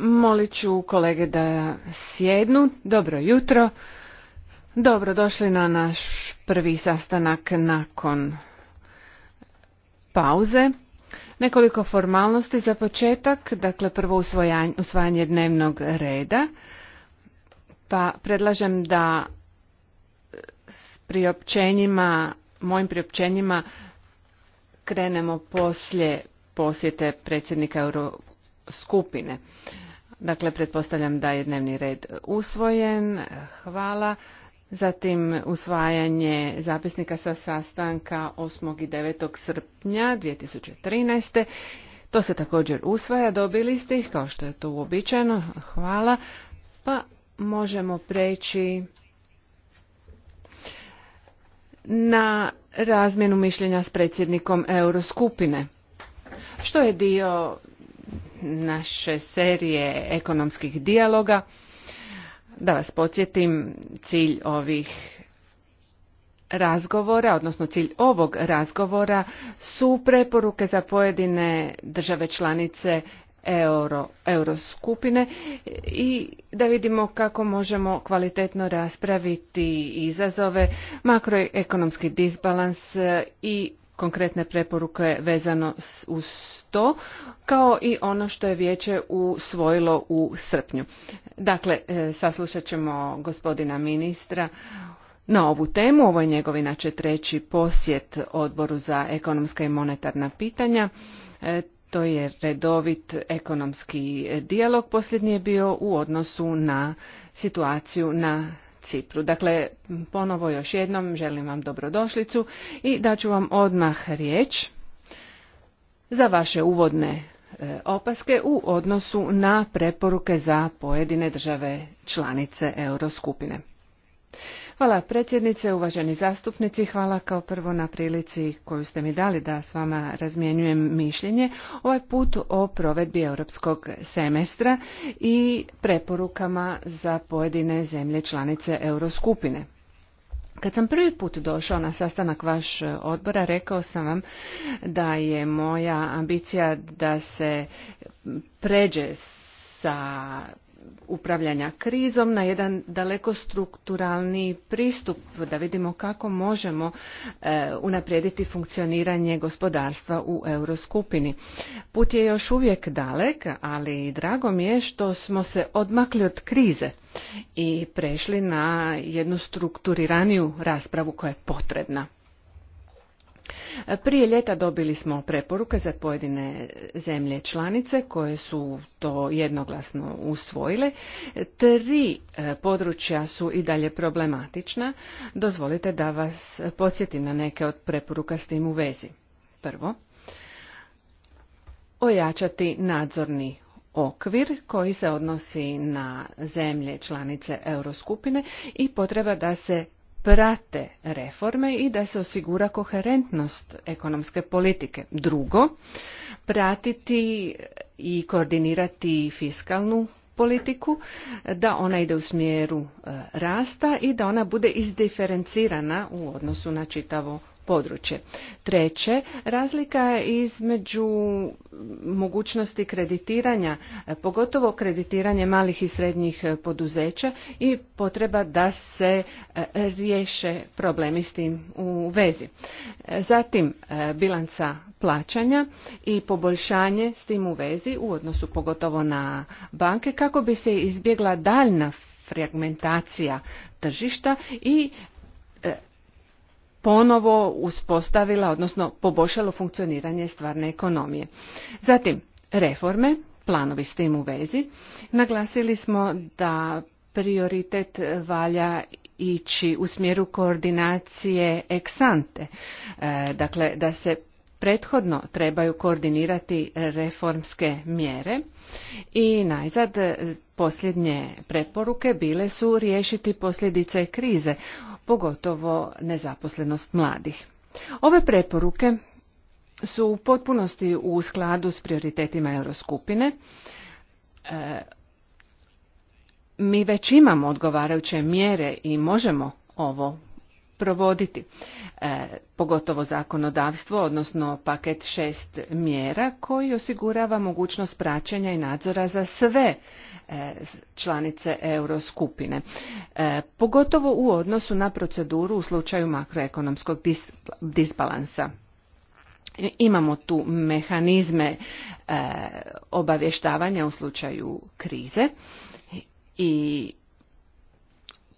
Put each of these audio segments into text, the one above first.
Molit ću kolege da sjednu. Dobro jutro. Dobro došli na naš prvi sastanak nakon pauze. Nekoliko formalnosti za početak, dakle prvo usvajanje dnevnog reda. Pa predlažem da s priopćenjima, mojim priopćenjima krenemo poslije posjete predsjednika Euroskupine. Dakle, pretpostavljam da je dnevni red usvojen. Hvala. Zatim usvajanje zapisnika sa sastanka 8. i 9. srpnja 2013. To se također usvaja, dobili ste ih kao što je to uobičajeno. Hvala. Pa možemo preći na razmjenu mišljenja s predsjednikom Euroskupine, što je dio naše serije ekonomskih dijaloga. Da vas podsjetim, cilj ovih razgovora, odnosno cilj ovog razgovora su preporuke za pojedine države članice euro, euroskupine i da vidimo kako možemo kvalitetno raspraviti izazove, makroekonomski disbalans e, i konkretne preporuke vezano uz to, kao i ono što je vijeće usvojilo u srpnju. Dakle, e, saslušat ćemo gospodina ministra na ovu temu. Ovo je njegov inače treći posjet odboru za ekonomska i monetarna pitanja. E, to je redovit ekonomski dijalog, posljednji je bio u odnosu na situaciju na Cipru. Dakle, ponovo još jednom želim vam dobrodošlicu i daću vam odmah riječ za vaše uvodne e, opaske u odnosu na preporuke za pojedine države članice Euroskupine. Hvala predsjednice, uvaženi zastupnici, hvala kao prvo na prilici koju ste mi dali da s vama razmjenjujem mišljenje, ovaj put o provedbi europskog semestra i preporukama za pojedine zemlje članice Euroskupine. Kad sam prvi put došao na sastanak vaš odbora, rekao sam vam da je moja ambicija da se pređe sa upravljanja krizom na jedan daleko strukturalni pristup da vidimo kako možemo e, unaprijediti funkcioniranje gospodarstva u euroskupini. Put je još uvijek dalek, ali drago mi je što smo se odmakli od krize i prešli na jednu strukturiraniju raspravu koja je potrebna. Prije ljeta dobili smo preporuke za pojedine zemlje članice koje su to jednoglasno usvojile. Tri e, područja su i dalje problematična. Dozvolite da vas podsjetim na neke od preporuka s tim u vezi. Prvo, ojačati nadzorni okvir koji se odnosi na zemlje članice euroskupine i potreba da se prate reforme i da se osigura koherentnost ekonomske politike. Drugo, pratiti i koordinirati fiskalnu politiku, da ona ide u smjeru e, rasta i da ona bude izdiferencirana u odnosu na čitavo područje. Treće, razlika je između mogućnosti kreditiranja, pogotovo kreditiranje malih i srednjih poduzeća i potreba da se e, riješe problemi s tim u vezi. Zatim, e, bilanca plaćanja i poboljšanje s tim u vezi u odnosu pogotovo na banke kako bi se izbjegla daljna fragmentacija tržišta i ponovo uspostavila, odnosno poboljšalo funkcioniranje stvarne ekonomije. Zatim, reforme, planovi s tim u vezi. Naglasili smo da prioritet valja ići u smjeru koordinacije eksante, e, dakle da se prethodno trebaju koordinirati reformske mjere i najzad e, posljednje preporuke bile su riješiti posljedice krize, pogotovo nezaposlenost mladih. Ove preporuke su u potpunosti u skladu s prioritetima Euroskupine. E, mi već imamo odgovarajuće mjere i možemo ovo provoditi. E, pogotovo zakonodavstvo, odnosno paket šest mjera koji osigurava mogućnost praćenja i nadzora za sve e, članice euroskupine. E, pogotovo u odnosu na proceduru u slučaju makroekonomskog disbalansa. Imamo tu mehanizme e, obavještavanja u slučaju krize i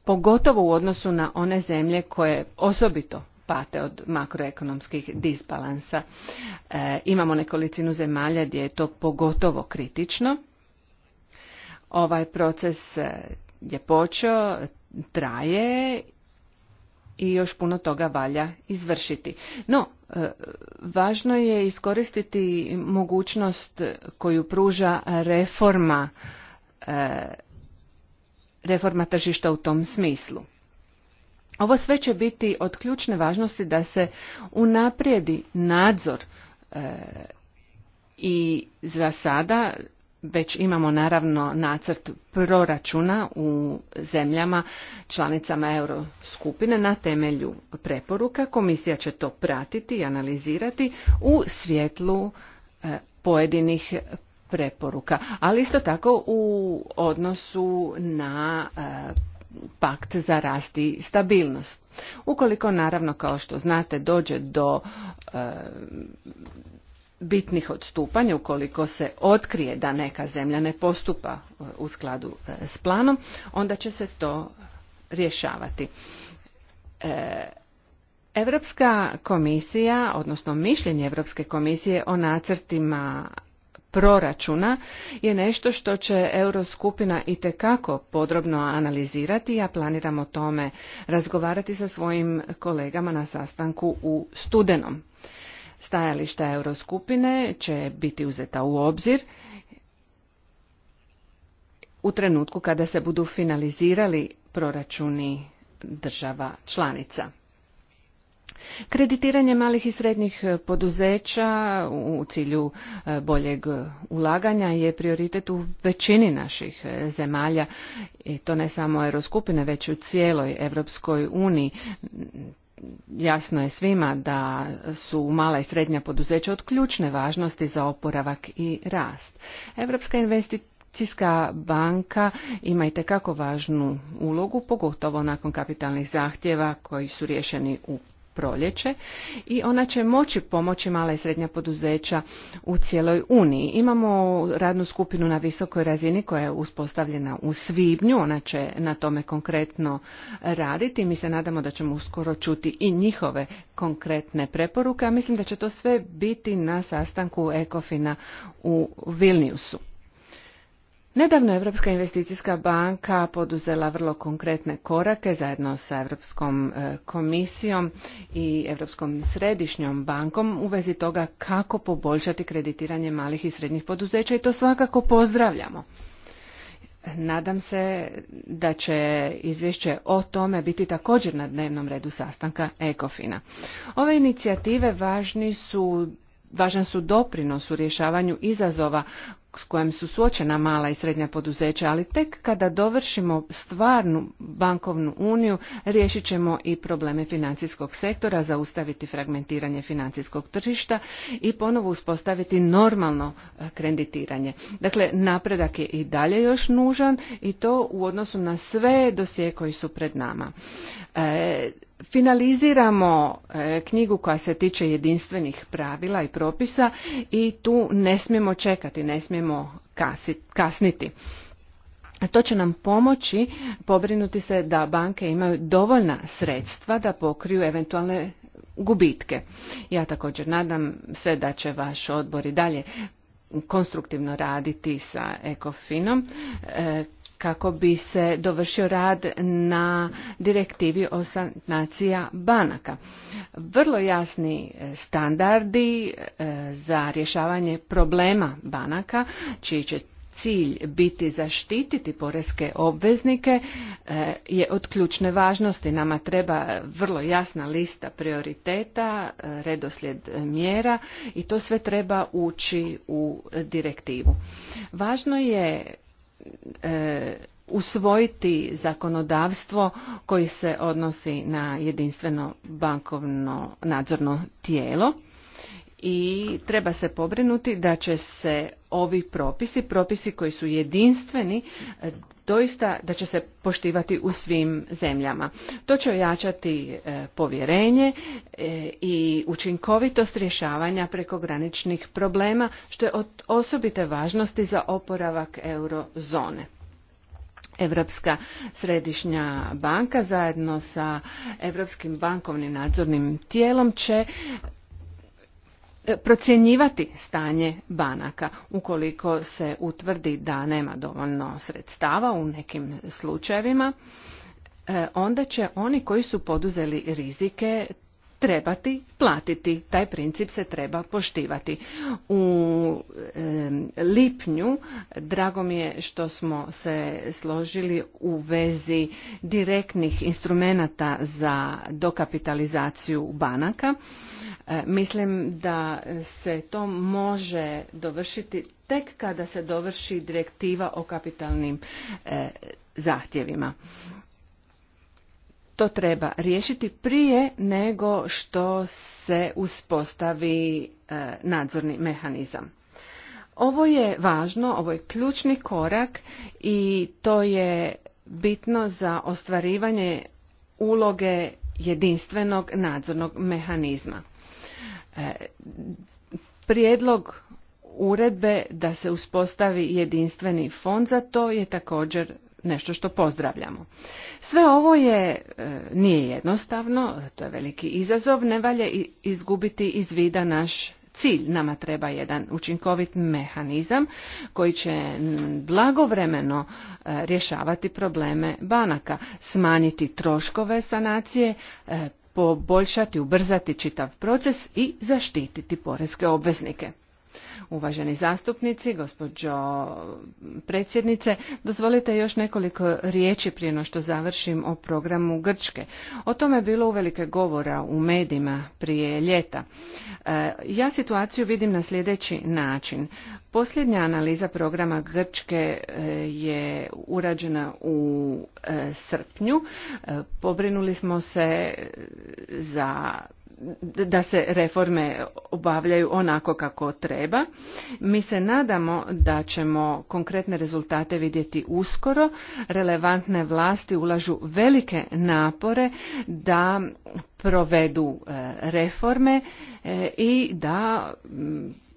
pogotovo u odnosu na one zemlje koje osobito pate od makroekonomskih disbalansa. E, imamo nekolicinu zemalja gdje je to pogotovo kritično. Ovaj proces e, je počeo, traje i još puno toga valja izvršiti. No, e, važno je iskoristiti mogućnost koju pruža reforma reforma tržišta u tom smislu. Ovo sve će biti od ključne važnosti da se unaprijedi nadzor e, i za sada već imamo naravno nacrt proračuna u zemljama članicama Euroskupine na temelju preporuka. Komisija će to pratiti i analizirati u svjetlu e, pojedinih preporuka, ali isto tako u odnosu na e, pakt za rast i stabilnost. Ukoliko naravno kao što znate dođe do e, bitnih odstupanja, ukoliko se otkrije da neka zemlja ne postupa e, u skladu s planom, onda će se to rješavati. E, Europska komisija, odnosno mišljenje Europske komisije o nacrtima proračuna je nešto što će Euroskupina i tekako podrobno analizirati. Ja planiramo o tome razgovarati sa svojim kolegama na sastanku u studenom. Stajališta Euroskupine će biti uzeta u obzir u trenutku kada se budu finalizirali proračuni država članica. Kreditiranje malih i srednjih e, poduzeća u cilju e, boljeg ulaganja je prioritet u većini naših e, zemalja i to ne samo euroskupine već u cijeloj Europskoj uniji. Jasno je svima da su mala i srednja poduzeća od ključne važnosti za oporavak i rast. Europska Investicijska banka ima i tekako važnu ulogu, pogotovo nakon kapitalnih zahtjeva koji su riješeni u proljeće i ona će moći pomoći mala i srednja poduzeća u cijeloj Uniji. Imamo radnu skupinu na visokoj razini koja je uspostavljena u svibnju, ona će na tome konkretno raditi. Mi se nadamo da ćemo uskoro čuti i njihove konkretne preporuke, a mislim da će to sve biti na sastanku Ekofina u Vilniusu. Nedavno Europska investicijska banka poduzela vrlo konkretne korake zajedno sa Europskom e, komisijom i Europskom središnjom bankom u vezi toga kako poboljšati kreditiranje malih i srednjih poduzeća i to svakako pozdravljamo. Nadam se da će izvješće o tome biti također na dnevnom redu sastanka ECOFINA. Ove inicijative važni su važan su doprinos u rješavanju izazova s kojim su suočena mala i srednja poduzeća, ali tek kada dovršimo stvarnu bankovnu uniju, riješit ćemo i probleme financijskog sektora, zaustaviti fragmentiranje financijskog tržišta i ponovo uspostaviti normalno e, kreditiranje. Dakle, napredak je i dalje još nužan i to u odnosu na sve dosije koji su pred nama. E, finaliziramo e, knjigu koja se tiče jedinstvenih pravila i propisa i tu ne smijemo čekati, ne smijemo ćemo kasniti. To će nam pomoći pobrinuti se da banke imaju dovoljna sredstva da pokriju eventualne gubitke. Ja također nadam se da će vaš odbor i dalje konstruktivno raditi sa ECOFINom e, kako bi se dovršio rad na direktivi o sanacija banaka. Vrlo jasni e, standardi e, za rješavanje problema banaka, čiji će cilj biti zaštititi porezke obveznike e, je od ključne važnosti. Nama treba vrlo jasna lista prioriteta, redoslijed mjera i to sve treba ući u direktivu. Važno je E, usvojiti zakonodavstvo koji se odnosi na jedinstveno bankovno nadzorno tijelo i treba se pobrinuti da će se ovi propisi, propisi koji su jedinstveni, e, doista da će se poštivati u svim zemljama. To će ojačati e, povjerenje e, i učinkovitost rješavanja prekograničnih problema, što je od osobite važnosti za oporavak eurozone. Europska središnja banka zajedno sa Europskim bankovnim nadzornim tijelom će E, procjenjivati stanje banaka ukoliko se utvrdi da nema dovoljno sredstava u nekim slučajevima e, onda će oni koji su poduzeli rizike trebati platiti. Taj princip se treba poštivati. U lipnju drago mi je što smo se složili u vezi direktnih instrumenata za dokapitalizaciju banaka. E, mislim da se to može dovršiti tek kada se dovrši direktiva o kapitalnim e, zahtjevima to treba riješiti prije nego što se uspostavi e, nadzorni mehanizam. Ovo je važno, ovo je ključni korak i to je bitno za ostvarivanje uloge jedinstvenog nadzornog mehanizma. E, prijedlog uredbe da se uspostavi jedinstveni fond za to je također nešto što pozdravljamo. Sve ovo je e, nije jednostavno, to je veliki izazov, ne valje izgubiti iz vida naš cilj. Nama treba jedan učinkovit mehanizam koji će blagovremeno e, rješavati probleme banaka, smanjiti troškove sanacije, e, poboljšati, ubrzati čitav proces i zaštititi porezke obveznike. Uvaženi zastupnici, gospođo predsjednice, dozvolite još nekoliko riječi prije no što završim o programu Grčke. O tome je bilo uvelike govora u medijima prije ljeta. E, ja situaciju vidim na sljedeći način. Posljednja analiza programa Grčke e, je urađena u e, srpnju. Pobrinuli smo se za da se reforme obavljaju onako kako treba. Mi se nadamo da ćemo konkretne rezultate vidjeti uskoro. Relevantne vlasti ulažu velike napore da provedu e, reforme e, i da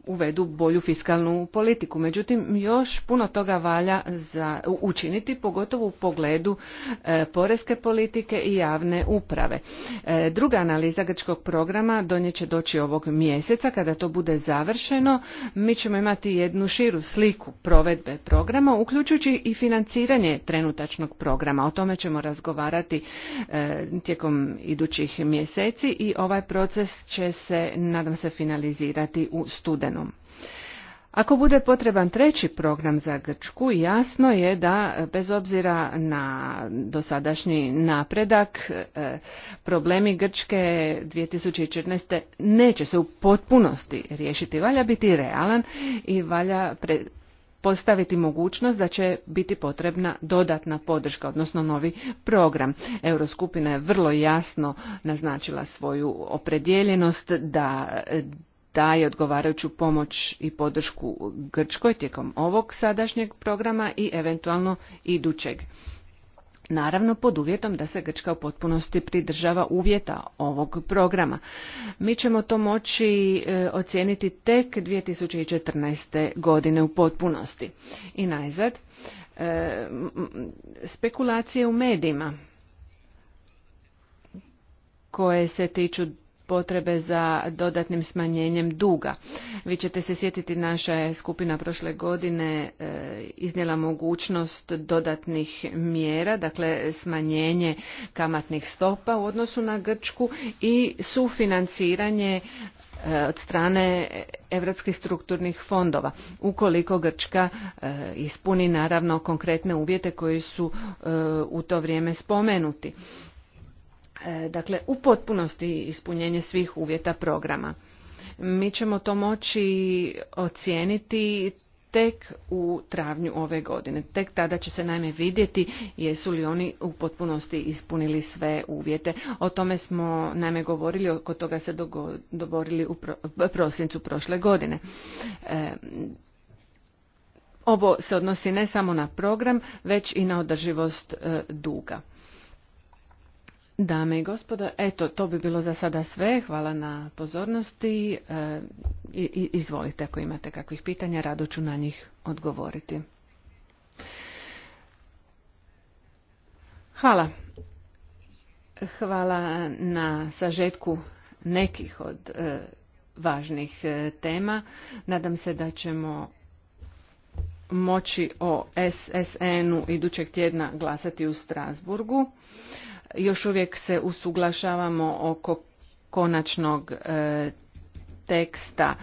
uvedu bolju fiskalnu politiku. Međutim, još puno toga valja za učiniti, pogotovo u pogledu e, poreske politike i javne uprave. E, druga analiza grčkog programa donje će doći ovog mjeseca. Kada to bude završeno, mi ćemo imati jednu širu sliku provedbe programa, uključujući i financiranje trenutačnog programa. O tome ćemo razgovarati e, tijekom idućih mjeseci i ovaj proces će se, nadam se, finalizirati u studen. Ako bude potreban treći program za Grčku, jasno je da bez obzira na dosadašnji napredak, e, problemi Grčke 2014. neće se u potpunosti riješiti. Valja biti realan i valja postaviti mogućnost da će biti potrebna dodatna podrška, odnosno novi program. Euroskupina je vrlo jasno naznačila svoju opredjeljenost da daje odgovarajuću pomoć i podršku Grčkoj tijekom ovog sadašnjeg programa i eventualno idućeg. Naravno pod uvjetom da se Grčka u potpunosti pridržava uvjeta ovog programa. Mi ćemo to moći e, ocijeniti tek 2014. godine u potpunosti. I najzad, e, spekulacije u medijima koje se tiču potrebe za dodatnim smanjenjem duga. Vi ćete se sjetiti, naša je skupina prošle godine e, iznijela mogućnost dodatnih mjera, dakle smanjenje kamatnih stopa u odnosu na Grčku i sufinanciranje e, od strane europskih strukturnih fondova ukoliko Grčka e, ispuni naravno konkretne uvjete koji su u to vrijeme spomenuti. E, dakle u potpunosti ispunjenje svih uvjeta programa. Mi ćemo to moći ocijeniti tek u travnju ove godine. Tek tada će se najme vidjeti jesu li oni u potpunosti ispunili sve uvjete. O tome smo najme govorili, oko toga se dogovorili u prosincu prošle godine. E, ovo se odnosi ne samo na program, već i na održivost e, duga. Dame i gospodo, eto, to bi bilo za sada sve. Hvala na pozornosti. E, izvolite, ako imate kakvih pitanja, rado ću na njih odgovoriti. Hvala. Hvala na sažetku nekih od e, važnih e, tema. Nadam se da ćemo moći o SSN-u idućeg tjedna glasati u Strasburgu još uvijek se usuglašavamo oko konačnog e, teksta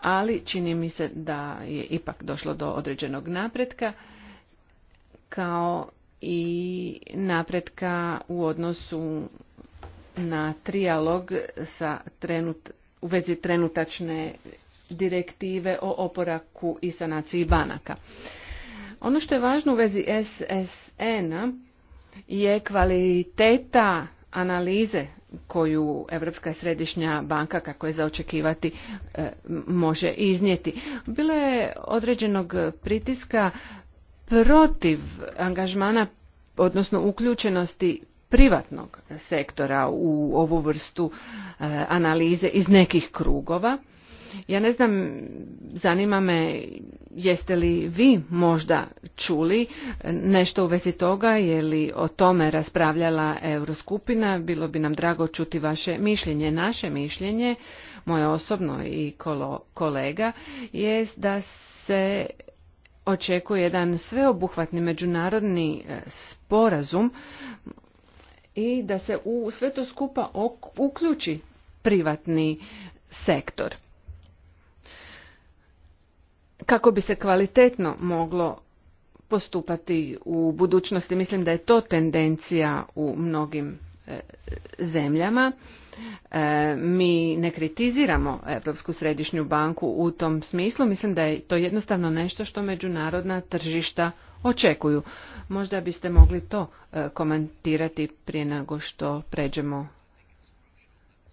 ali čini mi se da je ipak došlo do određenog napretka kao i napretka u odnosu na trijalog sa trenut, u vezi trenutačne direktive o oporaku i sanaciji banaka. Ono što je važno u vezi SSN-a je kvaliteta analize koju Europska središnja banka, kako je zaočekivati, e, može iznijeti. Bilo je određenog pritiska protiv angažmana, odnosno uključenosti privatnog sektora u ovu vrstu e, analize iz nekih krugova ja ne znam, zanima me jeste li vi možda čuli e, nešto u vezi toga, je li o tome raspravljala Euroskupina, bilo bi nam drago čuti vaše mišljenje. Naše mišljenje, moje osobno i kolega, jest da se očekuje jedan sveobuhvatni međunarodni e, sporazum i da se u sve to skupa uključi privatni sektor kako bi se kvalitetno moglo postupati u budućnosti. Mislim da je to tendencija u mnogim e, zemljama. E, mi ne kritiziramo Europsku središnju banku u tom smislu. Mislim da je to jednostavno nešto što međunarodna tržišta očekuju. Možda biste mogli to e, komentirati prije nego što pređemo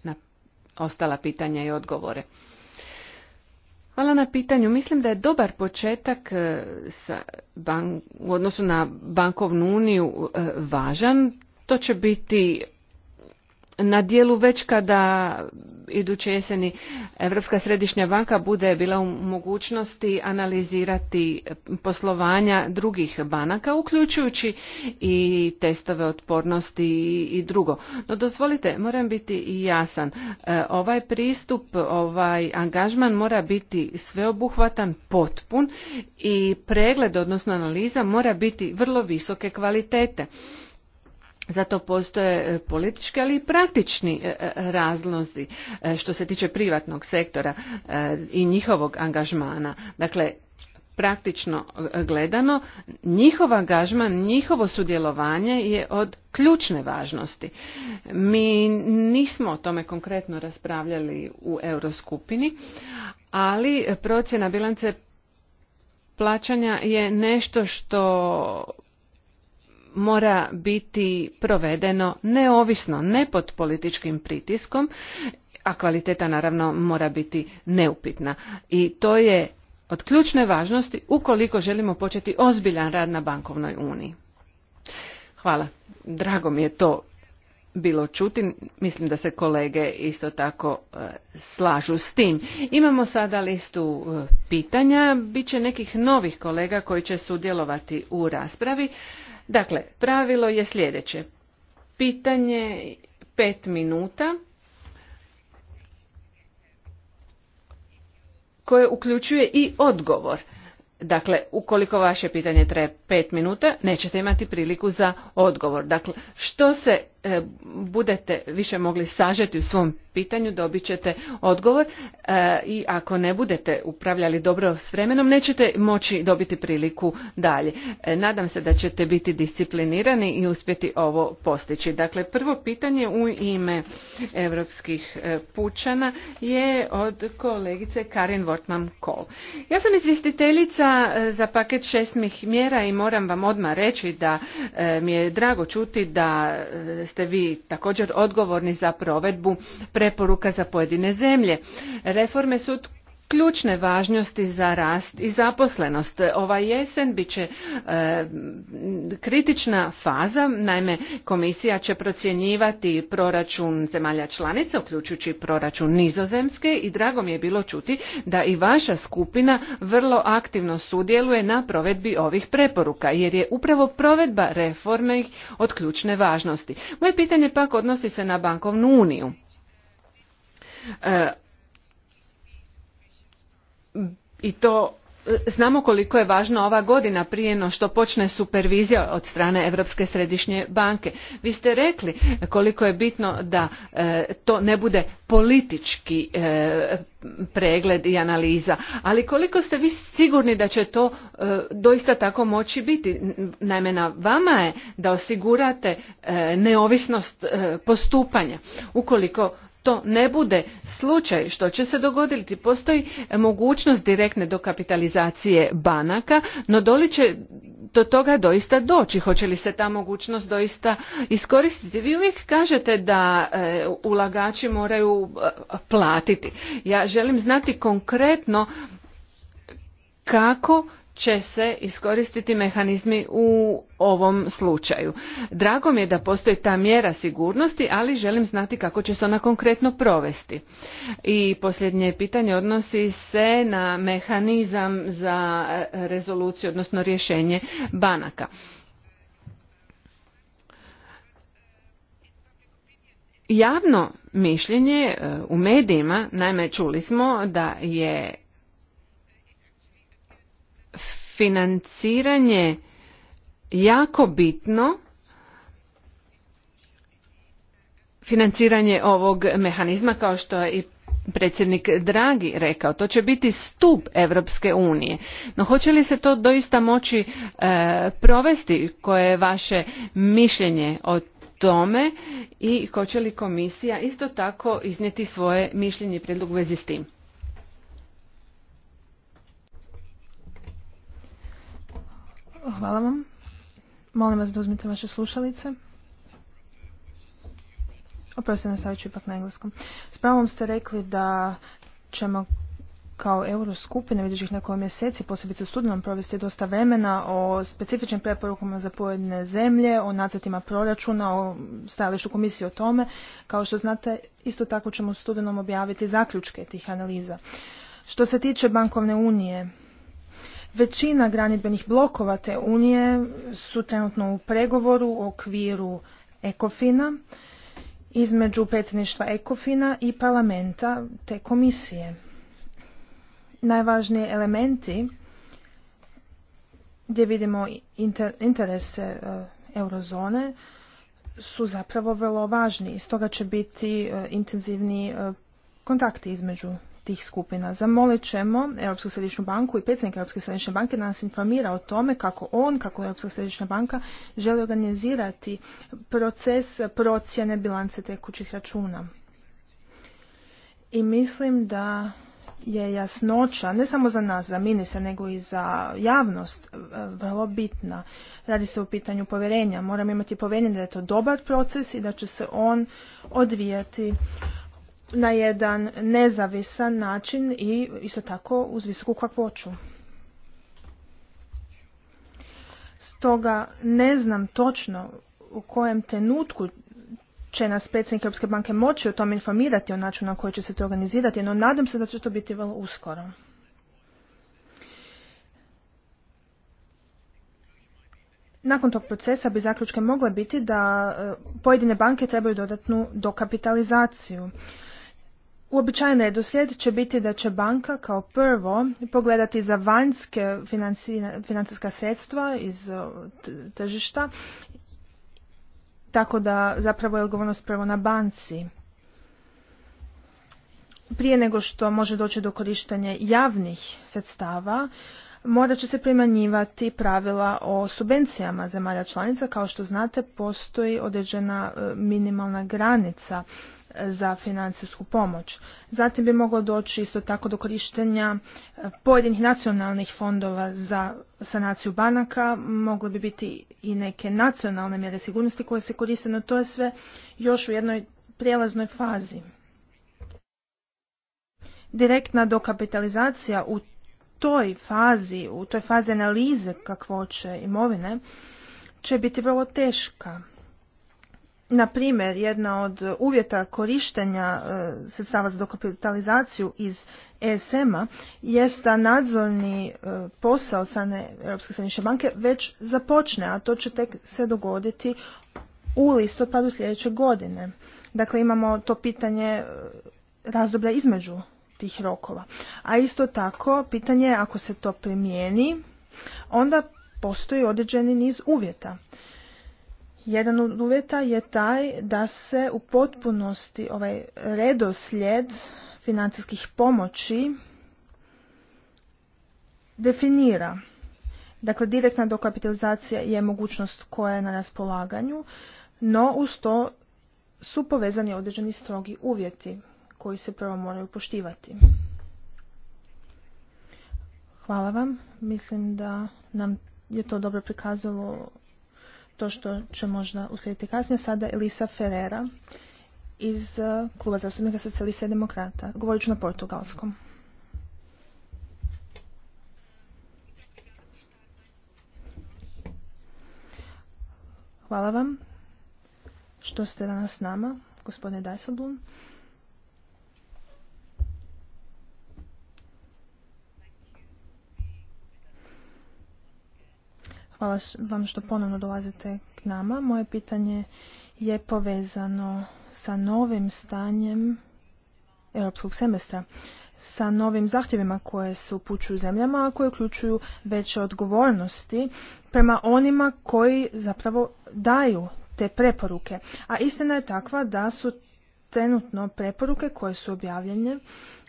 na ostala pitanja i odgovore. Hvala na pitanju. Mislim da je dobar početak e, sa u odnosu na bankovnu uniju e, važan. To će biti na dijelu već kada iduće jeseni Europska središnja banka bude bila u mogućnosti analizirati poslovanja drugih banaka, uključujući i testove otpornosti i drugo. No dozvolite, moram biti i jasan. E, ovaj pristup, ovaj angažman mora biti sveobuhvatan, potpun i pregled, odnosno analiza, mora biti vrlo visoke kvalitete zato postoje e, politički, ali i praktični e, e, razlozi što se tiče privatnog sektora i njihovog angažmana. Dakle, praktično gledano, njihov angažman, njihovo sudjelovanje je od ključne važnosti. Mi nismo o tome konkretno raspravljali u Euroskupini, ali procjena bilance plaćanja je nešto što mora biti provedeno neovisno, ne pod političkim pritiskom, a kvaliteta naravno mora biti neupitna. I to je od ključne važnosti ukoliko želimo početi ozbiljan rad na bankovnoj uniji. Hvala. Drago mi je to bilo čuti. Mislim da se kolege isto tako e, slažu s tim. Imamo sada listu e, pitanja. Biće nekih novih kolega koji će sudjelovati u raspravi. Dakle, pravilo je sljedeće. Pitanje pet minuta koje uključuje i odgovor. Dakle, ukoliko vaše pitanje traje pet minuta, nećete imati priliku za odgovor. Dakle, što se E, budete više mogli sažeti u svom pitanju, dobit ćete odgovor e, i ako ne budete upravljali dobro s vremenom, nećete moći dobiti priliku dalje. E, nadam se da ćete biti disciplinirani i uspjeti ovo postići. Dakle, prvo pitanje u ime evropskih pučana je od kolegice Karin Wortman-Kohl. Ja sam izvjestiteljica za paket šestmih mjera i moram vam odmah reći da mi je drago čuti da ste vi također odgovorni za provedbu preporuka za pojedine zemlje. Reforme su ključne važnosti za rast i zaposlenost. Ovaj jesen bit će e, kritična faza, naime komisija će procjenjivati proračun zemalja članica, uključujući proračun nizozemske i drago mi je bilo čuti da i vaša skupina vrlo aktivno sudjeluje na provedbi ovih preporuka, jer je upravo provedba reforme od ključne važnosti. Moje pitanje pak odnosi se na bankovnu uniju. E, i to e, znamo koliko je važna ova godina prije no što počne supervizija od strane europske središnje banke vi ste rekli koliko je bitno da e, to ne bude politički e, pregled i analiza ali koliko ste vi sigurni da će to doista tako moći biti naime na vama je da osigurate neovisnost postupanja ukoliko to ne bude slučaj što će se dogoditi postoji mogućnost direktne dokapitalizacije banaka no doli će do toga doista doći hoće li se ta mogućnost doista iskoristiti vi uvijek kažete da e, ulagači moraju e, platiti ja želim znati konkretno kako će se iskoristiti mehanizmi u ovom slučaju. Drago mi je da postoji ta mjera sigurnosti, ali želim znati kako će se ona konkretno provesti. I posljednje pitanje odnosi se na mehanizam za rezoluciju, odnosno rješenje banaka. Javno mišljenje e, u medijima, naime čuli smo da je financiranje jako bitno financiranje ovog mehanizma kao što je i predsjednik Dragi rekao, to će biti stup Europske unije. No hoće li se to doista moći e, provesti koje je vaše mišljenje o tome i hoće li komisija isto tako iznijeti svoje mišljenje i prijedlog u vezi s tim? Hvala vam. Molim vas da uzmite vaše slušalice. Oprostite, nastavit ću ipak na engleskom. S pravom ste rekli da ćemo kao euroskupine vidjećih nekoliko mjeseci, posebice u studenom, provesti dosta vremena o specifičnim preporukama za pojedine zemlje, o nacrtima proračuna, o stajalištu komisije o tome. Kao što znate, isto tako ćemo u studenom objaviti zaključke tih analiza. Što se tiče bankovne unije, Većina granitbenih blokova te unije su trenutno u pregovoru u okviru ekofina između predsjedništva ekofina i parlamenta te komisije. Najvažniji elementi gdje vidimo interese e, eurozone su zapravo vrlo važni i stoga će biti e, intenzivni e, kontakti između tih skupina. Zamolit ćemo Europsku središnju banku i predsjednika Europske središnje banke da nas informira o tome kako on, kako Europska središnja banka želi organizirati proces procjene bilance tekućih računa. I mislim da je jasnoća, ne samo za nas, za ministra, nego i za javnost, e, vrlo bitna. Radi se o pitanju povjerenja. Moram imati povjerenje da je to dobar proces i da će se on odvijati na jedan nezavisan način i isto tako uz visoku kakvoću. Stoga ne znam točno u kojem trenutku će nas predsjednik Europske banke moći o tom informirati o načinu na koji će se to organizirati, no nadam se da će to biti vrlo uskoro. Nakon tog procesa bi zaključke mogle biti da e, pojedine banke trebaju dodatnu dokapitalizaciju. Uobičajen redoslijed će biti da će banka kao prvo pogledati za vanjske financijska sredstva iz tržišta, tako da zapravo je odgovornost prvo na banci. Prije nego što može doći do korištenja javnih sredstava, morat će se primjenjivati pravila o subvencijama zemalja članica. Kao što znate, postoji određena e, minimalna granica za financijsku pomoć. Zatim bi moglo doći isto tako do korištenja e, pojedinih nacionalnih fondova za sanaciju banaka, mogle bi biti i neke nacionalne mjere sigurnosti koje se koriste, no to je sve još u jednoj prijelaznoj fazi. Direktna dokapitalizacija u toj fazi, u toj fazi analize kakvoće imovine će biti vrlo teška na primjer, jedna od uvjeta korištenja e, sredstava za dokapitalizaciju iz ESM-a jest da nadzorni e, posao od strane Europske središnje banke već započne, a to će tek se dogoditi u listopadu sljedeće godine. Dakle, imamo to pitanje e, razdoblja između tih rokova. A isto tako, pitanje je ako se to primijeni, onda postoji određeni niz uvjeta. Jedan od uvjeta je taj da se u potpunosti ovaj redoslijed financijskih pomoći definira. Dakle, direktna dokapitalizacija je mogućnost koja je na raspolaganju, no uz to su povezani određeni strogi uvjeti koji se prvo moraju poštivati. Hvala vam. Mislim da nam je to dobro prikazalo to što će možda uslijediti kasnije. Sada Elisa Ferreira iz e, Kluba zastupnika socijalista i demokrata. Govorit ću na portugalskom. Hvala vam što ste danas s nama, gospodine Dajsablum. Hvala vam što ponovno dolazite k nama. Moje pitanje je povezano sa novim stanjem europskog semestra, sa novim zahtjevima koje se upućuju zemljama, a koje uključuju veće odgovornosti prema onima koji zapravo daju te preporuke. A istina je takva da su trenutno preporuke koje su objavljene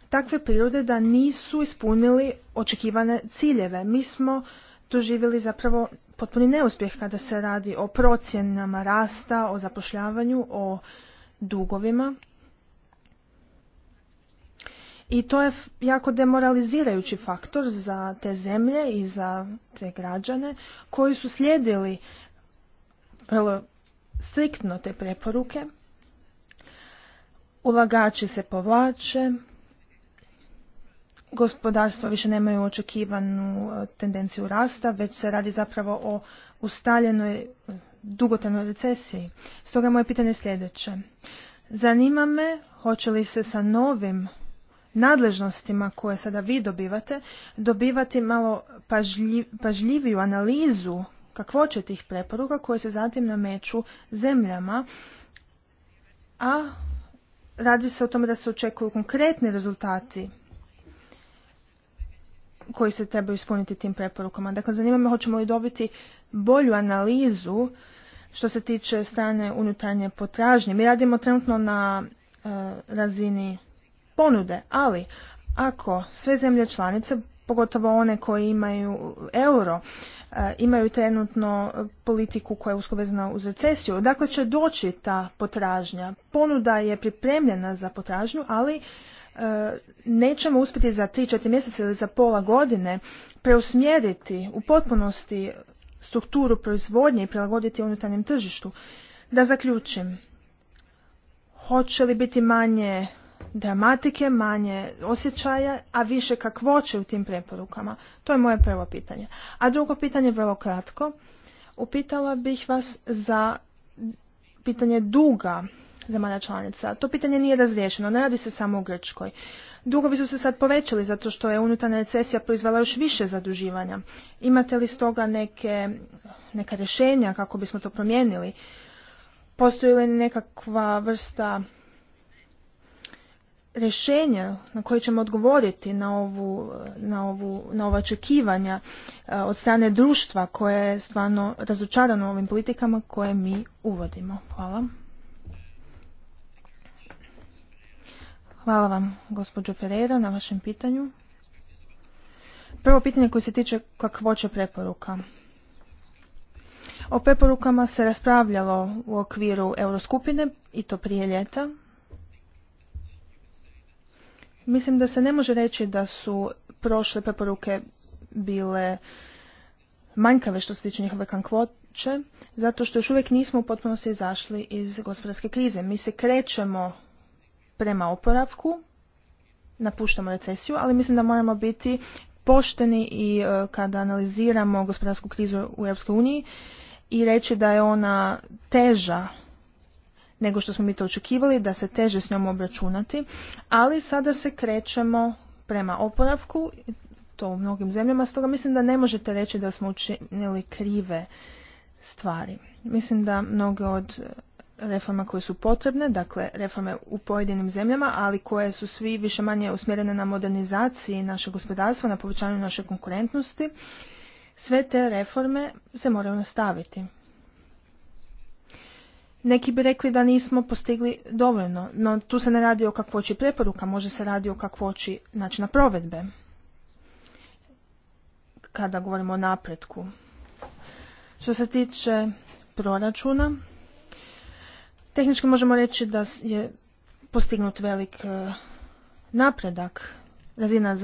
takve prirode da nisu ispunili očekivane ciljeve. Mi smo doživjeli zapravo potpuni neuspjeh kada se radi o procjenama rasta, o zapošljavanju, o dugovima. I to je jako demoralizirajući faktor za te zemlje i za te građane koji su slijedili vrlo striktno te preporuke. Ulagači se povlače, gospodarstva više nemaju očekivanu e, tendenciju rasta, već se radi zapravo o ustaljenoj dugotrajnoj recesiji. Stoga moje pitanje je sljedeće. Zanima me hoće li se sa novim nadležnostima koje sada vi dobivate, dobivati malo pažljiviju analizu kakvoće tih preporuka koje se zatim nameću zemljama, a radi se o tome da se očekuju konkretni rezultati koji se trebaju ispuniti tim preporukama. Dakle, zanima me hoćemo li dobiti bolju analizu što se tiče strane unutarnje potražnje. Mi radimo trenutno na e, razini ponude, ali ako sve zemlje članice, pogotovo one koje imaju euro, e, imaju trenutno politiku koja je usko vezana uz recesiju, dakle će doći ta potražnja? Ponuda je pripremljena za potražnju, ali E, nećemo uspjeti za 3-4 mjeseca ili za pola godine preusmjeriti u potpunosti strukturu proizvodnje i prilagoditi unutarnjem tržištu. Da zaključim, hoće li biti manje dramatike, manje osjećaja, a više kakvoće u tim preporukama? To je moje prvo pitanje. A drugo pitanje, vrlo kratko, upitala bih vas za pitanje duga zemalja članica. To pitanje nije razriješeno, ne radi se samo o Grčkoj. Dugovi su se sad povećali zato što je unutarnja recesija proizvela još više zaduživanja. Imate li stoga neke, neka rješenja kako bismo to promijenili? Postoji li nekakva vrsta rješenja na koje ćemo odgovoriti na, ovu, na, ovu, na ova očekivanja e, od strane društva koje je stvarno razočarano ovim politikama koje mi uvodimo? Hvala. Hvala vam, gospođo Pereira, na vašem pitanju. Prvo pitanje koje se tiče kakvoće preporuka. O preporukama se raspravljalo u okviru Euroskupine i to prije ljeta. Mislim da se ne može reći da su prošle preporuke bile manjkave što se tiče njihove kankvoće, zato što još uvijek nismo u potpunosti izašli iz gospodarske krize. Mi se krećemo prema oporavku, napuštamo recesiju, ali mislim da moramo biti pošteni i e, kada analiziramo gospodarsku krizu u EU i reći da je ona teža nego što smo mi to očekivali, da se teže s njom obračunati, ali sada se krećemo prema oporavku, to u mnogim zemljama, stoga mislim da ne možete reći da smo učinili krive stvari. Mislim da mnoge od reforma koje su potrebne, dakle reforme u pojedinim zemljama, ali koje su svi više manje usmjerene na modernizaciji našeg gospodarstva, na povećanju naše konkurentnosti, sve te reforme se moraju nastaviti. Neki bi rekli da nismo postigli dovoljno, no tu se ne radi o kakvoći preporuka, može se radi o kakvoći načina provedbe. Kada govorimo o napretku. Što se tiče proračuna, Tehnički možemo reći da je postignut velik e, napredak. Razina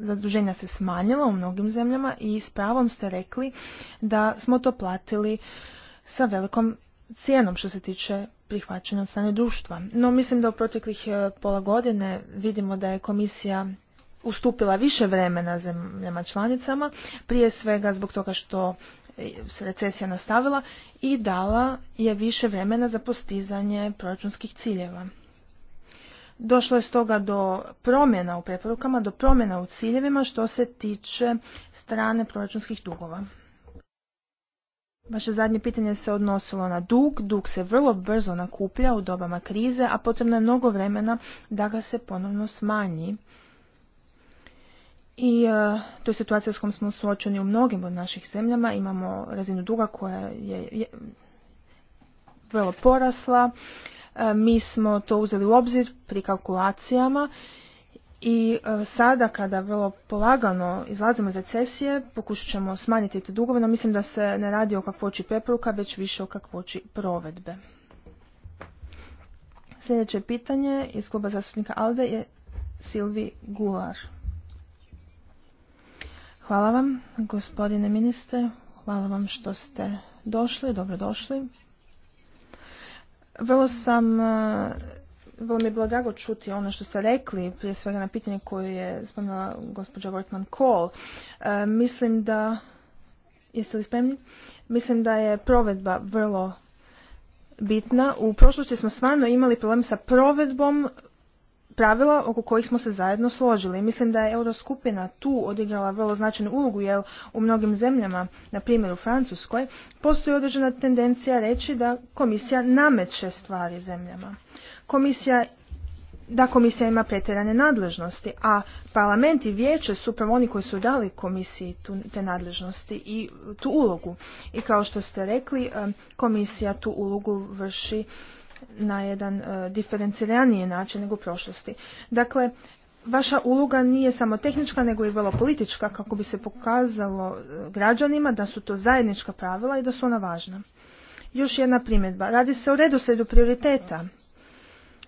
zaduženja se smanjila u mnogim zemljama i s pravom ste rekli da smo to platili sa velikom cijenom što se tiče prihvaćanja od strane društva. No mislim da u proteklih e, pola godine vidimo da je komisija ustupila više vremena zemljama članicama, prije svega zbog toga što se recesija nastavila i dala je više vremena za postizanje proračunskih ciljeva. Došlo je stoga do promjena u preporukama, do promjena u ciljevima što se tiče strane proračunskih dugova. Vaše zadnje pitanje se odnosilo na dug. Dug se vrlo brzo nakuplja u dobama krize, a potrebno je mnogo vremena da ga se ponovno smanji i e, to je situacija s kojom smo suočeni u mnogim od naših zemljama. Imamo razinu duga koja je, vrlo porasla. E, mi smo to uzeli u obzir pri kalkulacijama i e, sada kada vrlo polagano izlazimo iz recesije pokušat ćemo smanjiti te dugove, no mislim da se ne radi o kakvoći preporuka, već više o kakvoći provedbe. Sljedeće pitanje iz kluba zastupnika Alde je Silvi Gular. Hvala vam, gospodine ministre. Hvala vam što ste došli, dobrodošli. Vrlo sam, e, vrlo mi je bilo drago čuti ono što ste rekli, prije svega na pitanje koje je spomenula gospođa Wortman Kohl. E, mislim da, jeste li spremni? Mislim da je provedba vrlo bitna. U prošlosti smo stvarno imali problem sa provedbom pravila oko kojih smo se zajedno složili. Mislim da je Euroskupina tu odigrala vrlo značajnu ulogu, jer u mnogim zemljama, na primjer u Francuskoj, postoji određena tendencija reći da komisija nameće stvari zemljama. Komisija da komisija ima pretjerane nadležnosti, a parlament i vijeće su upravo oni koji su dali komisiji tu, te nadležnosti i tu ulogu. I kao što ste rekli, eh, komisija tu ulogu vrši na jedan e, diferenciraniji način nego u prošlosti. Dakle, vaša uloga nije samo tehnička nego i vrlo politička kako bi se pokazalo e, građanima da su to zajednička pravila i da su ona važna. Još jedna primjedba. Radi se o redoslijedu prioriteta.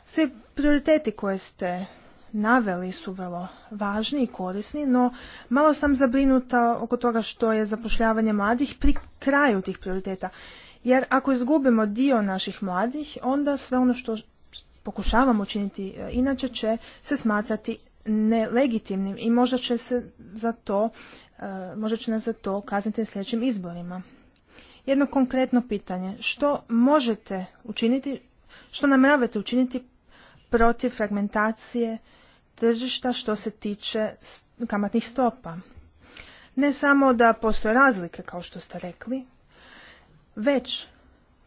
Svi prioriteti koje ste naveli su vrlo važni i korisni, no malo sam zabrinuta oko toga što je zapošljavanje mladih pri kraju tih prioriteta. Jer ako izgubimo dio naših mladih, onda sve ono što pokušavamo učiniti e, inače će se smatrati nelegitimnim i možda će se za to, e, možda će nas za to kazniti na sljedećim izborima. Jedno konkretno pitanje, što možete učiniti, što namjeravate učiniti protiv fragmentacije tržišta što se tiče kamatnih stopa? Ne samo da postoje razlike, kao što ste rekli, već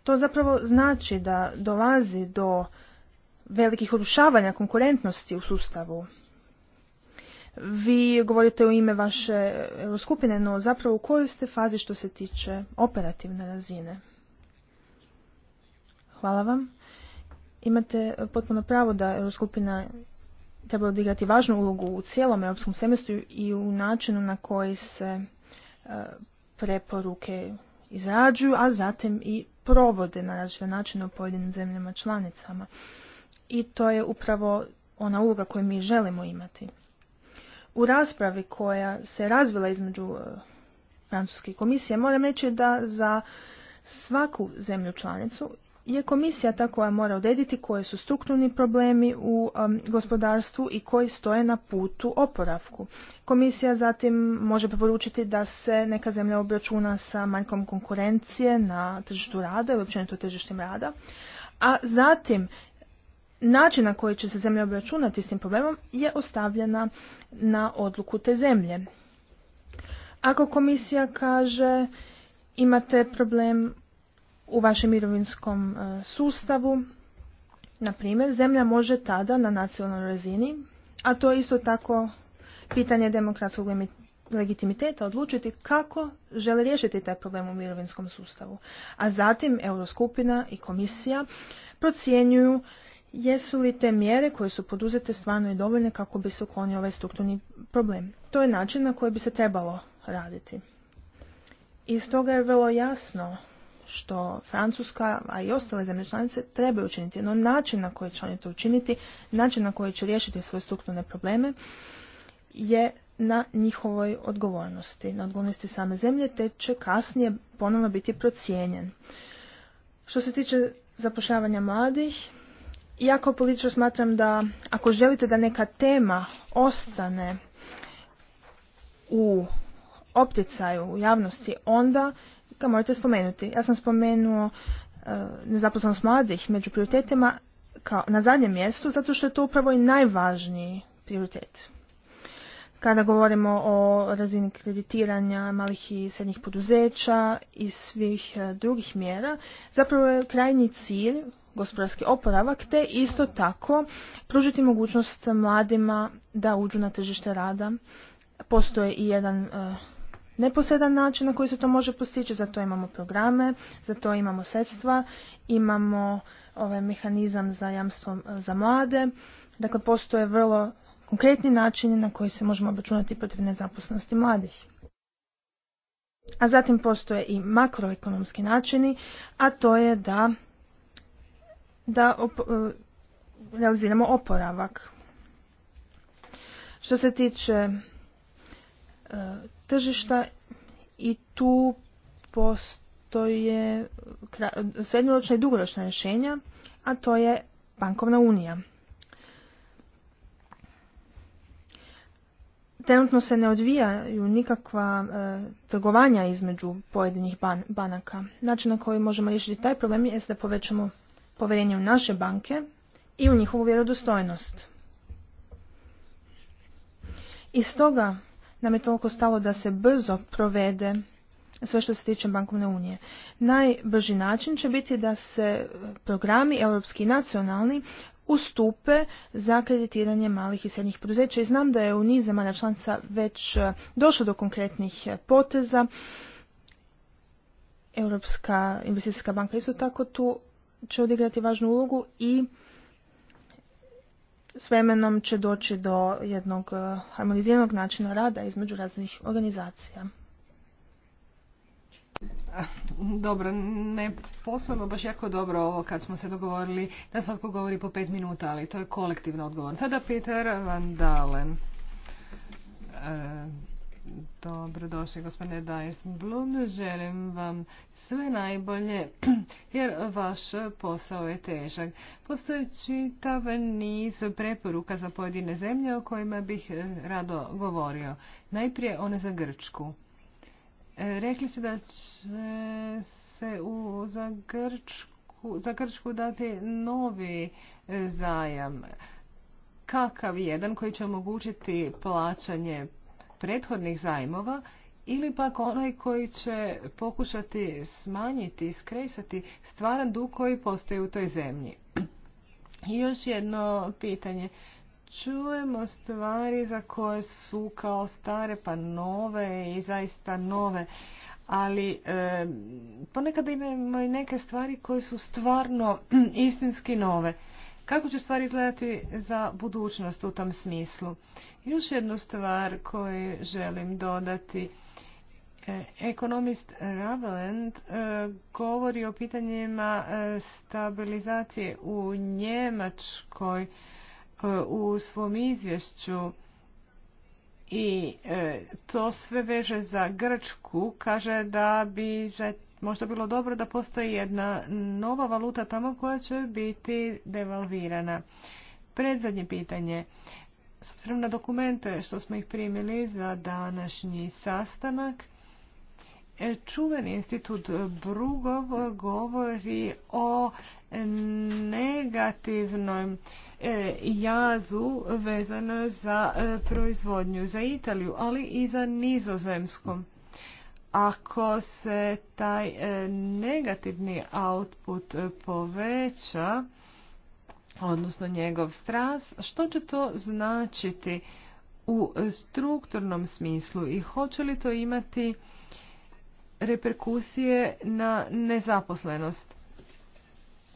to zapravo znači da dolazi do velikih urušavanja konkurentnosti u sustavu. Vi govorite u ime vaše skupine, no zapravo u kojoj ste fazi što se tiče operativne razine? Hvala vam. Imate potpuno pravo da Euroskupina treba odigrati važnu ulogu u cijelom europskom semestru i u načinu na koji se e, preporuke izrađuju, a zatim i provode na različite načine u pojedinim zemljama članicama. I to je upravo ona uloga koju mi želimo imati. U raspravi koja se razvila između e, Francuske komisije moram reći da za svaku zemlju članicu je komisija ta koja mora odrediti koje su strukturni problemi u um, gospodarstvu i koji stoje na putu oporavku. Komisija zatim može preporučiti da se neka zemlja obračuna sa manjkom konkurencije na tržištu rada ili općenito tržištem rada, a zatim način na koji će se zemlja obračunati s tim problemom je ostavljena na odluku te zemlje. Ako komisija kaže imate problem u vašem mirovinskom e, sustavu. Na primjer, zemlja može tada na nacionalnoj razini, a to je isto tako pitanje demokratskog legitimiteta, odlučiti kako žele riješiti taj problem u mirovinskom sustavu. A zatim Euroskupina i komisija procjenjuju jesu li te mjere koje su poduzete stvarno i dovoljne kako bi se uklonio ovaj strukturni problem. To je način na koji bi se trebalo raditi. I stoga je vrlo jasno što Francuska, a i ostale zemlje članice trebaju učiniti. No način na koji će oni to učiniti, način na koji će riješiti svoje strukturne probleme je na njihovoj odgovornosti, na odgovornosti same zemlje, te će kasnije ponovno biti procijenjen. Što se tiče zapošljavanja mladih, ja kao političar smatram da ako želite da neka tema ostane u opticaju u javnosti, onda ga morate spomenuti. Ja sam spomenuo e, nezaposlenost mladih među prioritetima kao na zadnjem mjestu zato što je to upravo i najvažniji prioritet. Kada govorimo o razini kreditiranja malih i srednjih poduzeća i svih e, drugih mjera, zapravo je krajnji cilj gospodarski oporavak te isto tako pružiti mogućnost mladima da uđu na tržište rada. Postoje i jedan e, neposredan način na koji se to može postići, za to imamo programe, za to imamo sredstva, imamo ovaj mehanizam za jamstvo eh, za mlade, dakle postoje vrlo konkretni načini na koji se možemo obračunati protiv nezaposlenosti mladih. A zatim postoje i makroekonomski načini, a to je da, da op eh, realiziramo oporavak. Što se tiče eh, tržišta i tu postoje srednjoročna i dugoročna rješenja, a to je bankovna unija. Trenutno se ne odvijaju nikakva e, trgovanja između pojedinih banaka. Način na koji možemo riješiti taj problem je da povećamo povjerenje u naše banke i u njihovu vjerodostojnost. I stoga nam je toliko stalo da se brzo provede sve što se tiče bankovne unije. Najbrži način će biti da se programi europski i nacionalni ustupe za kreditiranje malih i srednjih poduzeća i znam da je u niz zemalja članica već e, došlo do konkretnih e, poteza. Europska investicijska banka isto tako tu će odigrati važnu ulogu i s vremenom će doći do jednog e, harmoniziranog načina rada između raznih organizacija. Dobro, ne poslujemo baš jako dobro ovo kad smo se dogovorili da svatko govori po pet minuta, ali to je kolektivno odgovor. Sada Peter Van Dalen. E, Dobrodošli gospodine Blum, Želim vam sve najbolje jer vaš posao je težak. Postoji čitav niz preporuka za pojedine zemlje o kojima bih eh, rado govorio. Najprije one za Grčku. Eh, rekli ste da će se u, za, Grčku, za Grčku dati novi eh, zajam kakav jedan koji će omogućiti plaćanje prethodnih zajmova ili pak onaj koji će pokušati smanjiti i skresati stvaran dug koji postoji u toj zemlji. I još jedno pitanje. Čujemo stvari za koje su kao stare pa nove i zaista nove, ali e, ponekad imamo i neke stvari koje su stvarno istinski nove. Kako će stvari gledati za budućnost u tom smislu? Još jednu stvar koju želim dodati. E, ekonomist Raveland e, govori o pitanjima e, stabilizacije u Njemačkoj u svom izvješću i to sve veže za Grčku. Kaže da bi za možda bilo dobro da postoji jedna nova valuta tamo koja će biti devalvirana. Predzadnje pitanje. S obzirom na dokumente što smo ih primili za današnji sastanak, e, čuveni institut Brugov govori o negativnom e, jazu vezano za e, proizvodnju za Italiju, ali i za nizozemskom. Ako se taj e, negativni output e, poveća, odnosno njegov stras, što će to značiti u strukturnom smislu i hoće li to imati reperkusije na nezaposlenost?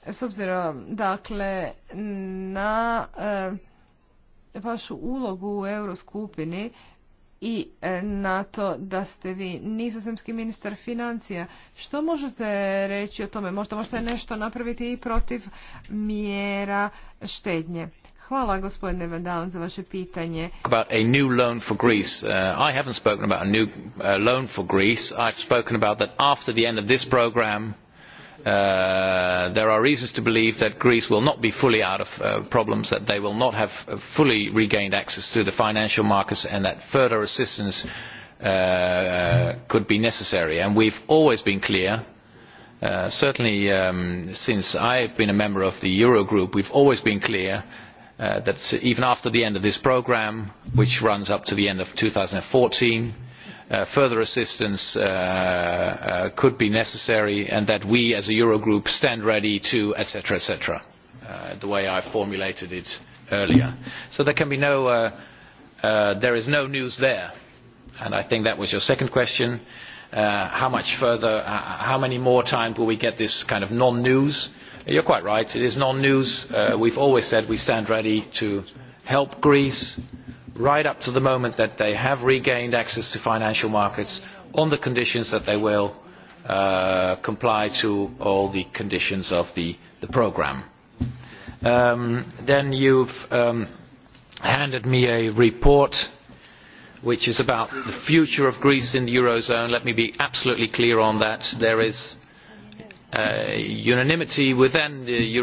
S obzirom, dakle, na e, vašu ulogu u Euroskupini, i e, na to da ste vi nizozemski ministar financija. Što možete reći o tome? Možda možete nešto napraviti i protiv mjera štednje. Hvala gospodine Van za vaše pitanje. About a new loan for Greece. Uh, I haven't spoken about a new uh, loan for Greece. I've spoken about that after the end of this program Uh, there are reasons to believe that Greece will not be fully out of uh, problems, that they will not have uh, fully regained access to the financial markets and that further assistance could be necessary. And we've always been clear, certainly um, since I have been a member of the Eurogroup, we've always been clear that even after the end of this programme, which runs up to the end of 2014, Uh, further assistance uh, uh, could be necessary and that we as a eurogroup stand ready to etc etc the way i formulated it earlier so there can be no there is no news there and i think that was your second question how much further how many more times will we get this kind of non news you're quite right it is non news we've always said we stand ready to help greece right up to the moment that they have regained access to financial markets on the conditions that they will uh, comply to all the conditions of the, the programme. Um, then you've have um, handed me a report which is about the future of Greece in the Eurozone. Let me be absolutely clear on that. There is Uh, unanimity within the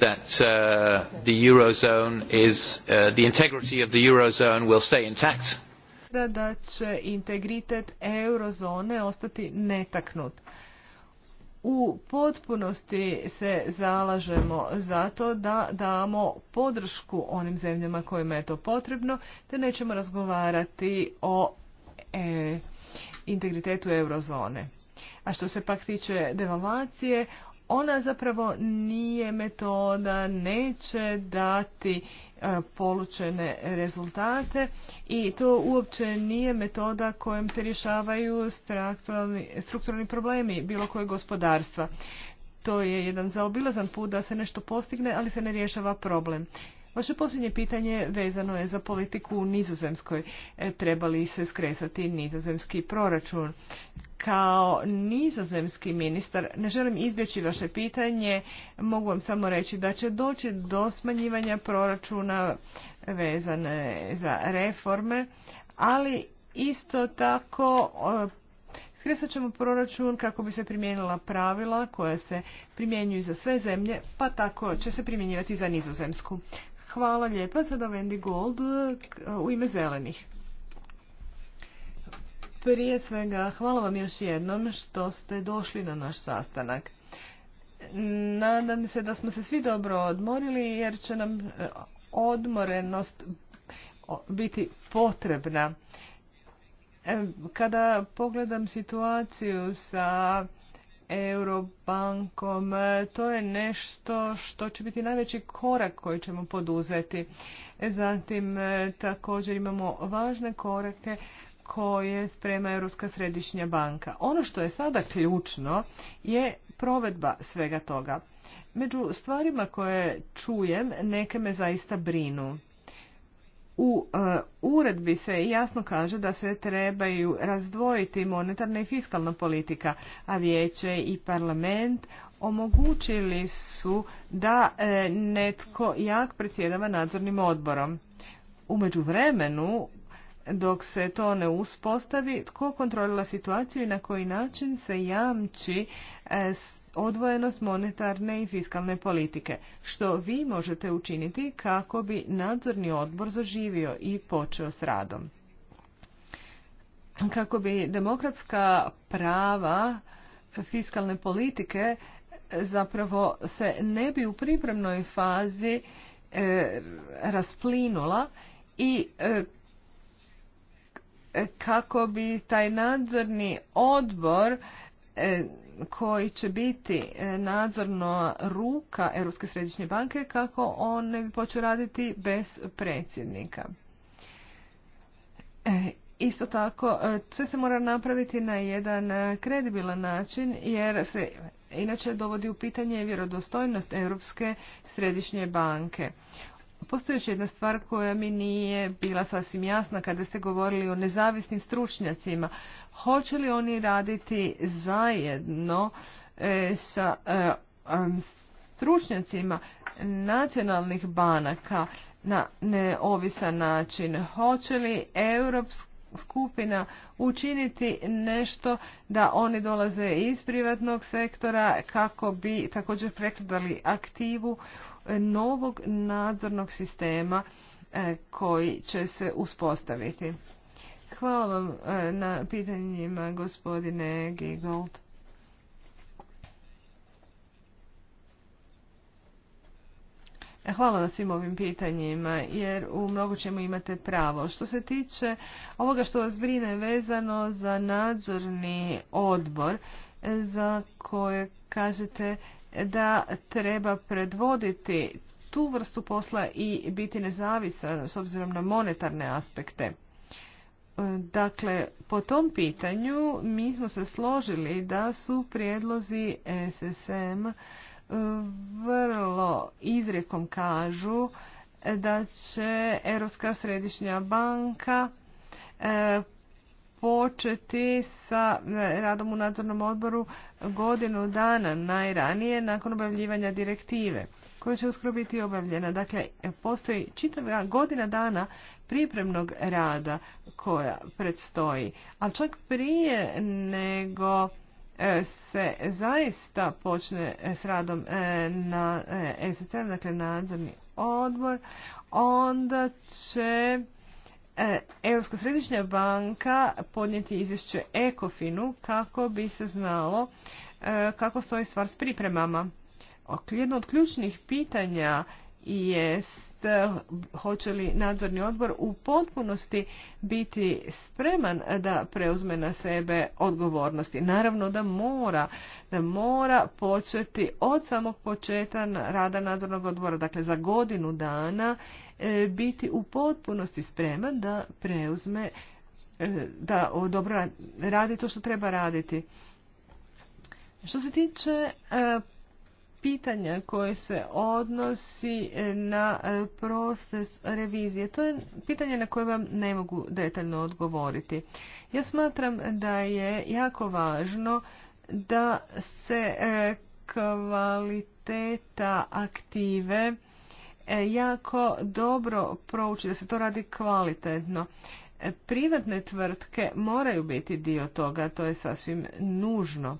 that uh, the Eurozone is, uh, the integrity of the Eurozone will stay intact. Da će integritet Eurozone ostati netaknut. U potpunosti se zalažemo za to da damo podršku onim zemljama kojima je to potrebno, te nećemo razgovarati o e, integritetu Eurozone. A što se pak tiče devalvacije, ona zapravo nije metoda, neće dati e, polučene rezultate i to uopće nije metoda kojom se rješavaju strukturalni problemi bilo kojeg gospodarstva. To je jedan zaobilazan put da se nešto postigne, ali se ne rješava problem. Vaše posljednje pitanje vezano je za politiku u Nizozemskoj. E, Treba li se skresati nizozemski proračun? Kao nizozemski ministar, ne želim izbjeći vaše pitanje, mogu vam samo reći da će doći do smanjivanja proračuna vezane za reforme, ali isto tako e, Skresat ćemo proračun kako bi se primijenila pravila koja se primjenjuju za sve zemlje, pa tako će se primjenjivati za nizozemsku. Hvala lijepa. Sada Wendy Gold e, e, u ime zelenih. Prije svega hvala vam još jednom što ste došli na naš sastanak. Nadam se da smo se svi dobro odmorili jer će nam e, odmorenost biti potrebna. Kada pogledam situaciju sa Eurobankom. E, to je nešto što će biti najveći korak koji ćemo poduzeti. E, zatim e, također imamo važne korake koje sprema Europska središnja banka. Ono što je sada ključno je provedba svega toga. Među stvarima koje čujem neke me zaista brinu. U e, uredbi se jasno kaže da se trebaju razdvojiti monetarna i fiskalna politika, a vijeće i parlament omogućili su da e, netko jak predsjedava nadzornim odborom. U međuvremenu, dok se to ne uspostavi, tko kontrolira situaciju i na koji način se jamči e, odvojenost monetarne i fiskalne politike, što vi možete učiniti kako bi nadzorni odbor zaživio i počeo s radom. Kako bi demokratska prava fiskalne politike zapravo se ne bi u pripremnoj fazi e, rasplinula i e, kako bi taj nadzorni odbor e, koji će biti e, nadzorno ruka Europske središnje banke kako on ne bi počeo raditi bez predsjednika. E, isto tako, e, sve se mora napraviti na jedan kredibilan način jer se inače dovodi u pitanje vjerodostojnost Europske središnje banke. Postoji još jedna stvar koja mi nije bila sasvim jasna kada ste govorili o nezavisnim stručnjacima. Hoće li oni raditi zajedno e, sa e, stručnjacima nacionalnih banaka na neovisan način? Hoće li europska skupina učiniti nešto da oni dolaze iz privatnog sektora kako bi također prekladali aktivu novog nadzornog sistema e, koji će se uspostaviti. Hvala vam e, na pitanjima gospodine Gigold. E, hvala na svim ovim pitanjima, jer u mnogo čemu imate pravo. Što se tiče ovoga što vas brine vezano za nadzorni odbor, za koje kažete da treba predvoditi tu vrstu posla i biti nezavisan s obzirom na monetarne aspekte. Dakle, po tom pitanju mi smo se složili da su prijedlozi SSM vrlo izrijekom kažu da će Europska središnja banka početi sa e, radom u nadzornom odboru godinu dana najranije nakon objavljivanja direktive koja će uskoro biti obavljena. Dakle, postoji čitava godina dana pripremnog rada koja predstoji. Ali čak prije nego e, se zaista počne s radom e, na SCR, dakle nadzorni odbor, onda će E, Europska središnja banka podnijeti izvješće Ekofinu kako bi se znalo e, kako stoji stvar s pripremama. Jedno od ključnih pitanja jest hoće li nadzorni odbor u potpunosti biti spreman da preuzme na sebe odgovornosti. Naravno da mora, mora početi od samog početka rada nadzornog odbora, dakle za godinu dana e, biti u potpunosti spreman da preuzme e, da dobro radi to što treba raditi. Što se tiče e, pitanja koje se odnosi e, na e, proces revizije. To je pitanje na koje vam ne mogu detaljno odgovoriti. Ja smatram da je jako važno da se e, kvaliteta aktive jako dobro prouči, da se to radi kvalitetno. Privatne tvrtke moraju biti dio toga, to je sasvim nužno.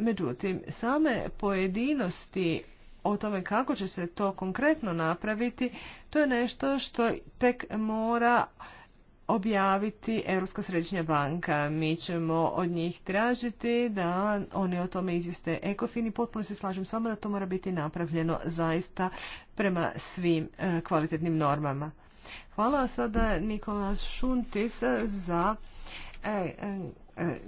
Međutim, same pojedinosti o tome kako će se to konkretno napraviti, to je nešto što tek mora objaviti Europska središnja banka. Mi ćemo od njih tražiti da oni o tome izviste ECOFIN i potpuno se slažem s vama da to mora biti napravljeno zaista prema svim e, kvalitetnim normama. Hvala sada Nikola Šuntis za e, e, e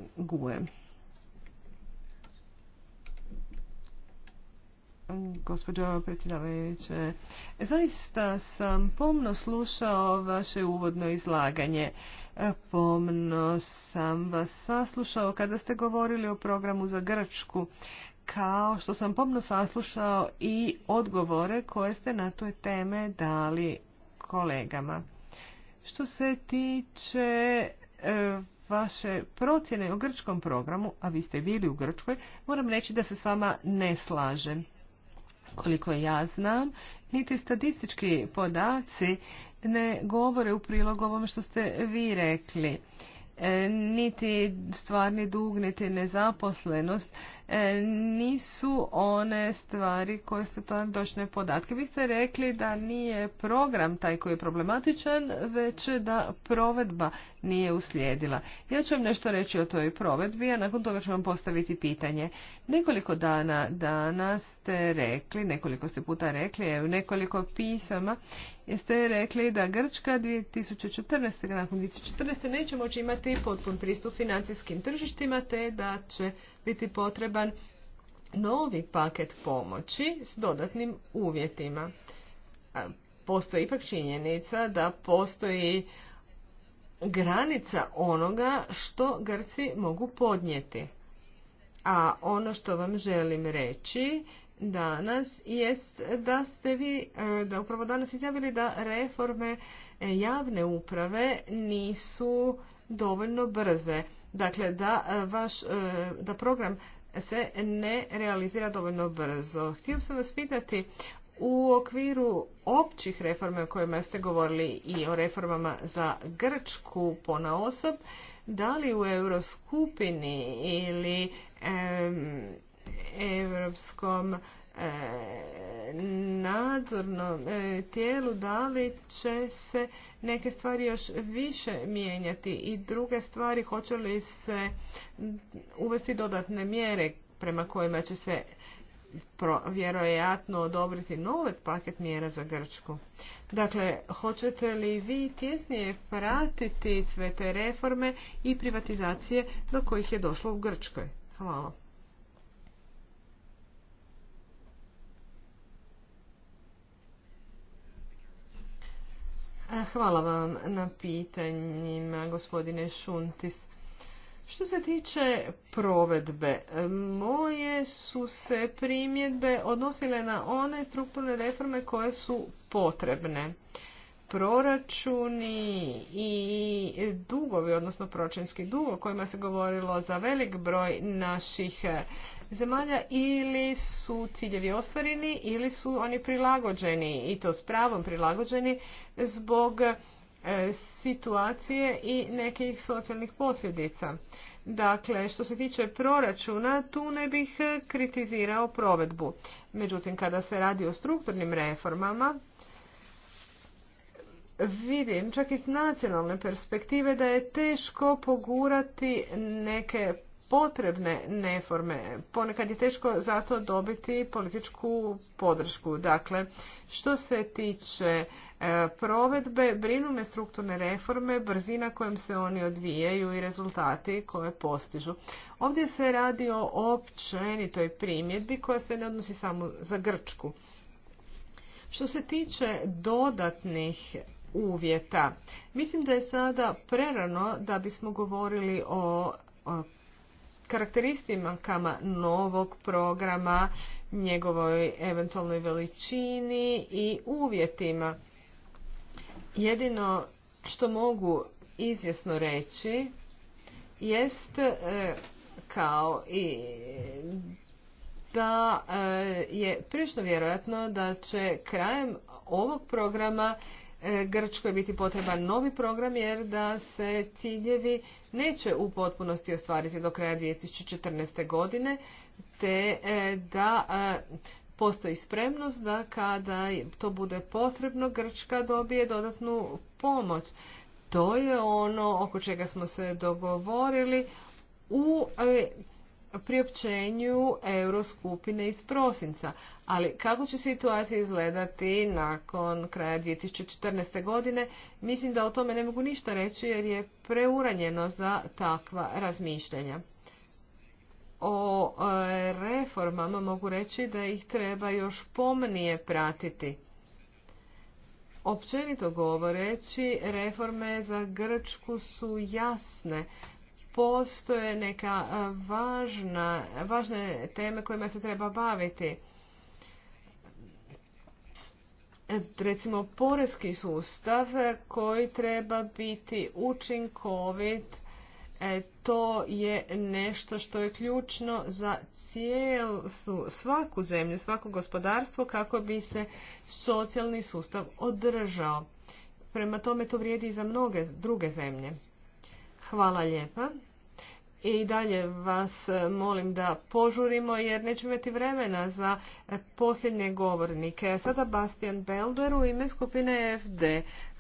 gospođo predsjedavajuće. Zaista sam pomno slušao vaše uvodno izlaganje. E, pomno sam vas saslušao kada ste govorili o programu za Grčku, kao što sam pomno saslušao i odgovore koje ste na toj teme dali kolegama. Što se tiče e, vaše procjene o grčkom programu, a vi ste bili u Grčkoj, moram reći da se s vama ne slažem. Koliko ja znam, niti statistički podaci ne govore u prilog ovome što ste vi rekli. E, niti stvarni dug, niti nezaposlenost E, nisu one stvari koje ste to točne podatke. Vi ste rekli da nije program taj koji je problematičan, već da provedba nije uslijedila. Ja ću vam nešto reći o toj provedbi, a nakon toga ću vam postaviti pitanje. Nekoliko dana danas ste rekli, nekoliko ste puta rekli, u nekoliko pisama ste rekli da Grčka 2014. nakon 2014. neće moći imati potpun pristup financijskim tržištima, te da će biti potreban novi paket pomoći s dodatnim uvjetima. Postoji ipak činjenica da postoji granica onoga što Grci mogu podnijeti. A ono što vam želim reći danas jest da ste vi, e, da upravo danas izjavili da reforme javne uprave nisu dovoljno brze. Dakle, da, e, vaš, e, da program se ne realizira dovoljno brzo. Htio sam vas pitati u okviru općih reforme o kojima ste govorili i o reformama za Grčku pona osob, da li u Euroskupini ili Europskom E, nadzornom e, tijelu da li će se neke stvari još više mijenjati i druge stvari hoće li se uvesti dodatne mjere prema kojima će se vjerojatno odobriti novi paket mjera za Grčku. Dakle, hoćete li vi tjesnije pratiti sve te reforme i privatizacije do kojih je došlo u Grčkoj? Hvala. Eh, hvala vam na pitanjima, gospodine Šuntis. Što se tiče provedbe, moje su se primjedbe odnosile na one strukturne reforme koje su potrebne proračuni i dugovi, odnosno proračunski dug o kojima se govorilo za velik broj naših e, zemalja ili su ciljevi ostvareni ili su oni prilagođeni i to s pravom prilagođeni zbog e, situacije i nekih socijalnih posljedica. Dakle, što se tiče proračuna, tu ne bih e, kritizirao provedbu. Međutim, kada se radi o strukturnim reformama, vidim čak iz nacionalne perspektive da je teško pogurati neke potrebne neforme. Ponekad je teško zato dobiti političku podršku. Dakle, što se tiče e, provedbe, brinu me strukturne reforme, brzina kojom se oni odvijaju i rezultati koje postižu. Ovdje se radi o općenitoj primjedbi koja se ne odnosi samo za Grčku. Što se tiče dodatnih uvjeta. Mislim da je sada prerano da bismo govorili o, karakteristikama novog programa, njegovoj eventualnoj veličini i uvjetima. Jedino što mogu izvjesno reći jest e, kao i da e, je prilično vjerojatno da će krajem ovog programa E, Grčkoj biti potreban novi program jer da se ciljevi neće u potpunosti ostvariti do kraja 2014. godine te e, da e, postoji spremnost da kada to bude potrebno Grčka dobije dodatnu pomoć. To je ono oko čega smo se dogovorili u priopćenju Euroskupine iz prosinca. Ali kako će situacija izgledati nakon kraja 2014. godine, mislim da o tome ne mogu ništa reći jer je preuranjeno za takva razmišljanja. O e, reformama mogu reći da ih treba još pomnije pratiti. Općenito govoreći, reforme za Grčku su jasne postoje neka važna, važne teme kojima se treba baviti. Recimo, porezki sustav koji treba biti učinkovit, e, to je nešto što je ključno za cijelu svaku zemlju, svako gospodarstvo kako bi se socijalni sustav održao. Prema tome to vrijedi i za mnoge druge zemlje. Hvala lijepa. I dalje vas e, molim da požurimo jer nećemo imati vremena za e, posljednje govornike. Sada Bastian Belder u ime skupine FD.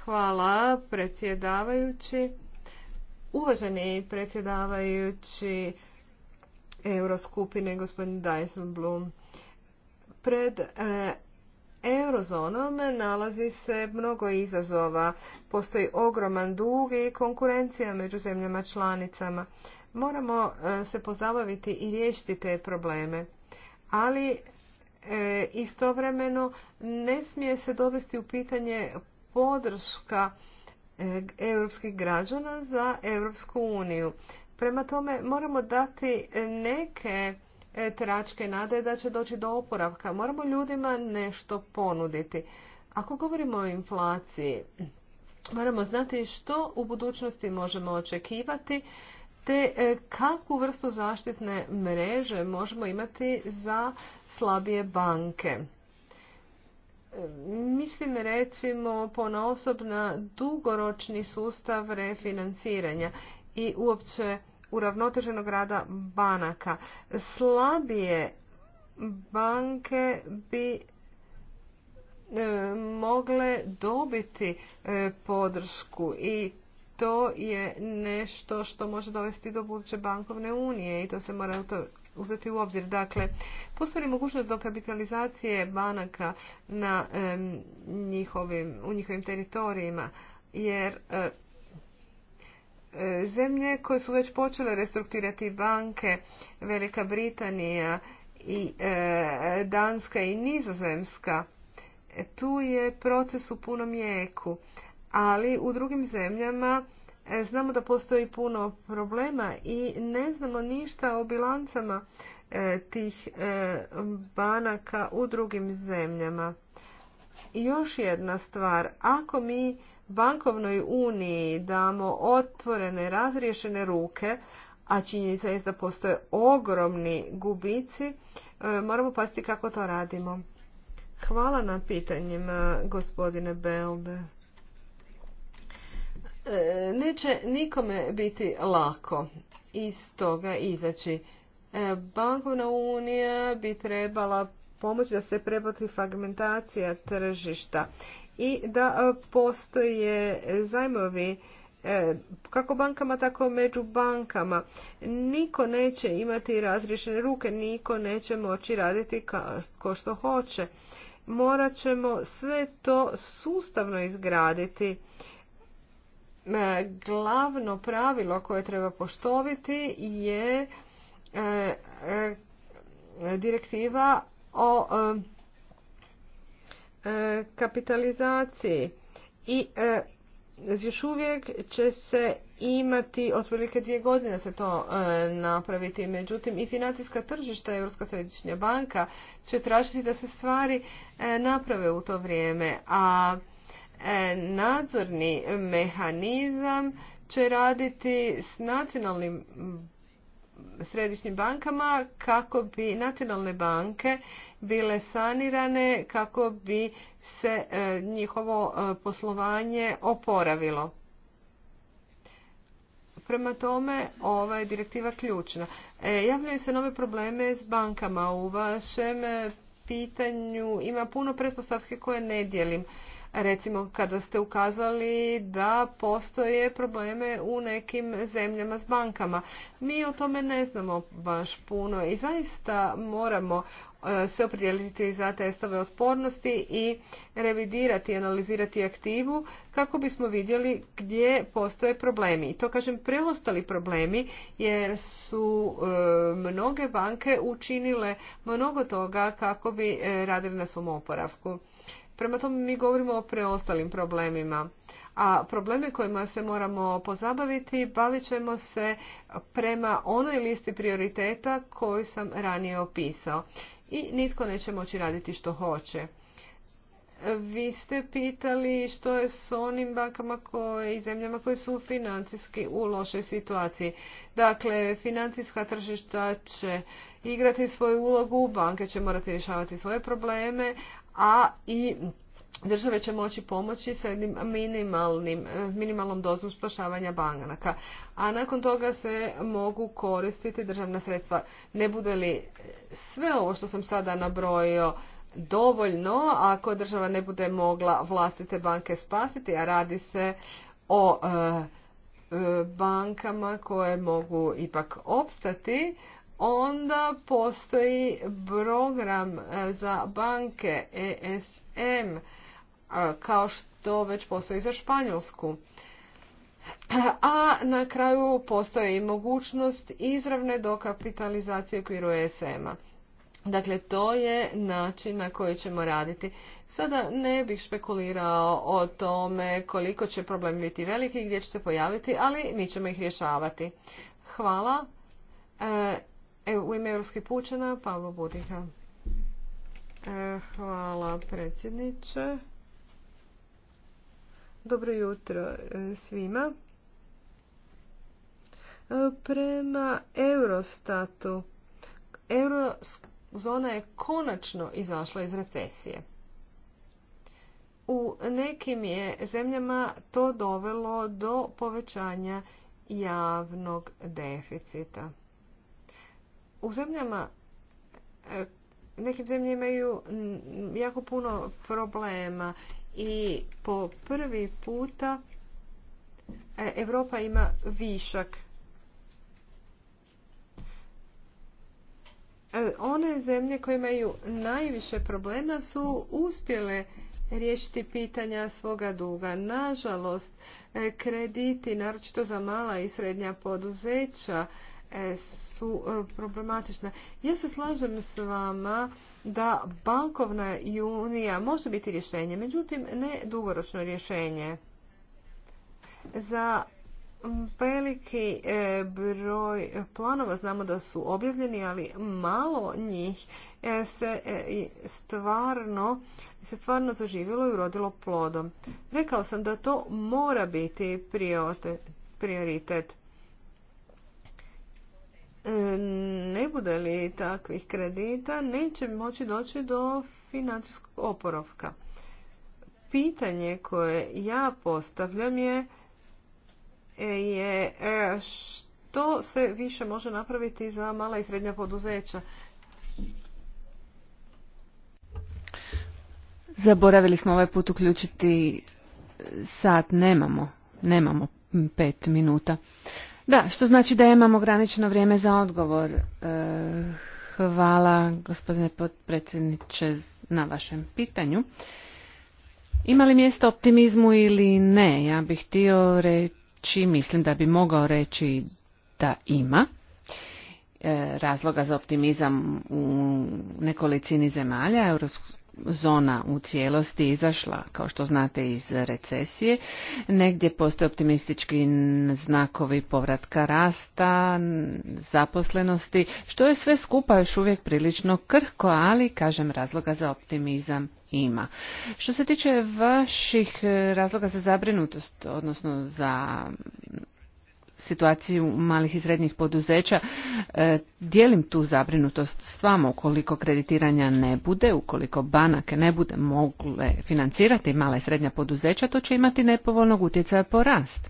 Hvala predsjedavajući. Uvaženi predsjedavajući Euroskupine gospodin Dyson Bloom. Pred e, eurozonom nalazi se mnogo izazova. Postoji ogroman dug i konkurencija među zemljama članicama. Moramo e, se pozabaviti i riješiti te probleme. Ali e, istovremeno ne smije se dovesti u pitanje podrška e, europskih građana za Europsku uniju. Prema tome moramo dati neke E, tračke nade da će doći do oporavka. Moramo ljudima nešto ponuditi. Ako govorimo o inflaciji, moramo znati što u budućnosti možemo očekivati te e, kakvu vrstu zaštitne mreže možemo imati za slabije banke. E, mislim recimo ponaosob na dugoročni sustav refinanciranja i uopće uravnoteženog rada banaka. Slabije banke bi e, mogle dobiti e, podršku i to je nešto što može dovesti do buduće bankovne unije i to se mora uzeti u obzir. Dakle, postoji mogućnost do kapitalizacije banaka na u njihovim teritorijima jer e, Zemlje koje su već počele restrukturirati banke, Velika Britanija i e, Danska i Nizozemska, e, tu je proces u punom jeku. Ali u drugim zemljama e, znamo da postoji puno problema i ne znamo ništa o bilancama tih banaka u drugim zemljama. I još jedna stvar, ako mi bankovnoj uniji damo otvorene, razriješene ruke, a činjenica je da postoje ogromni gubici, e, moramo paziti kako to radimo. Hvala na pitanjima, e, gospodine Belde. E, neće nikome biti lako iz toga izaći. Bankovna unija bi trebala pomoći da se preboti fragmentacija tržišta i da e, postoje zajmovi e, kako bankama, tako među bankama. Niko neće imati razrišene ruke, niko neće moći raditi ko što hoće. Morat ćemo sve to sustavno izgraditi. E, glavno pravilo koje treba poštoviti je direktiva o E, kapitalizaciji i e, još uvijek će se imati otprilike dvije godine se to e, napraviti. Međutim, i financijska tržišta Europska središnja banka će tražiti da se stvari naprave u to vrijeme, a nadzorni mehanizam će raditi s nacionalnim središnjim bankama kako bi nacionalne banke bile sanirane, kako bi se e, njihovo e, poslovanje oporavilo. Prema tome, ova je direktiva ključna. E, javljaju se nove probleme s bankama. U vašem pitanju ima puno pretpostavke koje ne dijelim. Recimo kada ste ukazali da postoje probleme u nekim zemljama s bankama. Mi o tome ne znamo baš puno i zaista moramo e, se oprijeliti za testove otpornosti i revidirati i analizirati aktivu kako bismo vidjeli gdje postoje problemi. I to kažem preostali problemi jer su e, mnoge banke učinile mnogo toga kako bi e, radili na svom oporavku. Prema tome mi govorimo o preostalim problemima. A probleme kojima se moramo pozabaviti bavit ćemo se prema onoj listi prioriteta koju sam ranije opisao. I nitko neće moći raditi što hoće. Vi ste pitali što je s onim bankama koje, i zemljama koje su financijski u lošoj situaciji. Dakle, financijska tržišta će igrati svoju ulogu, banke će morati rješavati svoje probleme, a i države će moći pomoći sa jednim minimalnim, minimalnom dozom spašavanja banaka. A nakon toga se mogu koristiti državna sredstva. Ne bude li sve ovo što sam sada nabrojio dovoljno, ako država ne bude mogla vlastite banke spasiti, a radi se o e, e, bankama koje mogu ipak opstati, onda postoji program e, za banke ESM e, kao što već postoji za Španjolsku. A na kraju postoji i mogućnost izravne dokapitalizacije u okviru ESM-a. Dakle, to je način na koji ćemo raditi. Sada ne bih špekulirao o tome koliko će problem biti veliki i gdje će se pojaviti, ali mi ćemo ih rješavati. Hvala. E, Evo, u ime Europskih pučana, Pavlo Budiha. E, hvala predsjedniče. Dobro jutro e, svima. E, prema Eurostatu, eurozona je konačno izašla iz recesije. U nekim je zemljama to dovelo do povećanja javnog deficita. U zemljama, e, nekim zemlje imaju jako puno problema i po prvi puta e, Europa ima višak. E, one zemlje koje imaju najviše problema su uspjele riješiti pitanja svoga duga. Nažalost, krediti, naročito za mala i srednja poduzeća, E, su e, problematična. Ja se slažem s vama da bankovna unija može biti rješenje, međutim ne dugoročno rješenje. Za veliki e, broj planova znamo da su objavljeni, ali malo njih se stvarno, se stvarno zaživjelo i urodilo plodom. Rekao sam da to mora biti prioritet E, ne bude li takvih kredita, neće moći doći do financijskog oporovka. Pitanje koje ja postavljam je, e, je e, što se više može napraviti za mala i srednja poduzeća. Zaboravili smo ovaj put uključiti sat, nemamo, nemamo pet minuta. Da, što znači da imamo ograničeno vrijeme za odgovor. E, hvala gospodine potpredsjedniče na vašem pitanju. Ima li mjesto optimizmu ili ne? Ja bih htio reći, mislim da bi mogao reći da ima e, razloga za optimizam u nekolicini zemalja zona u cijelosti izašla, kao što znate, iz recesije. Negdje postoje optimistički znakovi povratka rasta, zaposlenosti, što je sve skupa još uvijek prilično krhko, ali, kažem, razloga za optimizam ima. Što se tiče vaših eh, razloga za zabrinutost, odnosno za situaciju malih i srednjih poduzeća. E, dijelim tu zabrinutost s vama ukoliko kreditiranja ne bude, ukoliko banake ne bude mogle financirati mala i srednja poduzeća, to će imati nepovoljnog utjecaja po rast.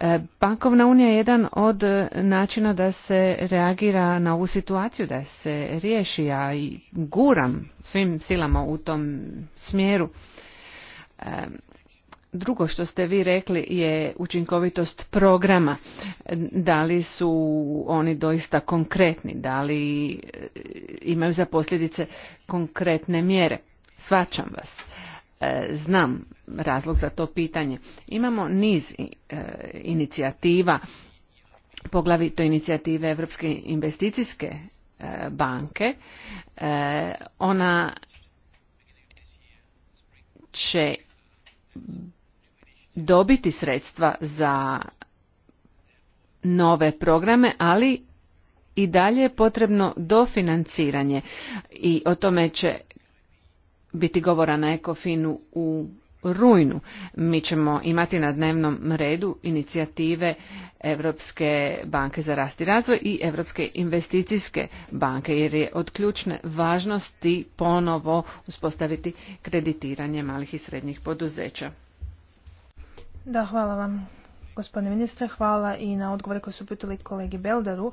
E, bankovna unija je jedan od načina da se reagira na ovu situaciju, da se riješi, ja i guram svim silama u tom smjeru. E, Drugo što ste vi rekli je učinkovitost programa. Da li su oni doista konkretni, da li e, imaju za posljedice konkretne mjere? Svačam vas. E, znam razlog za to pitanje. Imamo niz e, inicijativa, poglavito inicijative Europske investicijske banke. Ona će dobiti sredstva za nove programe, ali i dalje je potrebno dofinanciranje i o tome će biti govora na Ekofinu u rujnu. Mi ćemo imati na dnevnom redu inicijative Europske banke za rast i razvoj i Europske investicijske banke jer je od ključne važnosti ponovo uspostaviti kreditiranje malih i srednjih poduzeća. Da, hvala vam gospodine ministre. Hvala i na odgovore koje su pitali kolegi Belderu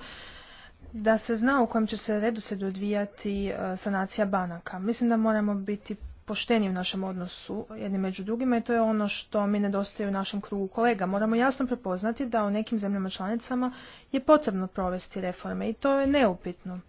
da se zna u kojem će se se odvijati e, sanacija banaka. Mislim da moramo biti pošteni u našem odnosu jedni među drugima i to je ono što mi nedostaje u našem krugu kolega. Moramo jasno prepoznati da u nekim zemljama članicama je potrebno provesti reforme i to je neupitno.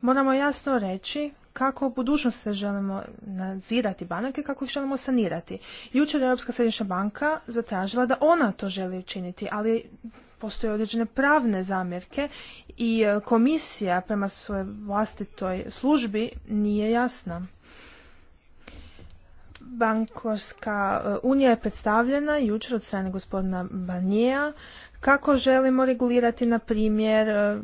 Moramo jasno reći kako u budućnosti želimo nadzirati banke, kako ih želimo sanirati. Jučer je Europska središnja banka zatražila da ona to želi učiniti, ali postoje određene pravne zamjerke i e, komisija prema svojoj vlastitoj službi nije jasna. Bankorska e, unija je predstavljena jučer od strane gospodina Banija kako želimo regulirati, na primjer, e,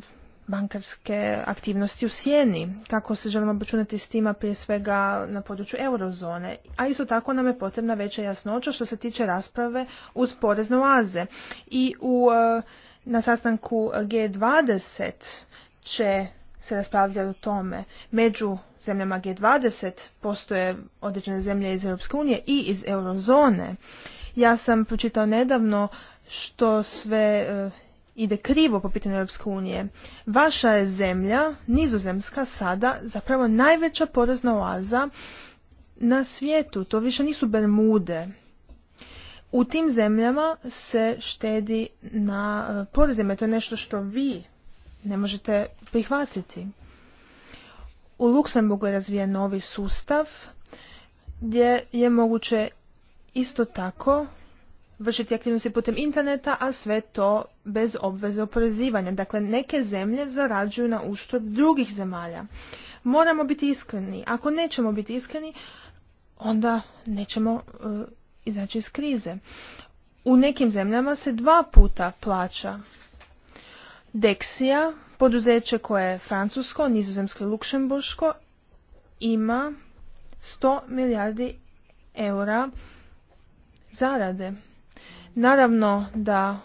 bankarske aktivnosti u sjeni, kako se želimo obračunati s tima prije svega na području eurozone, a isto tako nam je potrebna veća jasnoća što se tiče rasprave uz porezne oaze. I u, e, na sastanku G20 će se raspravljati o tome. Među zemljama G20 postoje određene zemlje iz Europske unije i iz eurozone. Ja sam pročitao nedavno što sve e, ide krivo po pitanju Europske unije. Vaša je zemlja, nizozemska, sada zapravo najveća porezna oaza na svijetu. To više nisu Bermude. U tim zemljama se štedi na e, porezima. To je nešto što vi ne možete prihvatiti. U Luksemburgu je razvijen novi sustav gdje je moguće isto tako vršiti aktivnosti putem interneta, a sve to bez obveze oporezivanja. Dakle, neke zemlje zarađuju na uštrb drugih zemalja. Moramo biti iskreni. Ako nećemo biti iskreni, onda nećemo e, izaći iz krize. U nekim zemljama se dva puta plaća Dexia, poduzeće koje je francusko, nizozemsko i luksemburško, ima 100 milijardi eura zarade. Naravno da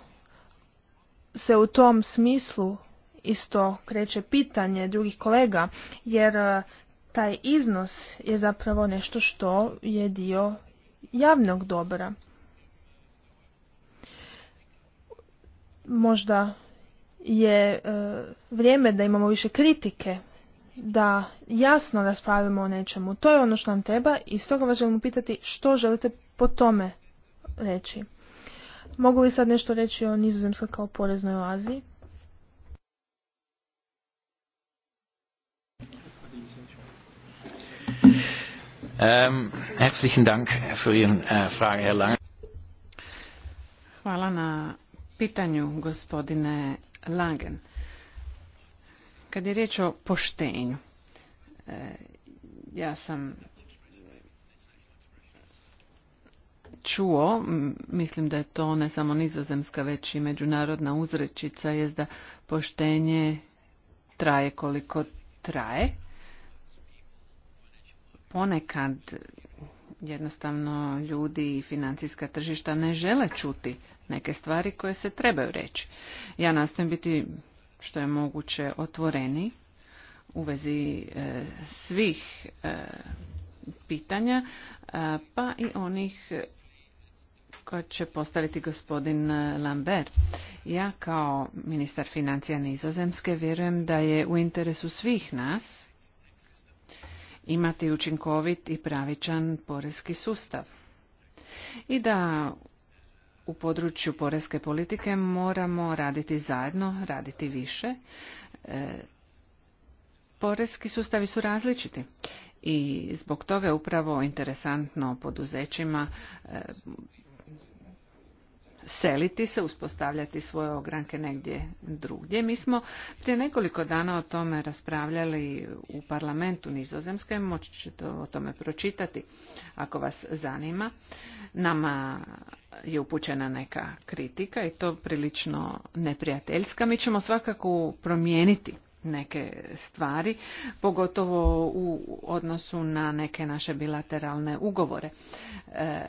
se u tom smislu isto kreće pitanje drugih kolega, jer e, taj iznos je zapravo nešto što je dio javnog dobra. Možda je e, vrijeme da imamo više kritike, da jasno raspravimo o nečemu. To je ono što nam treba i stoga vas želim pitati što želite po tome reći. Mogu li sad nešto reći o Nizozemskoj kao poreznoj oazi um, herzlichen uh, Hvala na pitanju, gospodine Langen. Kad je riječ o poštenju, e, ja sam čuo, mislim da je to ne samo nizozemska, već i međunarodna uzrečica, je da poštenje traje koliko traje. Ponekad jednostavno ljudi i financijska tržišta ne žele čuti neke stvari koje se trebaju reći. Ja nastojim biti što je moguće otvoreni u vezi e, svih e, pitanja, pa i onih koja će postaviti gospodin e, Lambert. Ja kao ministar financija nizozemske vjerujem da je u interesu svih nas imati učinkovit i pravičan porezki sustav. I da u području porezke politike moramo raditi zajedno, raditi više. E, poreski porezki sustavi su različiti i zbog toga je upravo interesantno poduzećima e, seliti se, uspostavljati svoje ogranke negdje drugdje. Mi smo prije nekoliko dana o tome raspravljali u parlamentu Nizozemske, moći ćete o tome pročitati ako vas zanima. Nama je upućena neka kritika i to prilično neprijateljska. Mi ćemo svakako promijeniti neke stvari, pogotovo u odnosu na neke naše bilateralne ugovore. E,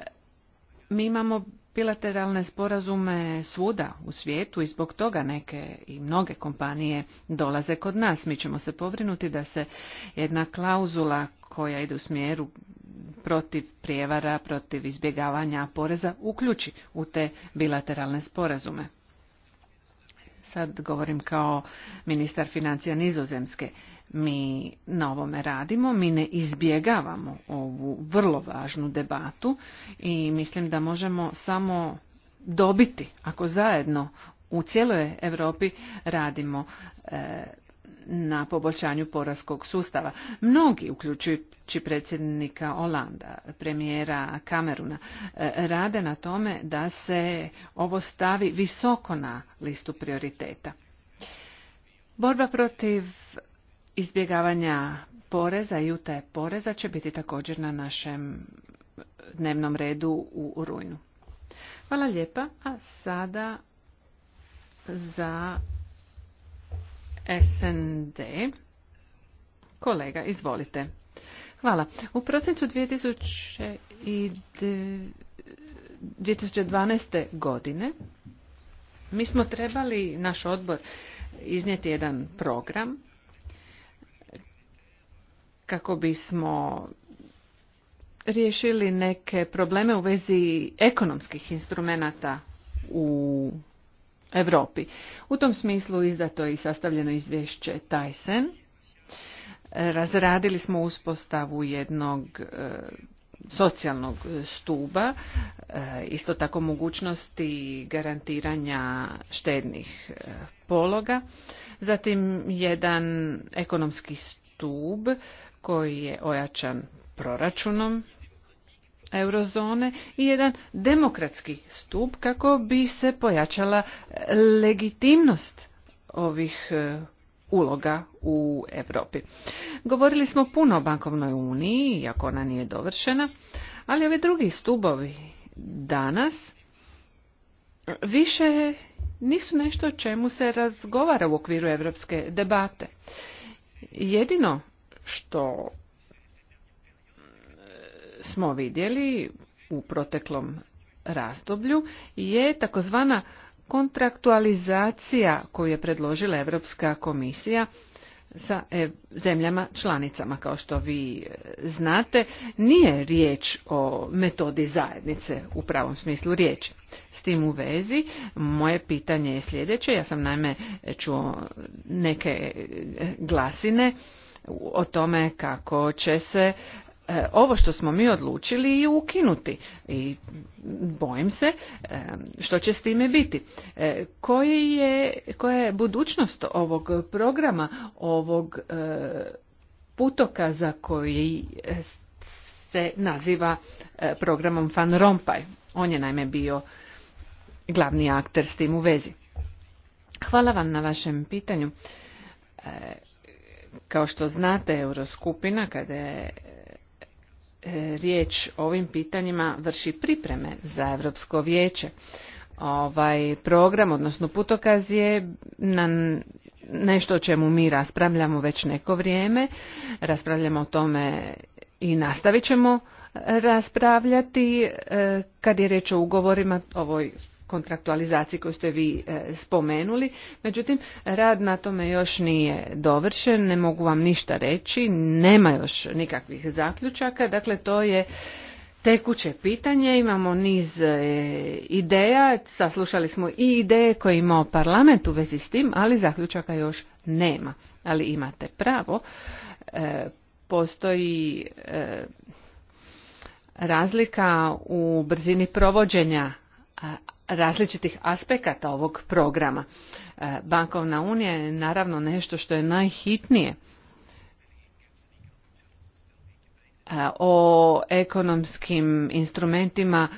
mi imamo bilateralne sporazume svuda u svijetu i zbog toga neke i mnoge kompanije dolaze kod nas. Mi ćemo se povrinuti da se jedna klauzula koja ide u smjeru protiv prijevara, protiv izbjegavanja poreza uključi u te bilateralne sporazume. Sad govorim kao ministar financija nizozemske. Mi na ovome radimo, mi ne izbjegavamo ovu vrlo važnu debatu i mislim da možemo samo dobiti ako zajedno u cijeloj Europi radimo e, na poboljšanju poraskog sustava. Mnogi, uključujući predsjednika Olanda, premijera Kameruna, e, rade na tome da se ovo stavi visoko na listu prioriteta. Borba protiv izbjegavanja poreza i utaje poreza će biti također na našem dnevnom redu u rujnu. Hvala lijepa, a sada za SND. Kolega, izvolite. Hvala. U prosincu 2012. godine mi smo trebali, naš odbor, iznijeti jedan program kako bismo riješili neke probleme u vezi ekonomskih instrumenata u Europi. U tom smislu izdato je i sastavljeno izvješće Tyson. E, razradili smo uspostavu jednog e, socijalnog stuba, e, isto tako mogućnosti garantiranja štednih pologa, zatim jedan ekonomski stub koji je ojačan proračunom eurozone i jedan demokratski stup kako bi se pojačala legitimnost ovih e, uloga u Europi. Govorili smo puno o bankovnoj uniji, iako ona nije dovršena, ali ove drugi stubovi danas više nisu nešto o čemu se razgovara u okviru evropske debate. Jedino što e, smo vidjeli u proteklom razdoblju je takozvana kontraktualizacija koju je predložila Europska komisija sa e, zemljama članicama. Kao što vi e, znate, nije riječ o metodi zajednice u pravom smislu riječi. S tim u vezi, moje pitanje je sljedeće. Ja sam naime čuo neke glasine o tome kako će se e, ovo što smo mi odlučili i ukinuti i bojim se e, što će s time biti. E, koji je, koja je budućnost ovog programa, ovog putoka za koji se naziva programom Van Rompaj. On je naime bio glavni akter s tim u vezi. Hvala vam na vašem pitanju. Kao što znate, Euroskupina, kada je e, riječ o ovim pitanjima, vrši pripreme za Europsko vijeće. Ovaj program, odnosno putokaz je na nešto o čemu mi raspravljamo već neko vrijeme. Raspravljamo o tome i nastavit ćemo raspravljati e, kad je riječ o ugovorima. ovoj kontraktualizaciji koju ste vi e, spomenuli. Međutim, rad na tome još nije dovršen, ne mogu vam ništa reći, nema još nikakvih zaključaka, dakle to je tekuće pitanje, imamo niz e, ideja, saslušali smo i ideje koje imao parlament u vezi s tim, ali zaključaka još nema. Ali imate pravo, e, postoji razlika u brzini provođenja različitih aspekata ovog programa. E, bankovna unija je naravno nešto što je najhitnije. E, o ekonomskim instrumentima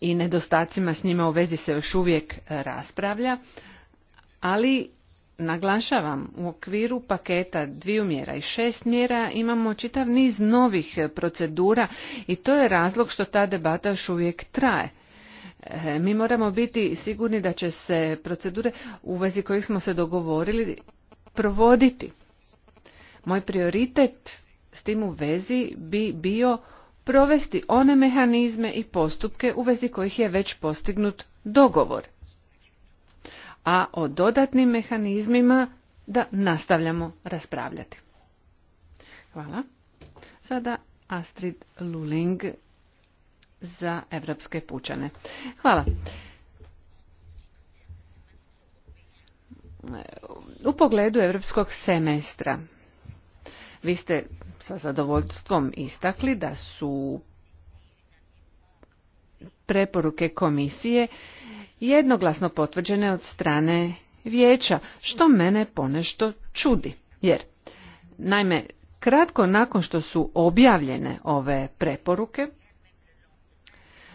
i nedostacima s njima u vezi se još uvijek raspravlja, ali naglašavam u okviru paketa dviju mjera i šest mjera imamo čitav niz novih procedura i to je razlog što ta debata još uvijek traje E, mi moramo biti sigurni da će se procedure u vezi kojih smo se dogovorili provoditi. Moj prioritet s tim u vezi bi bio provesti one mehanizme i postupke u vezi kojih je već postignut dogovor. A o dodatnim mehanizmima da nastavljamo raspravljati. Hvala. Sada Astrid Luling za evropske pučane. Hvala. U pogledu evropskog semestra, vi ste sa zadovoljstvom istakli da su preporuke komisije jednoglasno potvrđene od strane vijeća, što mene ponešto čudi. Jer, naime, kratko nakon što su objavljene ove preporuke,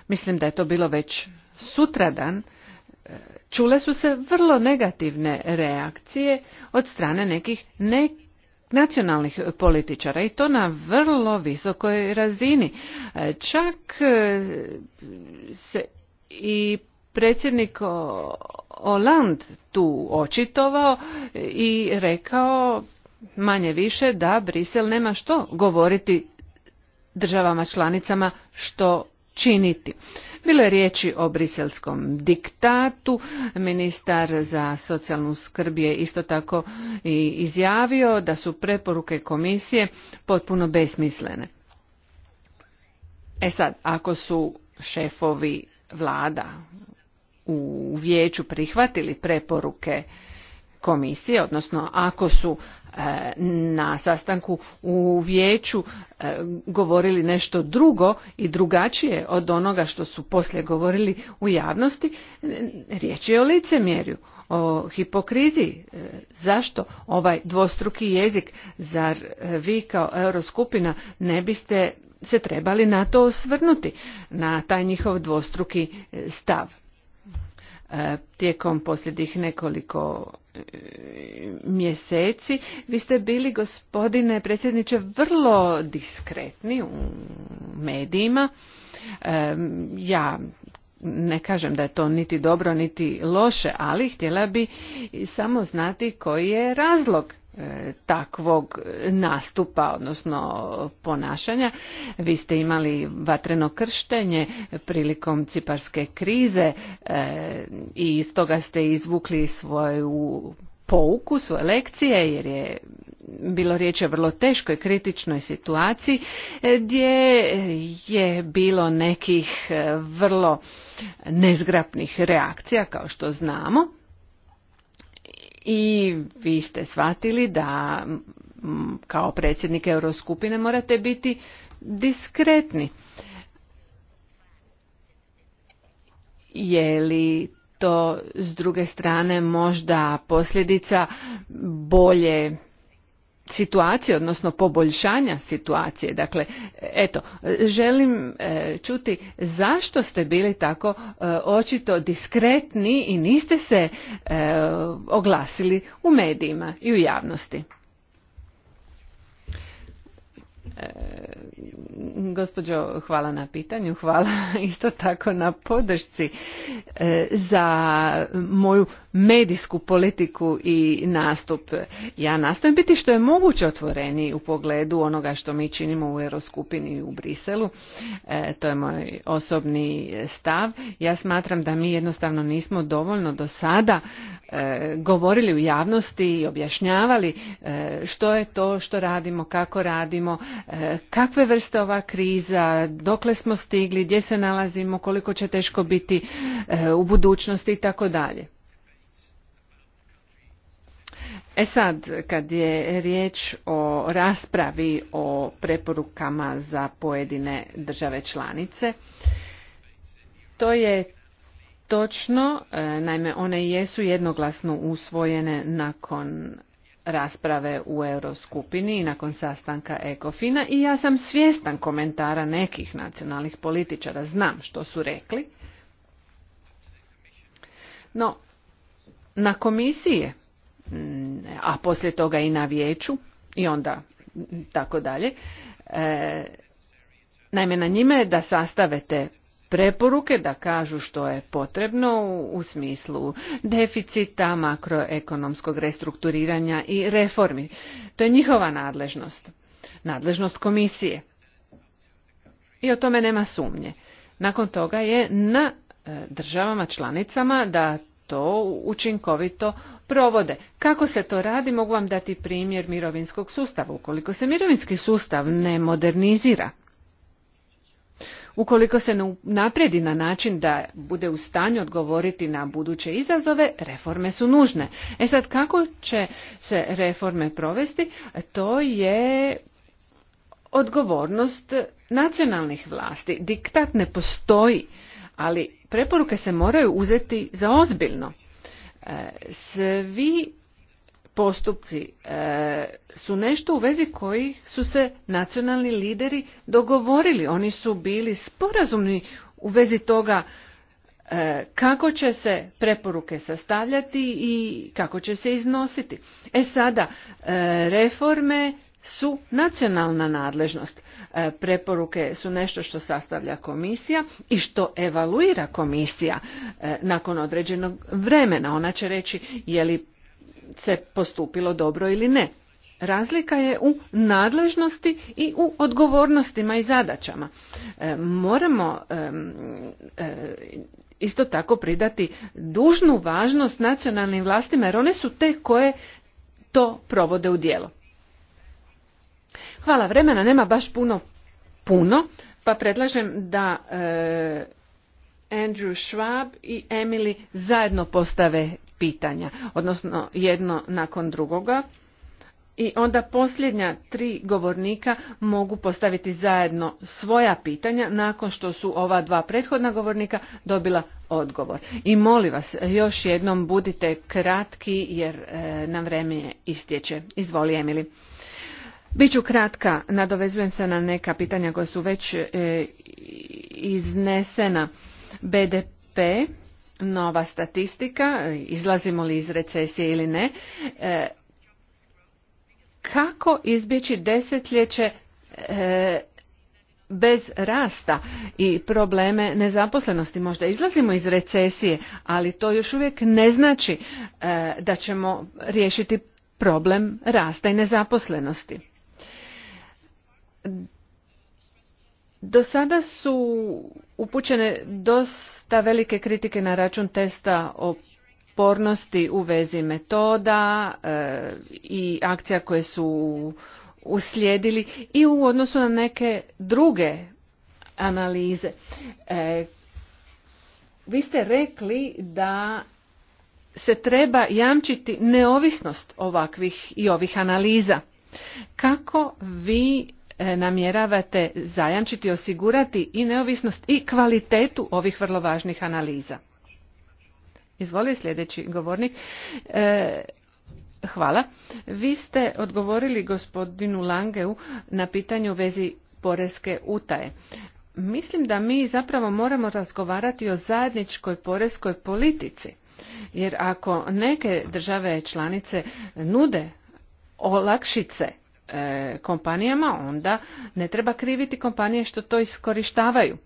mislim da je to bilo već sutradan, e, čule su se vrlo negativne reakcije od strane nekih ne nacionalnih političara i to na vrlo visokoj razini. E, čak e, se i predsjednik Oland tu očitovao i rekao manje više da Brisel nema što govoriti državama članicama što činiti. Bilo je riječi o briselskom diktatu, ministar za socijalnu skrb je isto tako i izjavio da su preporuke komisije potpuno besmislene. E sad, ako su šefovi vlada u vijeću prihvatili preporuke komisije, odnosno ako su e, na sastanku u vijeću e, govorili nešto drugo i drugačije od onoga što su poslije govorili u javnosti, riječ je o licemjerju, o hipokriziji. E, zašto ovaj dvostruki jezik? Zar vi kao Euroskupina ne biste se trebali na to osvrnuti, na taj njihov dvostruki stav? E, tijekom posljednjih nekoliko e, mjeseci. Vi ste bili, gospodine predsjedniče, vrlo diskretni u medijima. E, ja ne kažem da je to niti dobro, niti loše, ali htjela bi samo znati koji je razlog E, takvog nastupa, odnosno ponašanja. Vi ste imali vatreno krštenje prilikom ciparske krize e, i iz toga ste izvukli svoju pouku, svoje lekcije, jer je bilo riječ o vrlo teškoj kritičnoj situaciji e, gdje je bilo nekih vrlo nezgrapnih reakcija kao što znamo i vi ste shvatili da kao predsjednik Euroskupine morate biti diskretni. Je li to s druge strane možda posljedica bolje situacije, odnosno poboljšanja situacije. Dakle, eto, želim e, čuti zašto ste bili tako e, očito diskretni i niste se e, oglasili u medijima i u javnosti. E, hvala na pitanju, hvala isto tako na podršci za moju medijsku politiku i nastup. Ja nastojim biti što je moguće otvoreniji u pogledu onoga što mi činimo u Euroskupini i u Briselu. E, to je moj osobni stav. Ja smatram da mi jednostavno nismo dovoljno do sada e, govorili u javnosti i objašnjavali e, što je to što radimo, kako radimo, kakve vrste ova kriza, dokle smo stigli, gdje se nalazimo, koliko će teško biti u budućnosti i tako dalje. E sad, kad je riječ o raspravi o preporukama za pojedine države članice, to je točno, e, naime one jesu jednoglasno usvojene nakon rasprave u Euroskupini i nakon sastanka Ekofina i ja sam svjestan komentara nekih nacionalnih političara, znam što su rekli. No, na komisije a poslije toga i na vijeću i onda tako dalje. E, naime, na njima je da sastavete preporuke, da kažu što je potrebno u smislu deficita, makroekonomskog restrukturiranja i reformi. To je njihova nadležnost, nadležnost komisije. I o tome nema sumnje. Nakon toga je na e, državama članicama da to učinkovito provode. Kako se to radi, mogu vam dati primjer mirovinskog sustava. Ukoliko se mirovinski sustav ne modernizira, ukoliko se ne napredi na način da bude u stanju odgovoriti na buduće izazove, reforme su nužne. E sad, kako će se reforme provesti, to je odgovornost nacionalnih vlasti. Diktat ne postoji, ali preporuke se moraju uzeti za ozbiljno. E, svi postupci e, su nešto u vezi koji su se nacionalni lideri dogovorili. Oni su bili sporazumni u vezi toga e, kako će se preporuke sastavljati i kako će se iznositi. E sada, reforme su nacionalna nadležnost. E, preporuke su nešto što sastavlja komisija i što evaluira komisija e, nakon određenog vremena. Ona će reći je li se postupilo dobro ili ne. Razlika je u nadležnosti i u odgovornostima i zadaćama. E, moramo isto tako pridati dužnu važnost nacionalnim vlastima jer one su te koje to provode u djelo. Hvala, vremena nema baš puno puno, pa predlažem da e, Andrew Schwab i Emily zajedno postave pitanja, odnosno jedno nakon drugoga. I onda posljednja tri govornika mogu postaviti zajedno svoja pitanja nakon što su ova dva prethodna govornika dobila odgovor. I molim vas, još jednom budite kratki jer e, nam vreme istječe. Izvoli Emily ću kratka, nadovezujem se na neka pitanja koja su već e, iznesena. BDP, nova statistika, izlazimo li iz recesije ili ne. E, kako izbjeći desetljeće e, bez rasta i probleme nezaposlenosti. Možda izlazimo iz recesije, ali to još uvijek ne znači da ćemo riješiti problem rasta i nezaposlenosti do sada su upućene dosta velike kritike na račun testa o pornosti u vezi metoda e, i akcija koje su uslijedili i u odnosu na neke druge analize. E, vi ste rekli da se treba jamčiti neovisnost ovakvih i ovih analiza. Kako vi E, namjeravate zajamčiti, osigurati i neovisnost i kvalitetu ovih vrlo važnih analiza. Izvoli sljedeći govornik. E, hvala. Vi ste odgovorili gospodinu Langeu na pitanju u vezi poreske utaje. Mislim da mi zapravo moramo razgovarati o zajedničkoj poreskoj politici. Jer ako neke države članice nude olakšice E, kompanijama, onda ne treba kriviti kompanije što to iskorištavaju.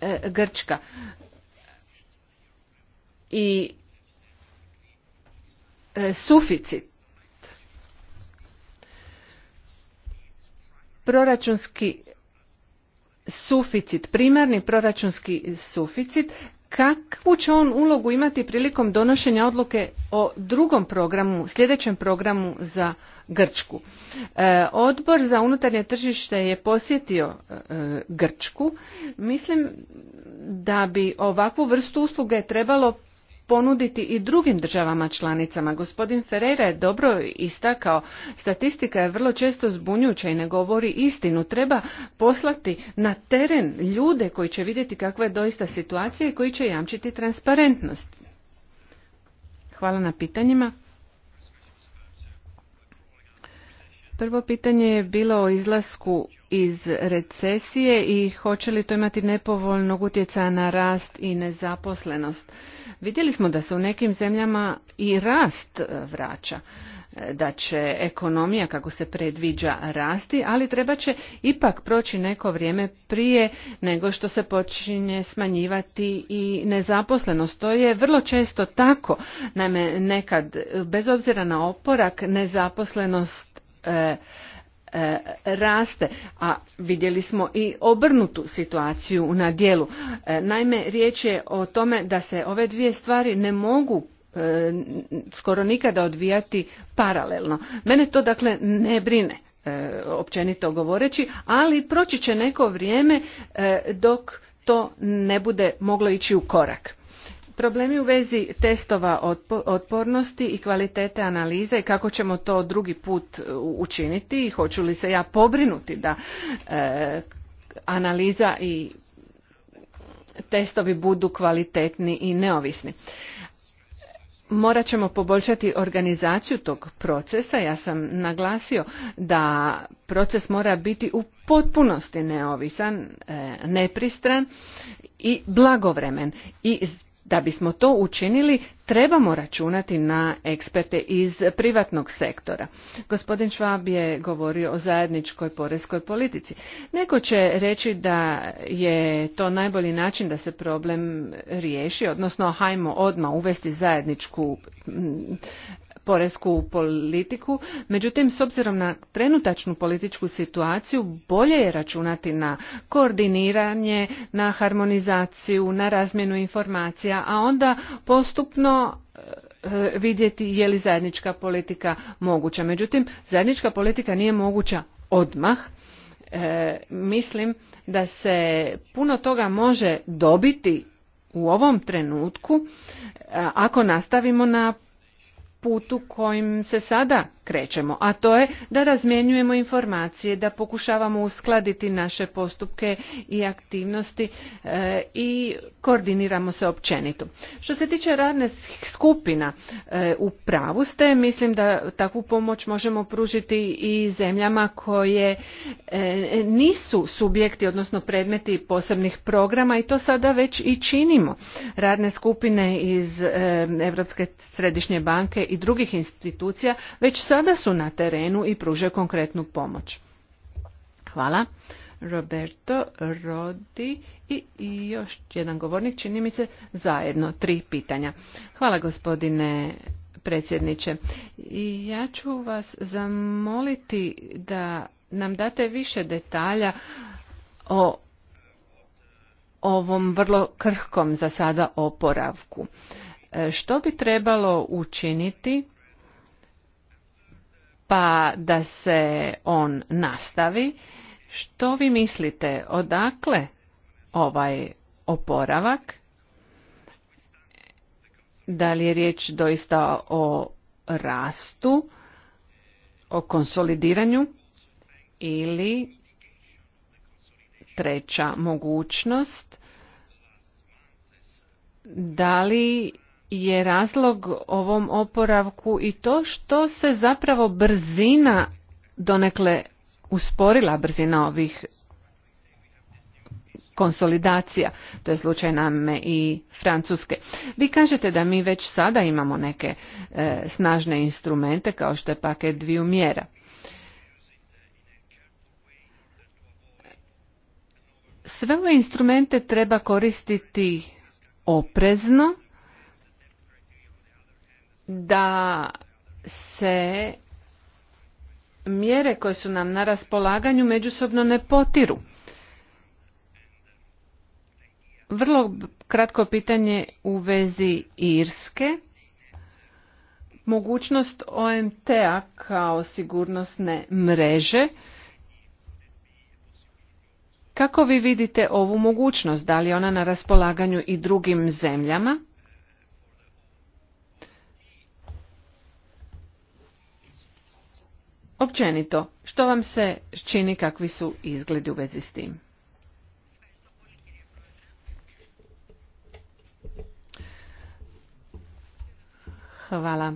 E, Grčka. I e, suficit. Proračunski suficit, primarni proračunski suficit kakvu će on ulogu imati prilikom donošenja odluke o drugom programu, sljedećem programu za Grčku. E, odbor za unutarnje tržište je posjetio e, Grčku. Mislim da bi ovakvu vrstu usluge trebalo ponuditi i drugim državama članicama. Gospodin Ferreira je dobro istakao, statistika je vrlo često zbunjujuća i ne govori istinu. Treba poslati na teren ljude koji će vidjeti kakva je doista situacija i koji će jamčiti transparentnost. Hvala na pitanjima. Prvo pitanje je bilo o izlasku iz recesije i hoće li to imati nepovoljnog utjecaja na rast i nezaposlenost. Vidjeli smo da se u nekim zemljama i rast e, vraća e, da će ekonomija kako se predviđa rasti, ali treba će ipak proći neko vrijeme prije nego što se počinje smanjivati i nezaposlenost. To je vrlo često tako. Naime, nekad, bez obzira na oporak, nezaposlenost e, E, raste, a vidjeli smo i obrnutu situaciju na dijelu. E, naime, riječ je o tome da se ove dvije stvari ne mogu e, skoro nikada odvijati paralelno. Mene to dakle ne brine općenito govoreći, ali proći će neko vrijeme dok to ne bude moglo ići u korak. Problemi u vezi testova otpornosti i kvalitete analize i kako ćemo to drugi put e, učiniti i hoću li se ja pobrinuti da e, analiza i testovi budu kvalitetni i neovisni. Morat ćemo poboljšati organizaciju tog procesa. Ja sam naglasio da proces mora biti u potpunosti neovisan, e, nepristran i blagovremen. I da bismo to učinili, trebamo računati na eksperte iz privatnog sektora. Gospodin Švab je govorio o zajedničkoj poreskoj politici. Neko će reći da je to najbolji način da se problem riješi, odnosno hajmo odmah uvesti zajedničku poresku politiku. Međutim, s obzirom na trenutačnu političku situaciju, bolje je računati na koordiniranje, na harmonizaciju, na razmjenu informacija, a onda postupno e, vidjeti je li zajednička politika moguća. Međutim, zajednička politika nije moguća odmah. E, mislim da se puno toga može dobiti u ovom trenutku e, ako nastavimo na putu kojim se sada krećemo, a to je da razmjenjujemo informacije, da pokušavamo uskladiti naše postupke i aktivnosti e, i koordiniramo se općenito. Što se tiče radne skupina e, u pravu ste, mislim da takvu pomoć možemo pružiti i zemljama koje e, nisu subjekti, odnosno predmeti posebnih programa i to sada već i činimo. Radne skupine iz Europske središnje banke i drugih institucija već sada su na terenu i pruže konkretnu pomoć. Hvala. Roberto, Rodi i, još jedan govornik, čini mi se zajedno, tri pitanja. Hvala gospodine predsjedniče. I ja ću vas zamoliti da nam date više detalja o ovom vrlo krhkom za sada oporavku. E, što bi trebalo učiniti pa da se on nastavi? Što vi mislite, odakle ovaj oporavak? Da li je riječ doista o rastu, o konsolidiranju ili treća mogućnost da li je razlog ovom oporavku i to što se zapravo brzina donekle usporila brzina ovih konsolidacija. To je slučaj nam i Francuske. Vi kažete da mi već sada imamo neke e, snažne instrumente kao što je paket dviju mjera. Sve ove instrumente treba koristiti oprezno da se mjere koje su nam na raspolaganju međusobno ne potiru. Vrlo kratko pitanje u vezi Irske. Mogućnost OMT-a kao sigurnosne mreže. Kako vi vidite ovu mogućnost? Da li je ona na raspolaganju i drugim zemljama? Općenito, što vam se čini kakvi su izgledi u vezi s tim? Hvala.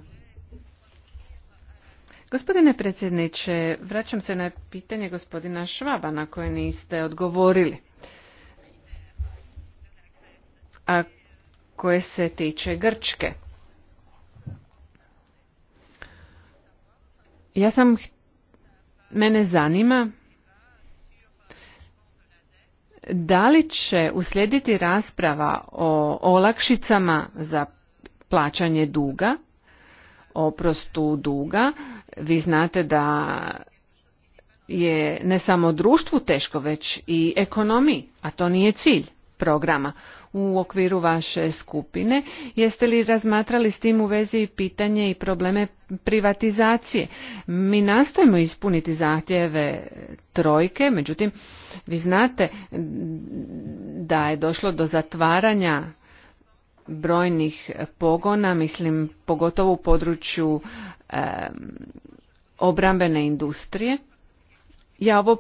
Gospodine predsjedniče, vraćam se na pitanje gospodina Švaba na koje niste odgovorili. A koje se tiče Grčke. Ja sam Mene zanima da li će uslijediti rasprava o olakšicama za plaćanje duga, oprostu duga. Vi znate da je ne samo društvu teško, već i ekonomiji, a to nije cilj programa u okviru vaše skupine. Jeste li razmatrali s tim u vezi pitanje i probleme privatizacije? Mi nastojimo ispuniti zahtjeve trojke, međutim, vi znate da je došlo do zatvaranja brojnih pogona, mislim pogotovo u području obrambene industrije. Ja ovo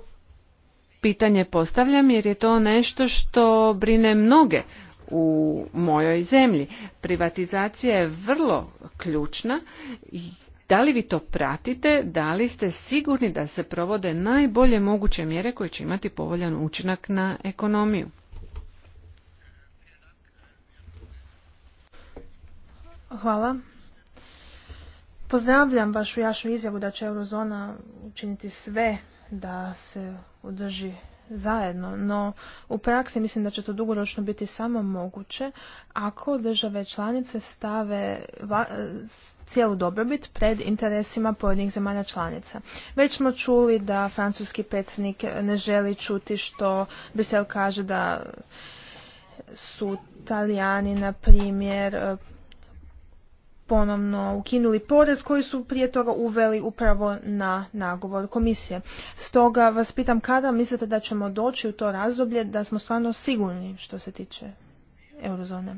pitanje postavljam jer je to nešto što brine mnoge u mojoj zemlji. Privatizacija je vrlo ključna. Da li vi to pratite? Da li ste sigurni da se provode najbolje moguće mjere koje će imati povoljan učinak na ekonomiju? Hvala. Pozdravljam vašu jašu izjavu da će eurozona učiniti sve da se održi zajedno, no u praksi mislim da će to dugoročno biti samo moguće ako države članice stave e, cijelu dobrobit pred interesima pojedinih zemalja članica. Već smo čuli da francuski predsjednik ne želi čuti što Brisel kaže da su Talijani, na primjer, ponovno ukinuli porez koji su prije toga uveli upravo na nagovor komisije. Stoga vas pitam kada mislite da ćemo doći u to razdoblje da smo stvarno sigurni što se tiče eurozone.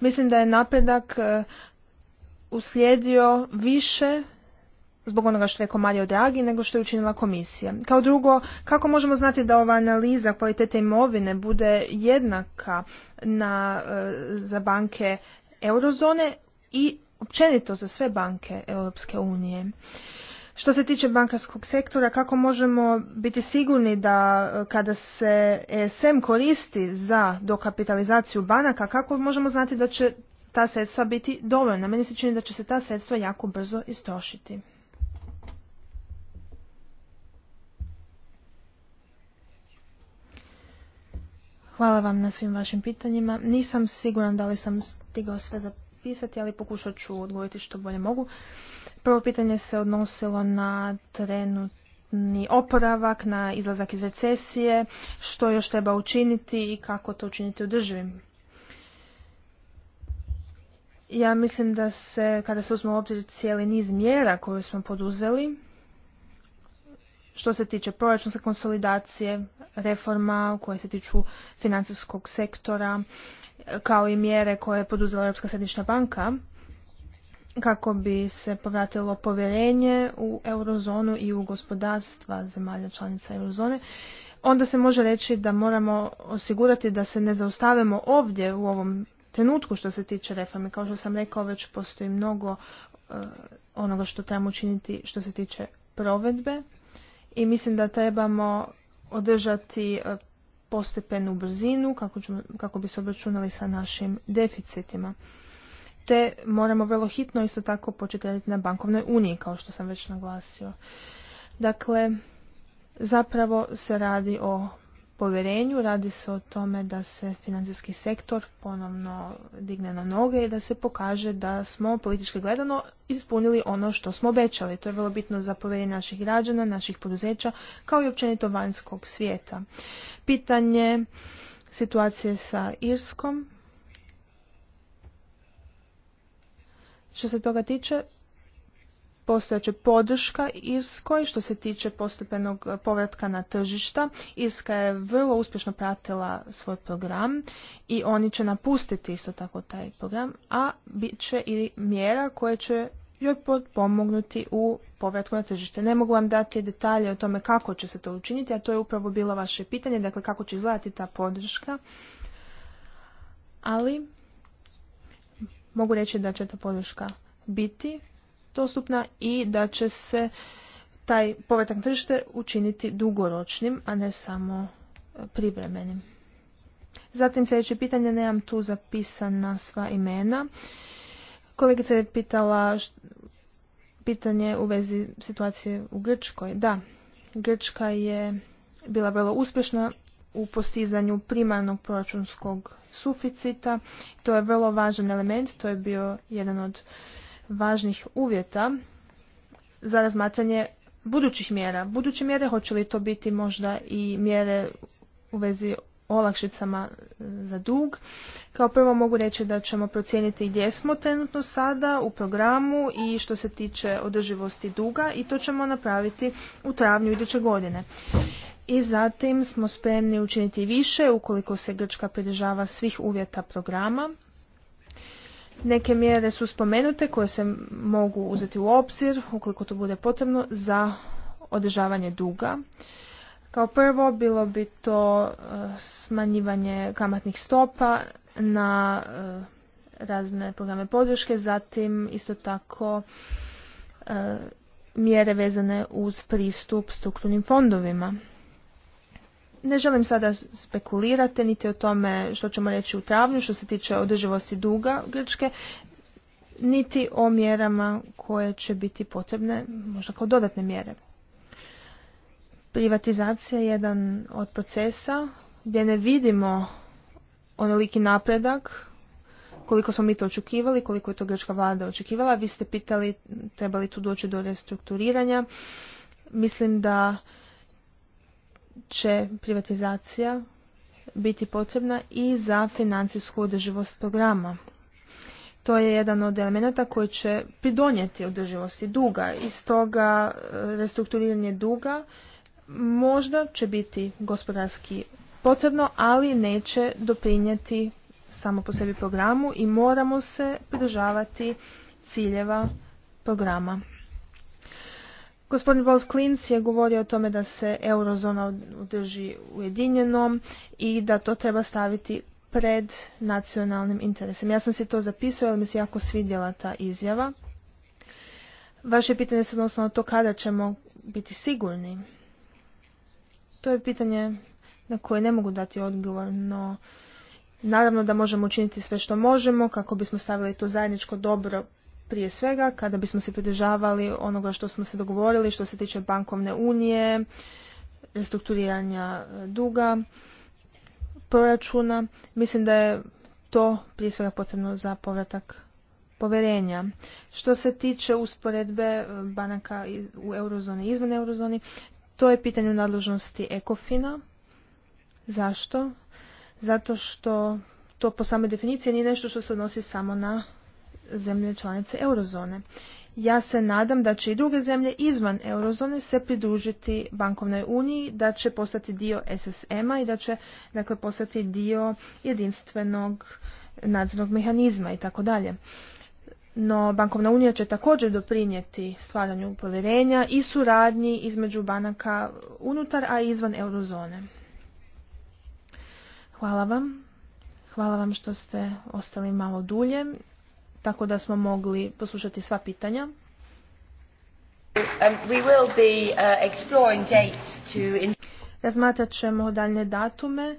Mislim da je napredak e, uslijedio više zbog onoga što je rekao Dragi nego što je učinila komisija. Kao drugo, kako možemo znati da ova analiza kvalitete imovine bude jednaka na, e, za banke eurozone i općenito za sve banke Europske unije. Što se tiče bankarskog sektora, kako možemo biti sigurni da e, kada se ESM koristi za dokapitalizaciju banaka, kako možemo znati da će ta sredstva biti dovoljna? Meni se čini da će se ta sredstva jako brzo istrošiti. Hvala vam na svim vašim pitanjima. Nisam siguran da li sam stigao sve za pisati, ali pokušat ću odgovoriti što bolje mogu. Prvo pitanje se odnosilo na trenutni oporavak, na izlazak iz recesije, što još treba učiniti i kako to učiniti održivim. Ja mislim da se, kada se uzme u obzir cijeli niz mjera koje smo poduzeli, što se tiče proračunske konsolidacije, reforma koje se tiču financijskog sektora, kao i mjere koje je poduzela Europska središnja banka kako bi se povratilo povjerenje u eurozonu i u gospodarstva zemalja članica eurozone, onda se može reći da moramo osigurati da se ne zaustavimo ovdje u ovom trenutku što se tiče reforme. Kao što sam rekao, već postoji mnogo eh, onoga što trebamo učiniti što se tiče provedbe i mislim da trebamo održati eh, postepenu brzinu kako, kako bi se obračunali sa našim deficitima. Te moramo vrlo hitno isto tako početi na bankovnoj uniji, kao što sam već naglasio. Dakle, zapravo se radi o povjerenju, radi se o tome da se financijski sektor ponovno digne na noge i da se pokaže da smo politički gledano ispunili ono što smo obećali. To je vrlo bitno za povjerenje naših građana, naših poduzeća, kao i općenito vanjskog svijeta. Pitanje situacije sa Irskom. Što se toga tiče, postojeće podrška Irskoj što se tiče postupenog povratka na tržišta. Irska je vrlo uspješno pratila svoj program i oni će napustiti isto tako taj program, a bit će i mjera koje će joj pomognuti u povratku na tržište. Ne mogu vam dati detalje o tome kako će se to učiniti, a to je upravo bilo vaše pitanje, dakle kako će izgledati ta podrška. Ali mogu reći da će ta podrška biti dostupna i da će se taj povratak tržište učiniti dugoročnim, a ne samo e, privremenim. Zatim sljedeće pitanje, nemam tu zapisana sva imena. Kolegica je pitala pitanje u vezi situacije u Grčkoj. Da, Grčka je bila vrlo uspješna u postizanju primarnog proračunskog suficita. To je vrlo važan element, to je bio jedan od važnih uvjeta za razmatranje budućih mjera. Buduće mjere, hoće li to biti možda i mjere u vezi olakšicama e, za dug. Kao prvo mogu reći da ćemo procijeniti gdje smo trenutno sada u programu i što se tiče održivosti duga i to ćemo napraviti u travnju iduće godine. I zatim smo spremni učiniti više ukoliko se Grčka pridržava svih uvjeta programa Neke mjere su spomenute koje se mogu uzeti u obzir ukoliko to bude potrebno za održavanje duga. Kao prvo bilo bi to e, smanjivanje kamatnih stopa na e, razne programe podrške, zatim isto tako e, mjere vezane uz pristup strukturnim fondovima. Ne želim sada spekulirati niti o tome što ćemo reći u travnju što se tiče održivosti duga Grčke, niti o mjerama koje će biti potrebne, možda kao dodatne mjere. Privatizacija je jedan od procesa gdje ne vidimo onoliki napredak koliko smo mi to očekivali, koliko je to grčka vlada očekivala. Vi ste pitali trebali tu doći do restrukturiranja. Mislim da će privatizacija biti potrebna i za financijsku održivost programa. To je jedan od elemenata koji će pridonijeti održivosti duga i stoga e, restrukturiranje duga možda će biti gospodarski potrebno, ali neće doprinijeti samo po sebi programu i moramo se pridržavati ciljeva programa. Gospodin Wolf Klintz je govorio o tome da se eurozona održi ujedinjenom i da to treba staviti pred nacionalnim interesom. Ja sam si to zapisao jer mi se jako svidjela ta izjava. Vaše pitanje se odnosno na to kada ćemo biti sigurni. To je pitanje na koje ne mogu dati odgovor, no naravno da možemo učiniti sve što možemo kako bismo stavili to zajedničko dobro prije svega kada bismo se pridržavali onoga što smo se dogovorili što se tiče bankovne unije, restrukturiranja e, duga, proračuna. Mislim da je to prije svega potrebno za povratak povjerenja. Što se tiče usporedbe e, banaka u eurozoni i izvan eurozoni, to je pitanje u nadležnosti ECOFINA. Zašto? Zato što to po samoj definiciji nije nešto što se odnosi samo na zemlje članice eurozone. Ja se nadam da će i druge zemlje izvan eurozone se pridružiti bankovnoj uniji, da će postati dio SSM-a i da će dakle, postati dio jedinstvenog nadzornog mehanizma i tako dalje. No, bankovna unija će također doprinijeti stvaranju povjerenja i suradnji između banaka unutar, a izvan eurozone. Hvala vam. Hvala vam što ste ostali malo dulje tako da smo mogli poslušati sva pitanja. Um, uh, Razmatrat ćemo daljne datume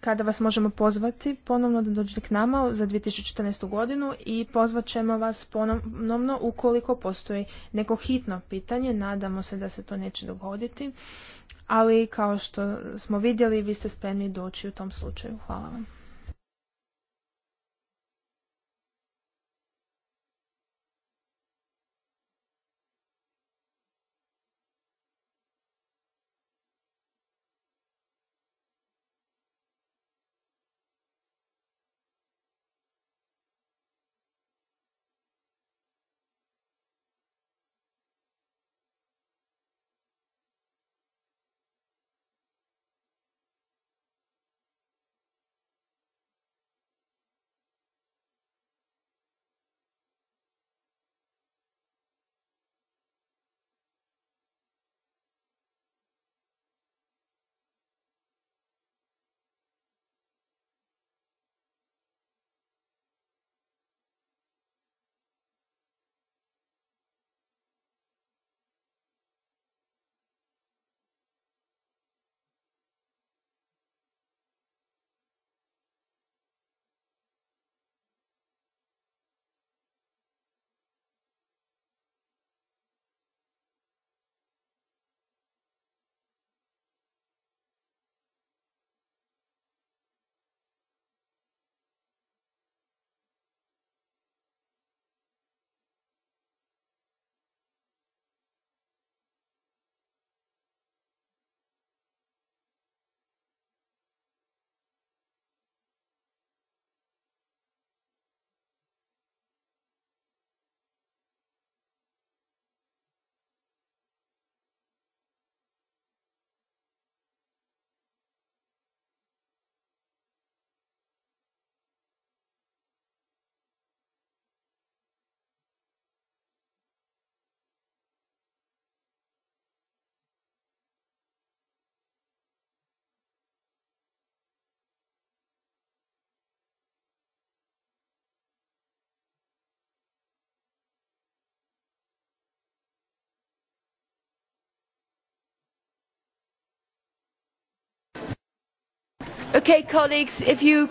kada vas možemo pozvati ponovno da dođete k nama za 2014. godinu i pozvat ćemo vas ponovno ukoliko postoji neko hitno pitanje. Nadamo se da se to neće dogoditi, ali kao što smo vidjeli vi ste spremni doći u tom slučaju. Hvala vam. Uh,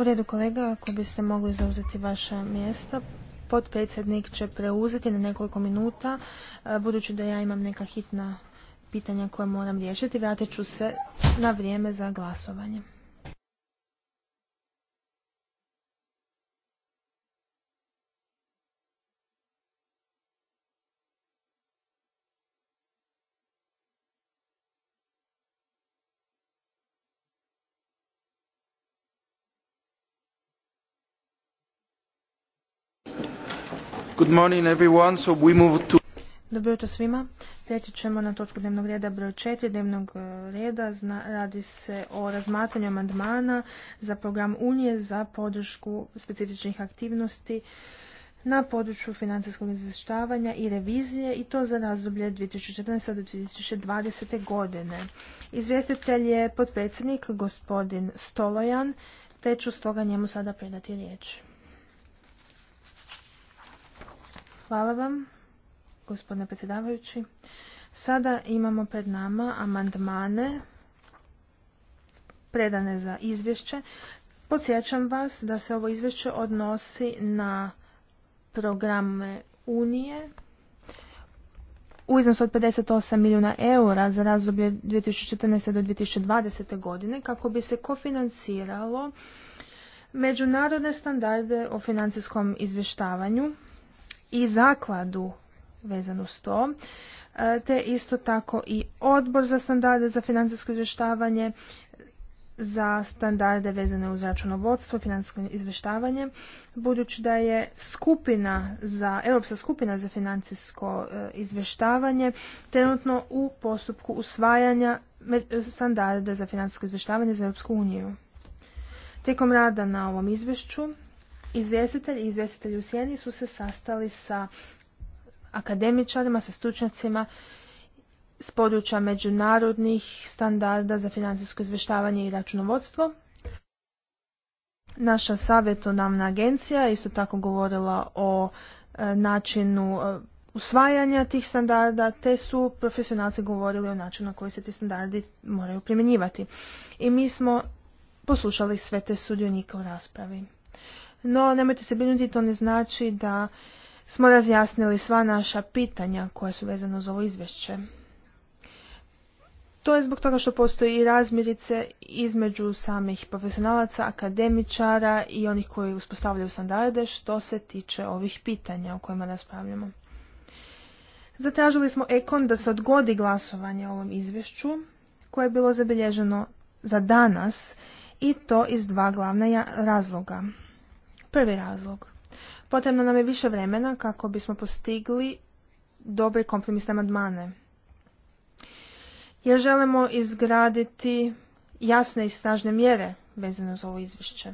U redu kolega, ako biste mogli zauzeti vaša mjesta, potpredsjednik će preuzeti na nekoliko minuta, uh, budući da ja imam neka hitna pitanja koja moram riješiti, vratit ću se na vrijeme za glasovanje. Good morning to... Dobro jutro svima. Prijeći ćemo na točku dnevnog reda broj 4 dnevnog e, reda. radi se o razmatranju amandmana za program Unije za podršku specifičnih aktivnosti na području financijskog izvještavanja i revizije i to za razdoblje 2014. do 2020. godine. Izvjestitelj je potpredsjednik gospodin Stolojan, te ću stoga njemu sada predati riječ. Hvala vam, gospodine predsjedavajući. Sada imamo pred nama amandmane predane za izvješće. Podsjećam vas da se ovo izvješće odnosi na programe Unije u iznosu od 58 milijuna eura za razdoblje 2014. do 2020. godine kako bi se kofinanciralo međunarodne standarde o financijskom izvještavanju i zakladu vezanu s to, e, te isto tako i odbor za standarde za financijsko izvještavanje, za standarde vezane uz računovodstvo, financijsko izvještavanje, budući da je skupina za, Europska skupina za financijsko e, izvještavanje trenutno u postupku usvajanja standarda za financijsko izvještavanje za Europsku uniju. Tijekom rada na ovom izvješću Izvjestitelj i izvjestitelji u Sjeni su se sastali sa akademičarima, sa stručnjacima s područja međunarodnih standarda za financijsko izvještavanje i računovodstvo. Naša savjetodavna agencija isto tako govorila o e, načinu e, usvajanja tih standarda, te su profesionalci govorili o načinu na koji se ti standardi moraju primjenjivati. I mi smo poslušali sve te sudionike u raspravi. No, nemojte se brinuti, to ne znači da smo razjasnili sva naša pitanja koja su vezana uz ovo izvješće. To je zbog toga što postoji i razmirice između samih profesionalaca, akademičara i onih koji uspostavljaju standarde što se tiče ovih pitanja o kojima raspravljamo. Zatražili smo Ekon da se odgodi glasovanje o ovom izvješću koje je bilo zabilježeno za danas i to iz dva glavna razloga. Prvi razlog. Potrebno nam je više vremena kako bismo postigli dobre kompromisne amandmane. Jer želimo izgraditi jasne i snažne mjere vezane za ovo izvješće.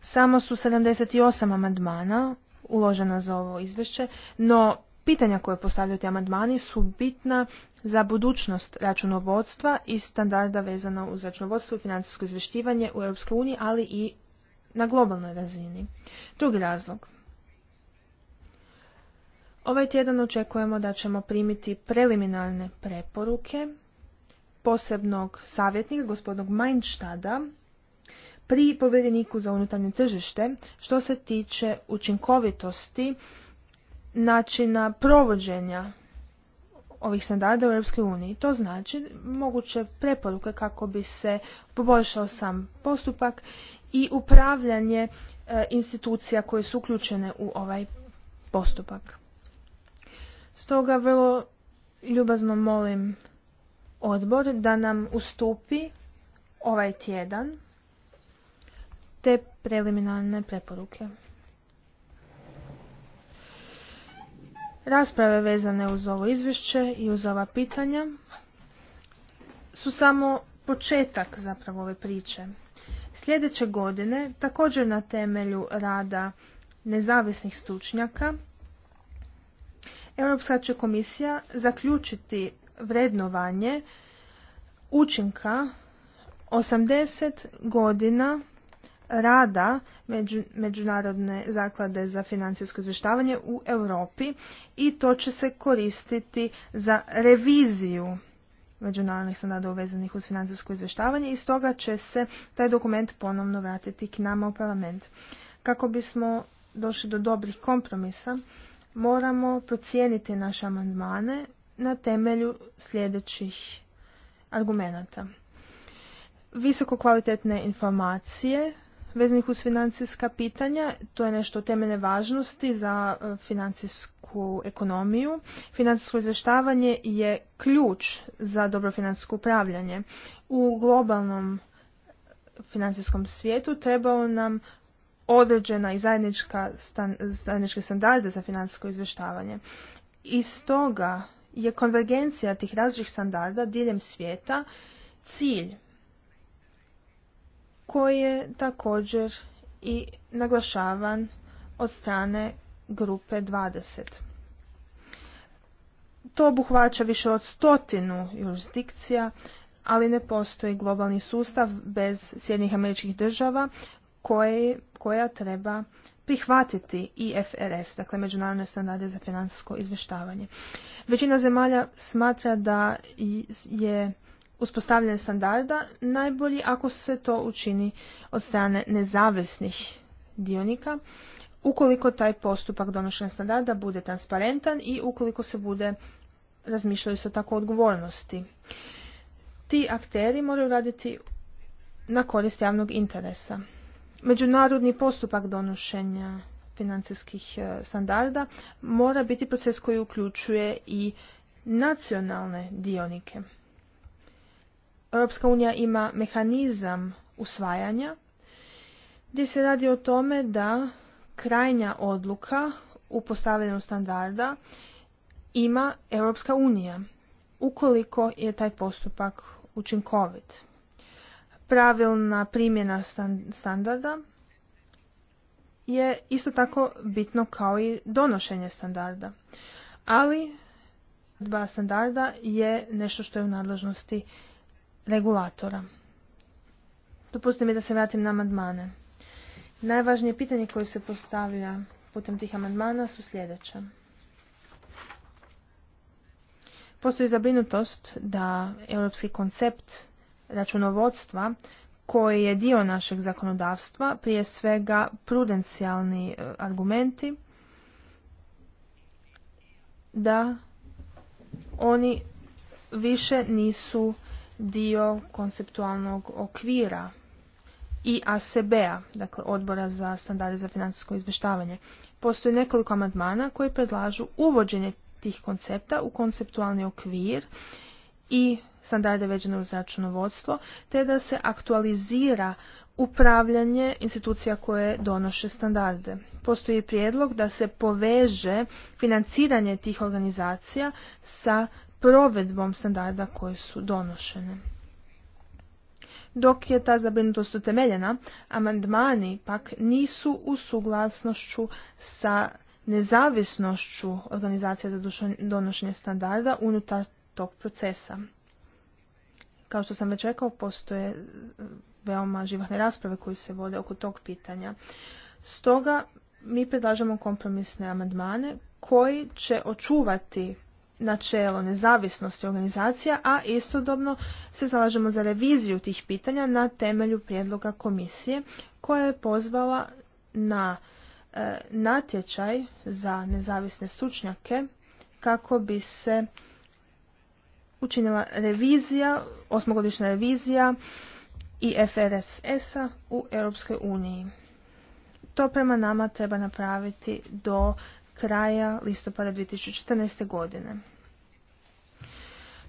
Samo su 78 amandmana uložena za ovo izvješće, no Pitanja koje postavljaju amandmani su bitna za budućnost računovodstva i standarda vezana uz računovodstvo i financijsko izvještivanje u EU, ali i na globalnoj razini. Drugi razlog. Ovaj tjedan očekujemo da ćemo primiti preliminarne preporuke posebnog savjetnika, gospodnog Mainštada, pri povjereniku za unutarnje tržište, što se tiče učinkovitosti načina provođenja ovih standarda u Europskoj uniji. To znači moguće preporuke kako bi se poboljšao sam postupak i upravljanje e, institucija koje su uključene u ovaj postupak. Stoga vrlo ljubazno molim odbor da nam ustupi ovaj tjedan te preliminarne preporuke. Rasprave vezane uz ovo izvješće i uz ova pitanja su samo početak zapravo ove priče. Sljedeće godine, također na temelju rada nezavisnih stručnjaka, Europska će komisija zaključiti vrednovanje učinka 80 godina rada Međunarodne zaklade za financijsko izvještavanje u Europi i to će se koristiti za reviziju međunarodnih standarda uvezanih uz financijsko izvještavanje i stoga će se taj dokument ponovno vratiti k nama u parlament. Kako bismo došli do dobrih kompromisa, moramo procijeniti naše amandmane na temelju sljedećih argumenata. Visoko kvalitetne informacije vezanih uz financijska pitanja. To je nešto temeljne važnosti za e, financijsku ekonomiju. Financijsko izvještavanje je ključ za dobro financijsko upravljanje. U globalnom financijskom svijetu trebao nam određena i zajednička zajedničke standarde za financijsko izvještavanje. I stoga je konvergencija tih različitih standarda diljem svijeta cilj koji je također i naglašavan od strane grupe 20. To obuhvaća više od stotinu jurisdikcija, ali ne postoji globalni sustav bez Sjednih američkih država koje, koja treba prihvatiti IFRS, dakle Međunarodne standarde za financijsko izvještavanje. Većina zemalja smatra da je uspostavljanje standarda najbolji ako se to učini od strane nezavisnih dionika ukoliko taj postupak donošenja standarda bude transparentan i ukoliko se bude razmišljali o tako odgovornosti. Ti akteri moraju raditi na korist javnog interesa. Međunarodni postupak donošenja financijskih e, standarda mora biti proces koji uključuje i nacionalne dionike. Europska unija ima mehanizam usvajanja gdje se radi o tome da krajnja odluka u postavljanju standarda ima Europska unija ukoliko je taj postupak učinkovit. Pravilna primjena standarda je isto tako bitno kao i donošenje standarda. Ali dva standarda je nešto što je u nadležnosti regulatora. Dopustite mi da se vratim na amandmane. Najvažnije pitanje koje se postavlja putem tih amandmana su sljedeće. Postoji zabrinutost da europski koncept računovodstva koji je dio našeg zakonodavstva, prije svega prudencijalni e, argumenti, da oni više nisu dio konceptualnog okvira i ASB-a, dakle odbora za standarde za financijsko izvještavanje. Postoji nekoliko amandmana koji predlažu uvođenje tih koncepta u konceptualni okvir i standarde veđene uz računovodstvo, te da se aktualizira upravljanje institucija koje donoše standarde. Postoji prijedlog da se poveže financiranje tih organizacija sa provedbom standarda koje su donošene. Dok je ta zabrinutost utemeljena, amandmani pak nisu u suglasnošću sa nezavisnošću organizacija za donošenje standarda unutar tog procesa. Kao što sam već rekao, postoje e, veoma živahne rasprave koje se vode oko tog pitanja. Stoga mi predlažemo kompromisne amandmane koji će očuvati načelo nezavisnosti organizacija, a istodobno se zalažemo za reviziju tih pitanja na temelju prijedloga komisije koja je pozvala na e, natječaj za nezavisne stručnjake kako bi se učinila revizija, osmogodišnja revizija i FRSS-a u Europskoj uniji. To prema nama treba napraviti do kraja listopada 2014. godine.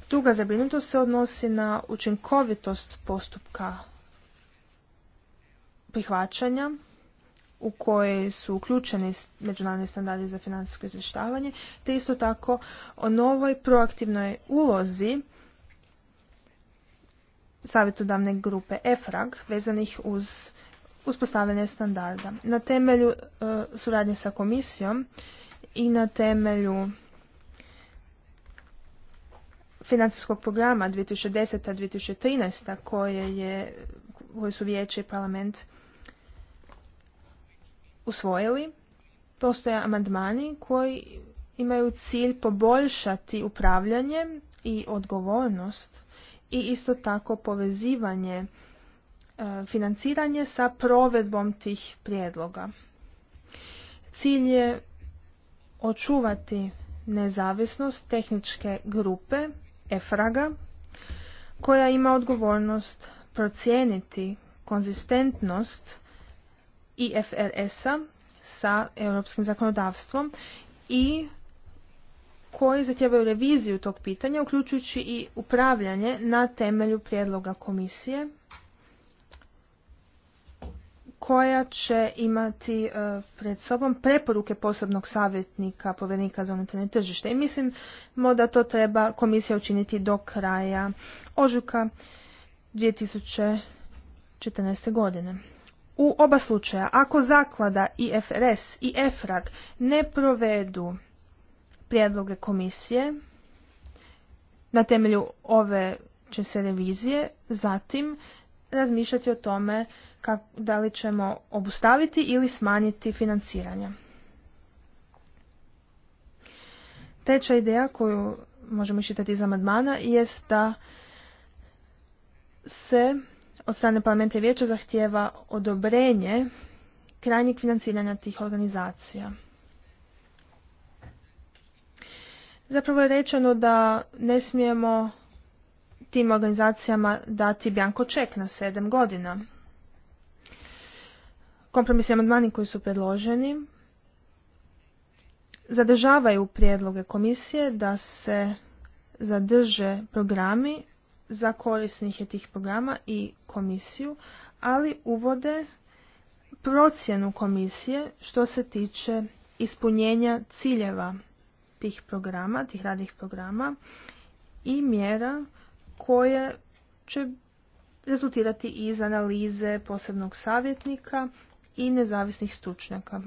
Druga zabrinutost se odnosi na učinkovitost postupka prihvaćanja u koje su uključeni međunarodni standardi za financijsko izvještavanje, te isto tako o novoj proaktivnoj ulozi savjetodavne grupe EFRAG vezanih uz uspostavljanje standarda. Na temelju e, suradnje sa komisijom i na temelju financijskog programa 2010-2013 koje je koje su vijeće i parlament usvojili, postoje amandmani koji imaju cilj poboljšati upravljanje i odgovornost i isto tako povezivanje E, financiranje sa provedbom tih prijedloga. Cilj je očuvati nezavisnost tehničke grupe EFRAGA koja ima odgovornost procijeniti konzistentnost IFRS-a sa europskim zakonodavstvom i koji zatjevaju reviziju tog pitanja, uključujući i upravljanje na temelju prijedloga komisije koja će imati e, pred sobom preporuke posebnog savjetnika povjerenika za unutarnje tržište. I mislimo da to treba komisija učiniti do kraja ožuka 2014. godine. U oba slučaja, ako zaklada i FRS i EFRAG ne provedu prijedloge komisije na temelju ove će se revizije, zatim razmišljati o tome da li ćemo obustaviti ili smanjiti financiranje. Treća ideja koju možemo iščitati iz amandmana jest da se od strane parlamenta i vijeća zahtijeva odobrenje krajnjeg financiranja tih organizacija. Zapravo je rečeno da ne smijemo tim organizacijama dati bjanko ček na sedam godina. Kompromisni amandmani koji su predloženi zadržavaju prijedloge komisije da se zadrže programi za korisnike tih programa i komisiju, ali uvode procjenu komisije što se tiče ispunjenja ciljeva tih programa, tih radnih programa i mjera koje će rezultirati iz analize posebnog savjetnika i nezavisnih stručnjaka.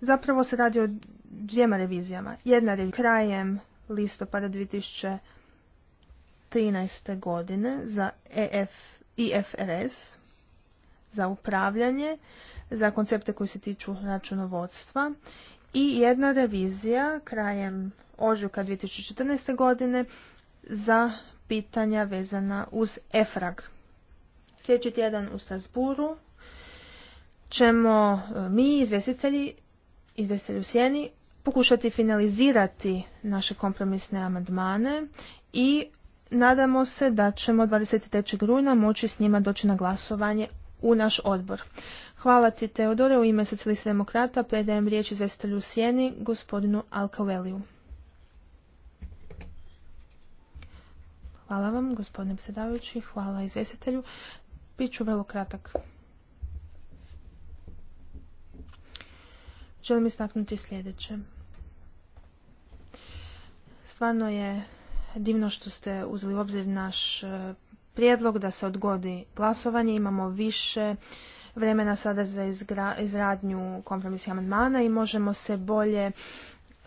Zapravo se radi o dvijema revizijama. Jedna je krajem listopada 2013. godine za EF, IFRS, za upravljanje, za koncepte koji se tiču računovodstva i jedna revizija krajem ožujka 2014. godine za pitanja vezana uz EFRAG. Sljedeći tjedan u Strasburu ćemo e, mi, izvjestitelji, izvjestitelji u sjeni, pokušati finalizirati naše kompromisne amandmane i nadamo se da ćemo 23. rujna moći s njima doći na glasovanje u naš odbor. Hvala ti Teodore, u ime socijalista demokrata predajem riječ izvestitelju u sjeni, gospodinu Alkaveliju. Hvala vam, gospodine predsjedavajući, hvala izvjestitelju. Biću vrlo kratak. želim istaknuti sljedeće. Stvarno je divno što ste uzeli u obzir naš e, prijedlog da se odgodi glasovanje. Imamo više vremena sada za izradnju kompromisnih amandmana i možemo se bolje e,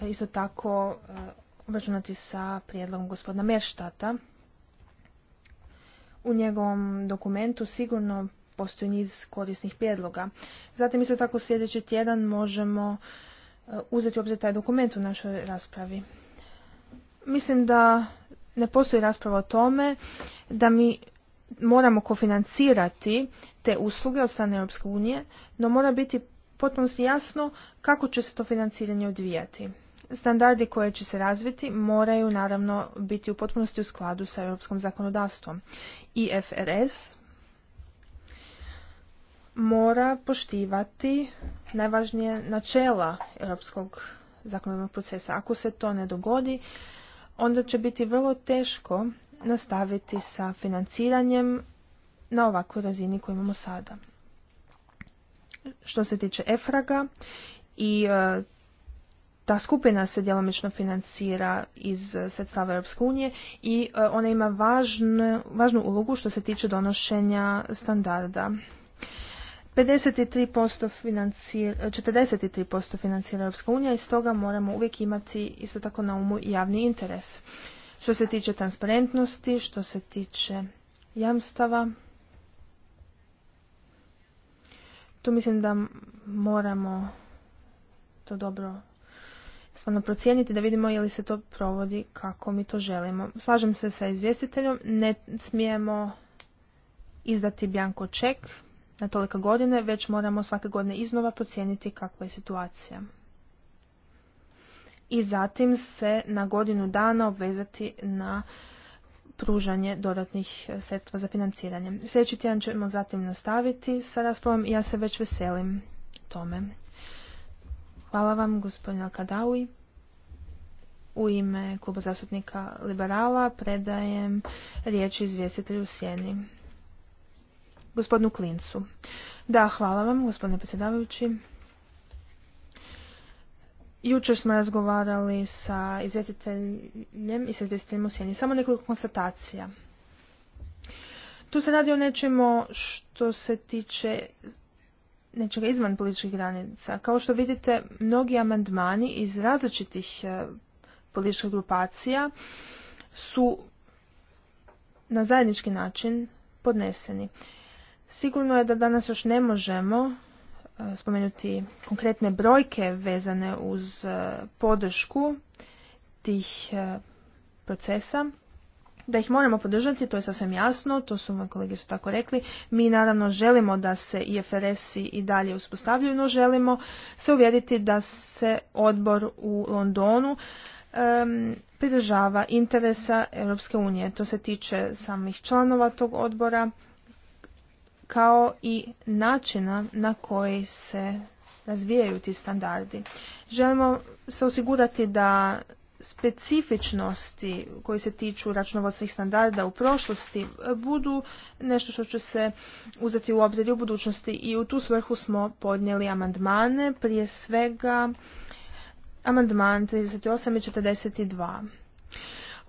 isto tako e, obračunati sa prijedlogom gospodina Merštata. U njegovom dokumentu sigurno postoji niz korisnih prijedloga. Zatim isto tako sljedeći tjedan možemo e, uzeti u obzir taj dokument u našoj raspravi. Mislim da ne postoji rasprava o tome da mi moramo kofinancirati te usluge od strane Europske unije, no mora biti potpuno jasno kako će se to financiranje odvijati. Standardi koje će se razviti moraju naravno biti u potpunosti u skladu sa europskom zakonodavstvom. IFRS mora poštivati najvažnije načela europskog zakonodavnog procesa. Ako se to ne dogodi, onda će biti vrlo teško nastaviti sa financiranjem na ovakvoj razini koju imamo sada. Što se tiče EFRAGA i e, ta skupina se djelomično financira iz sredstava Europske unije i e, ona ima važnu ulogu što se tiče donošenja standarda 43% financira Europska unija i stoga moramo uvijek imati isto tako na umu javni interes. Što se tiče transparentnosti, što se tiče jamstava, tu mislim da moramo to dobro stvarno procijeniti da vidimo je li se to provodi kako mi to želimo. Slažem se sa izvjestiteljom, ne smijemo izdati bjanko ček, na tolika godine, već moramo svake godine iznova procijeniti kakva je situacija. I zatim se na godinu dana obvezati na pružanje dodatnih sredstva za financiranje. Sljedeći tjedan ćemo zatim nastaviti sa raspravom i ja se već veselim tome. Hvala vam gospodin Alkadaui. U ime kluba zastupnika Liberala predajem riječ izvjestitelju Sjeni gospodinu Klincu. Da, hvala vam, gospodine predsjedavajući. Jučer smo razgovarali sa izvjetiteljem i sa izvjetiteljem u sjeni. Samo nekoliko konstatacija. Tu se radi o nečemu što se tiče nečega izvan političkih granica. Kao što vidite, mnogi amandmani iz različitih e, političkih grupacija su na zajednički način podneseni. Sigurno je da danas još ne možemo e, spomenuti konkretne brojke vezane uz e, podršku tih e, procesa, da ih moramo podržati, to je sasvim jasno, to su moji kolege su tako rekli. Mi naravno želimo da se IFRS-i i dalje uspostavljaju, no želimo se uvjeriti da se odbor u Londonu um, pridržava interesa Europske unije. To se tiče samih članova tog odbora, kao i načina na koji se razvijaju ti standardi. Želimo se osigurati da specifičnosti koji se tiču računovodstvih standarda u prošlosti budu nešto što će se uzeti u obzir u budućnosti i u tu svrhu smo podnijeli amandmane, prije svega amandman 38 i 42.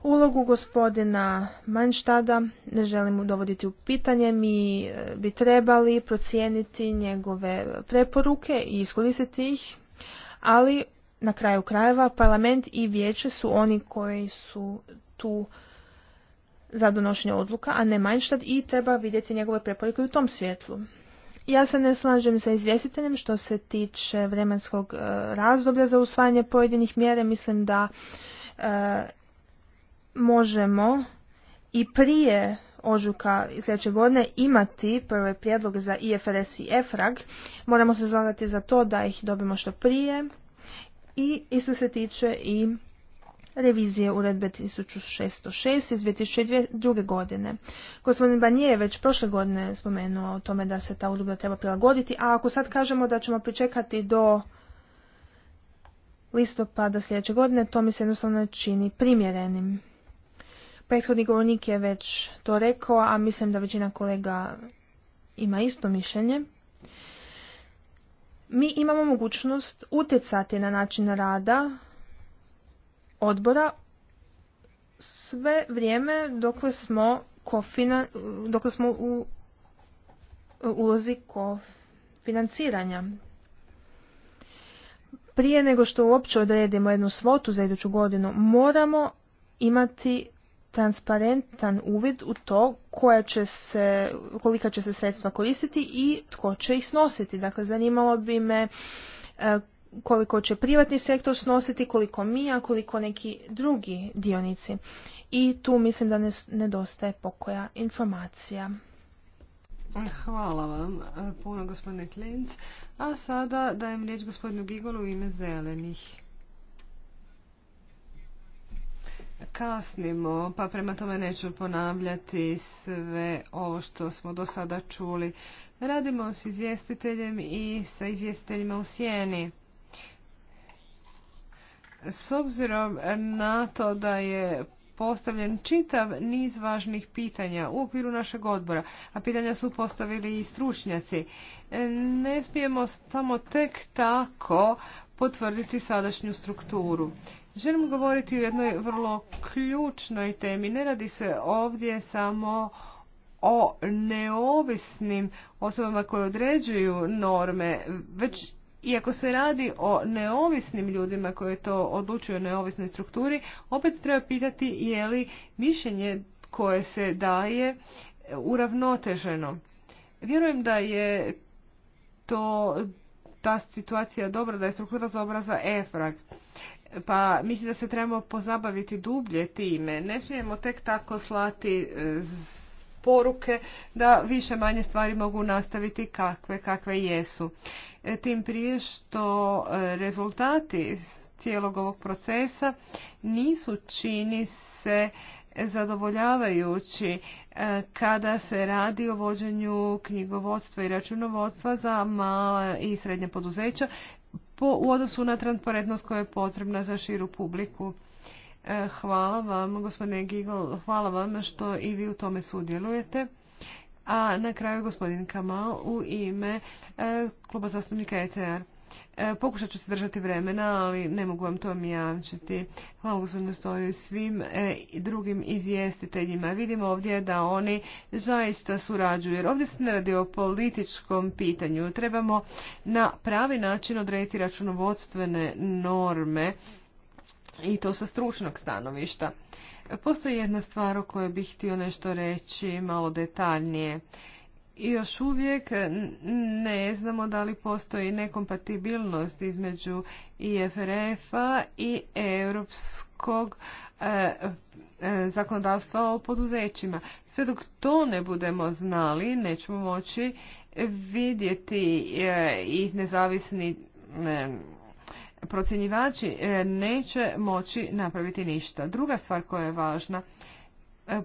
Ulogu gospodina Manštada ne želim dovoditi u pitanje. Mi e, bi trebali procijeniti njegove preporuke i iskoristiti ih, ali na kraju krajeva parlament i vijeće su oni koji su tu za donošenje odluka, a ne Manštad i treba vidjeti njegove preporuke u tom svjetlu. Ja se ne slažem sa izvjestiteljem što se tiče vremenskog e, razdoblja za usvajanje pojedinih mjere. Mislim da e, možemo i prije ožuka sljedeće godine imati prve prijedloge za IFRS i EFRAG. Moramo se zalagati za to da ih dobimo što prije i isto se tiče i revizije uredbe 1606 iz 2002. godine. Gospodin Banije je već prošle godine spomenuo o tome da se ta uredba treba prilagoditi, a ako sad kažemo da ćemo pričekati do listopada sljedeće godine, to mi se jednostavno čini primjerenim. Prethodni govornik je već to rekao, a mislim da većina kolega ima isto mišljenje. Mi imamo mogućnost utjecati na način rada odbora sve vrijeme dokle smo dokle smo u ulozi ko financiranja. Prije nego što uopće odredimo jednu svotu za iduću godinu, moramo imati transparentan uvid u to koja će se, kolika će se sredstva koristiti i tko će ih snositi. Dakle, zanimalo bi me e, koliko će privatni sektor snositi, koliko mi, a koliko neki drugi dionici. I tu mislim da nedostaje pokoja informacija. Hvala vam e, puno gospodine Klinc. A sada dajem riječ gospodinu Gigolu u ime zelenih. kasnimo, pa prema tome neću ponavljati sve ovo što smo do sada čuli. Radimo s izvjestiteljem i sa izvjestiteljima u sjeni. S obzirom na to da je postavljen čitav niz važnih pitanja u okviru našeg odbora, a pitanja su postavili i stručnjaci. Ne smijemo samo tek tako potvrditi sadašnju strukturu. Želim govoriti o jednoj vrlo ključnoj temi. Ne radi se ovdje samo o neovisnim osobama koje određuju norme, već iako se radi o neovisnim ljudima koji to odlučuju o neovisnoj strukturi, opet treba pitati je li mišljenje koje se daje uravnoteženo. Vjerujem da je to ta situacija dobra, da je struktura za obraza EFRAG pa mislim da se trebamo pozabaviti dublje time. Ne smijemo tek tako slati e, poruke da više manje stvari mogu nastaviti kakve kakve jesu. E, tim prije što e, rezultati cijelog ovog procesa nisu čini se zadovoljavajući kada se radi o vođenju knjigovodstva i računovodstva za mala i srednja poduzeća po, u odnosu na transparentnost koja je potrebna za širu publiku. E, hvala vam, gospodine Gigol, hvala vam što i vi u tome sudjelujete. A na kraju gospodin Kamal u ime e, kluba zastupnika ECR. E, pokušat ću se držati vremena, ali ne mogu vam to mi Hvala gospodinu Stoju svim e, drugim izvjestiteljima. Vidimo ovdje da oni zaista surađuju, jer ovdje se ne radi o političkom pitanju. Trebamo na pravi način odrediti računovodstvene norme i to sa stručnog stanovišta. E, postoji jedna stvar o kojoj bih htio nešto reći malo detaljnije još uvijek ne znamo da li postoji nekompatibilnost između IFRF-a i europskog e, e, zakonodavstva o poduzećima. Sve dok to ne budemo znali, nećemo moći vidjeti e, i nezavisni procjenjivači neće moći napraviti ništa. Druga stvar koja je važna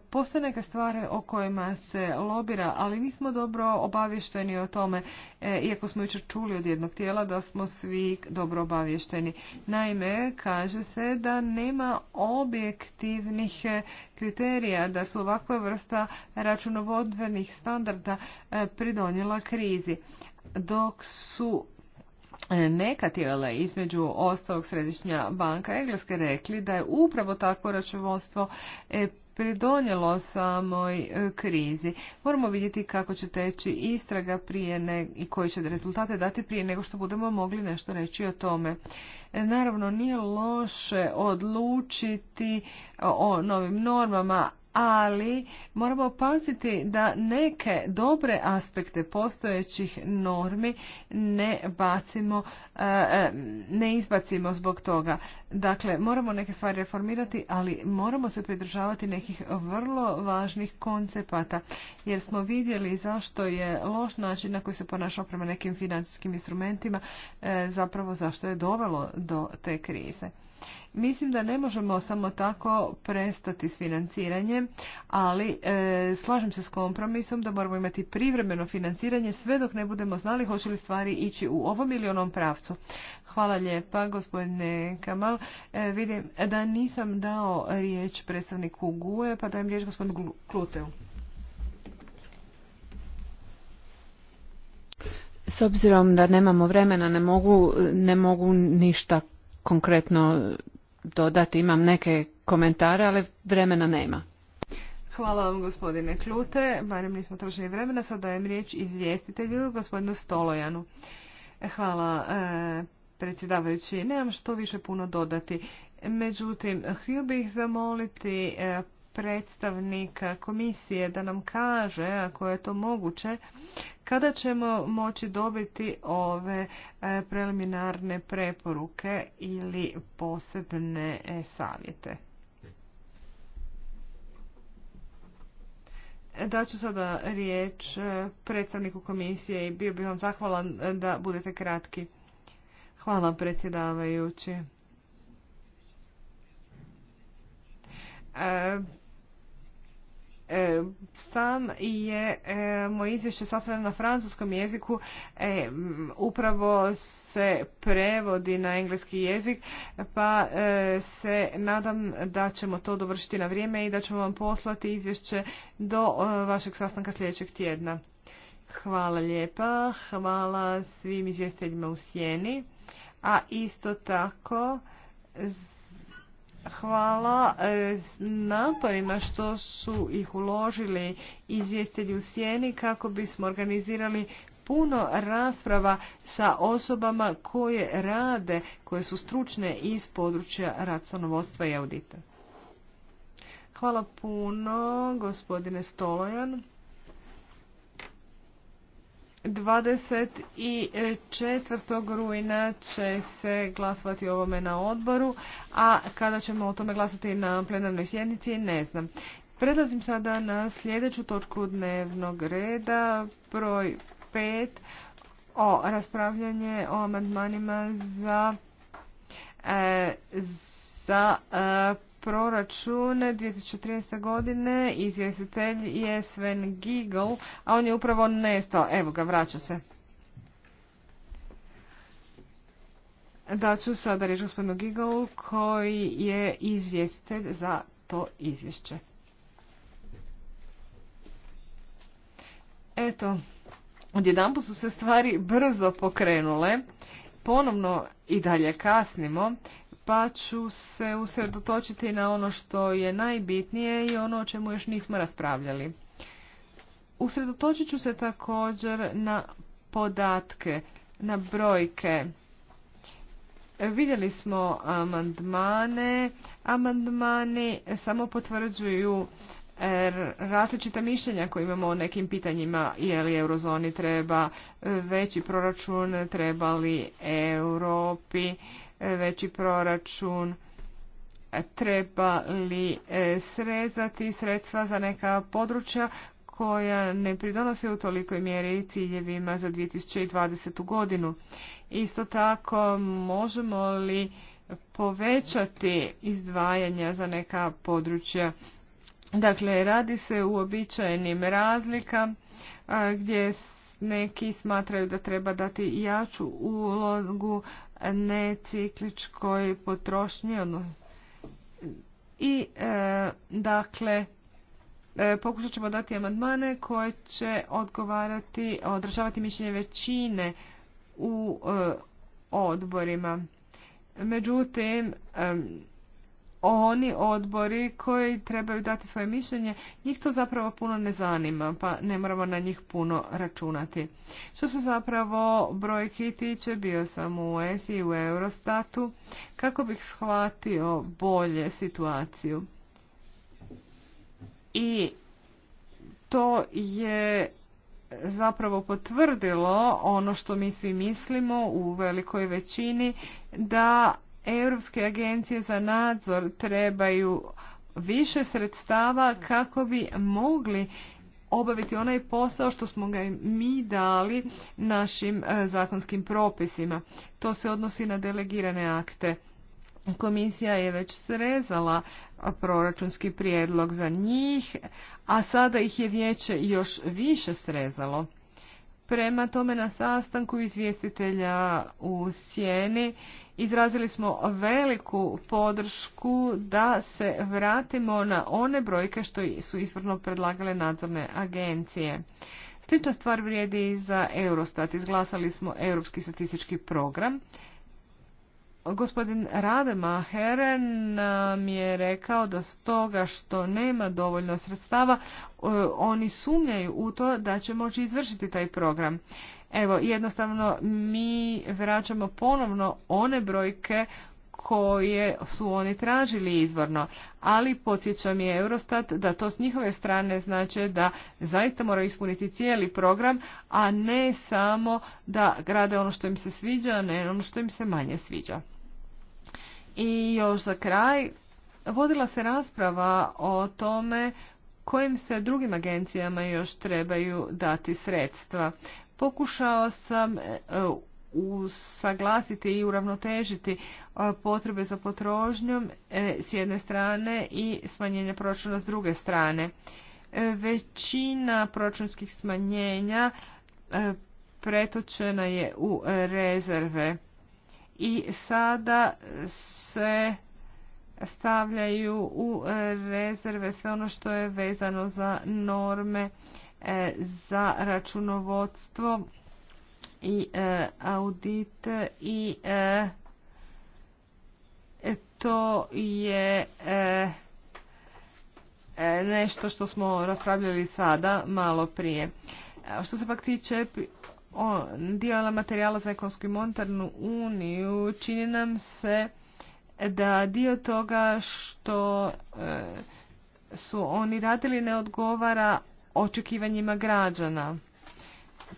Postoje neke stvari o kojima se lobira, ali nismo dobro obavješteni o tome, e, iako smo jučer čuli od jednog tijela da smo svi dobro obavješteni. Naime, kaže se da nema objektivnih e, kriterija, da su ovakva vrsta računovodvenih standarda e, pridonjela krizi. Dok su neka tijela, između ostalog središnja banka Engleske, rekli da je upravo takvo računovodstvo pridonjelo samoj e, krizi. Moramo vidjeti kako će teći istraga prije i koji će rezultate dati prije nego što budemo mogli nešto reći o tome. E, naravno, nije loše odlučiti o novim normama, ali moramo paziti da neke dobre aspekte postojećih normi ne bacimo, e, e, ne izbacimo zbog toga. Dakle, moramo neke stvari reformirati, ali moramo se pridržavati nekih vrlo važnih koncepata, jer smo vidjeli zašto je loš način na koji se ponašao prema nekim financijskim instrumentima, e, zapravo zašto je dovelo do te krize. Mislim da ne možemo samo tako prestati s financiranjem, ali e, slažem se s kompromisom da moramo imati privremeno financiranje sve dok ne budemo znali hoće li stvari ići u ovom ili onom pravcu. Hvala lijepa gospodine Kamal. E, vidim da nisam dao riječ predstavniku GUE, pa dajem riječ gospodinu Kluteu. S obzirom da nemamo vremena ne mogu, ne mogu ništa konkretno dodati, imam neke komentare, ali vremena nema. Hvala vam gospodine Klute, barem nismo trošili vremena, sad dajem riječ izvjestitelju gospodinu Stolojanu. Hvala e, predsjedavajući, nemam što više puno dodati. Međutim, htio bih zamoliti e, predstavnika komisije da nam kaže, ako je to moguće, kada ćemo moći dobiti ove e, preliminarne preporuke ili posebne e, savjete. Daću sada riječ e, predstavniku komisije i bio bih vam zahvalan da budete kratki. Hvala predsjedavajući. E, sam je e, moje izvješće sastavljeno na francuskom jeziku e, upravo se prevodi na engleski jezik pa se nadam da ćemo to dovršiti na vrijeme i da ćemo vam poslati izvješće do vašeg sastanka sljedećeg tjedna. Hvala lijepa, hvala svim izvjestiteljima u sjeni, a isto tako Hvala e, naporima što su ih uložili izvjestelji u sjeni kako bismo organizirali puno rasprava sa osobama koje rade, koje su stručne iz područja racionovodstva i audita. Hvala puno, gospodine Stolojan. 24. rujna će se glasovati o ovome na odboru, a kada ćemo o tome glasati na plenarnoj sjednici ne znam. Prelazim sada na sljedeću točku dnevnog reda, broj 5, o raspravljanje o amandmanima za, e, za e, proračun 2013. godine izvjestitelj je Sven Giegel, a on je upravo nestao. Evo ga, vraća se. Da ću sada reći gospodinu Giegelu koji je izvjestitelj za to izvješće. Eto, odjedan su se stvari brzo pokrenule. Ponovno i dalje kasnimo pa ću se usredotočiti na ono što je najbitnije i ono o čemu još nismo raspravljali. Usredotočit ću se također na podatke, na brojke. Vidjeli smo amandmane. Amandmani samo potvrđuju e, različita mišljenja koje imamo o nekim pitanjima je li eurozoni treba veći proračun, treba li Europi veći proračun, treba li e, srezati sredstva za neka područja koja ne pridonose u tolikoj mjeri ciljevima za 2020. godinu. Isto tako možemo li povećati izdvajanja za neka područja. Dakle, radi se u običajnim razlika gdje neki smatraju da treba dati jaču ulogu necikličkoj potrošnji i e, dakle e, pokušat ćemo dati amandmane koje će odgovarati, održavati mišljenje većine u e, odborima. Međutim, oni odbori koji trebaju dati svoje mišljenje, njih to zapravo puno ne zanima, pa ne moramo na njih puno računati. Što se zapravo brojki tiče, bio sam u ES i u Eurostatu, kako bih shvatio bolje situaciju. I to je zapravo potvrdilo ono što mi svi mislimo u velikoj većini da Europske agencije za nadzor trebaju više sredstava kako bi mogli obaviti onaj posao što smo ga mi dali našim e, zakonskim propisima. To se odnosi na delegirane akte. Komisija je već srezala proračunski prijedlog za njih, a sada ih je vijeće još više srezalo. Prema tome na sastanku izvjestitelja u Sjeni Izrazili smo veliku podršku da se vratimo na one brojke što su izvrno predlagale nadzorne agencije. Slična stvar vrijedi i za Eurostat. Izglasali smo Europski statistički program. Gospodin Heren nam je rekao da stoga što nema dovoljno sredstava, e, oni sumnjaju u to da će moći izvršiti taj program. Evo, jednostavno mi vraćamo ponovno one brojke koje su oni tražili izvorno. Ali podsjećam je Eurostat da to s njihove strane znači da zaista moraju ispuniti cijeli program, a ne samo da grade ono što im se sviđa, a ne ono što im se manje sviđa. I još za kraj, vodila se rasprava o tome kojim se drugim agencijama još trebaju dati sredstva. Pokušao sam e, usaglasiti i uravnotežiti e, potrebe za potrošnjom e, s jedne strane i smanjenje proračuna s druge strane. Većina proračunskih smanjenja pretočena je u rezerve i sada se stavljaju u rezerve sve ono što je vezano za norme E, za računovodstvo i e, audit i e, to je nešto što smo raspravljali sada malo prije. Što se pak tiče dijela materijala za ekonomsku i monetarnu uniju, čini nam se da dio toga što su oni radili ne odgovara očekivanjima građana.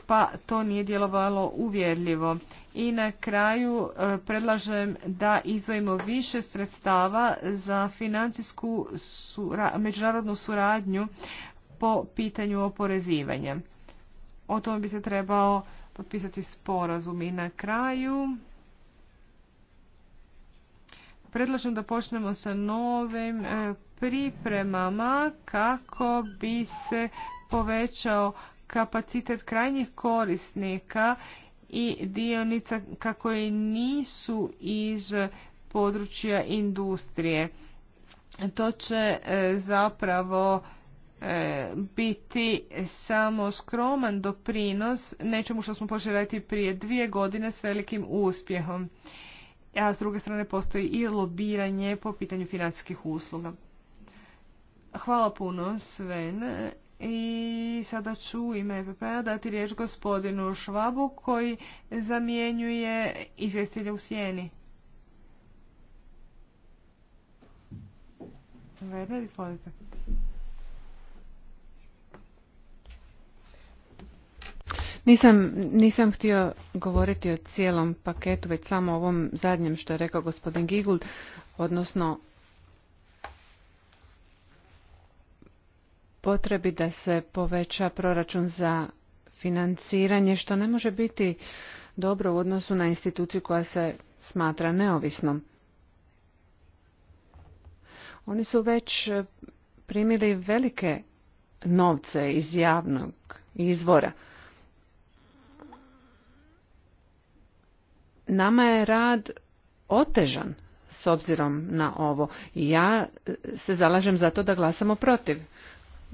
Pa to nije djelovalo uvjerljivo. I na kraju e, predlažem da izvojimo više sredstava za financijsku međunarodnu suradnju po pitanju oporezivanja. O tome bi se trebao potpisati sporazum. I na kraju predlažem da počnemo sa novim e, pripremama kako bi se povećao kapacitet krajnjih korisnika i dionica i nisu iz područja industrije. To će e, zapravo e, biti samo skroman doprinos nečemu što smo počeli raditi prije dvije godine s velikim uspjehom. A s druge strane postoji i lobiranje po pitanju financijskih usluga. Hvala puno, Sven. I sada ću u ime epp p-a dati riječ gospodinu Švabu koji zamjenjuje izvjestilje u sjeni. Werner, izvolite. Nisam, nisam htio govoriti o cijelom paketu, već samo o ovom zadnjem što je rekao gospodin Gigul, odnosno potrebi da se poveća proračun za financiranje, što ne može biti dobro u odnosu na instituciju koja se smatra neovisnom. Oni su već primili velike novce iz javnog izvora. Nama je rad otežan s obzirom na ovo. i Ja se zalažem za to da glasamo protiv.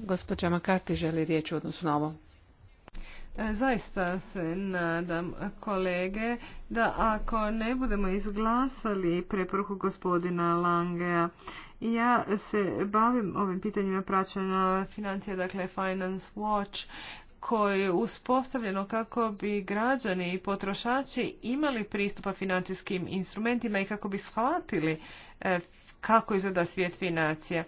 Gospođa Makarti želi riječ u odnosu na ovo. E, zaista se nadam, kolege, da ako ne budemo izglasali preporuku gospodina Langea, ja se bavim ovim pitanjima praćenja financija, dakle Finance Watch, koje je uspostavljeno kako bi građani i potrošači imali pristupa financijskim instrumentima i kako bi shvatili e, kako izgleda svijet financija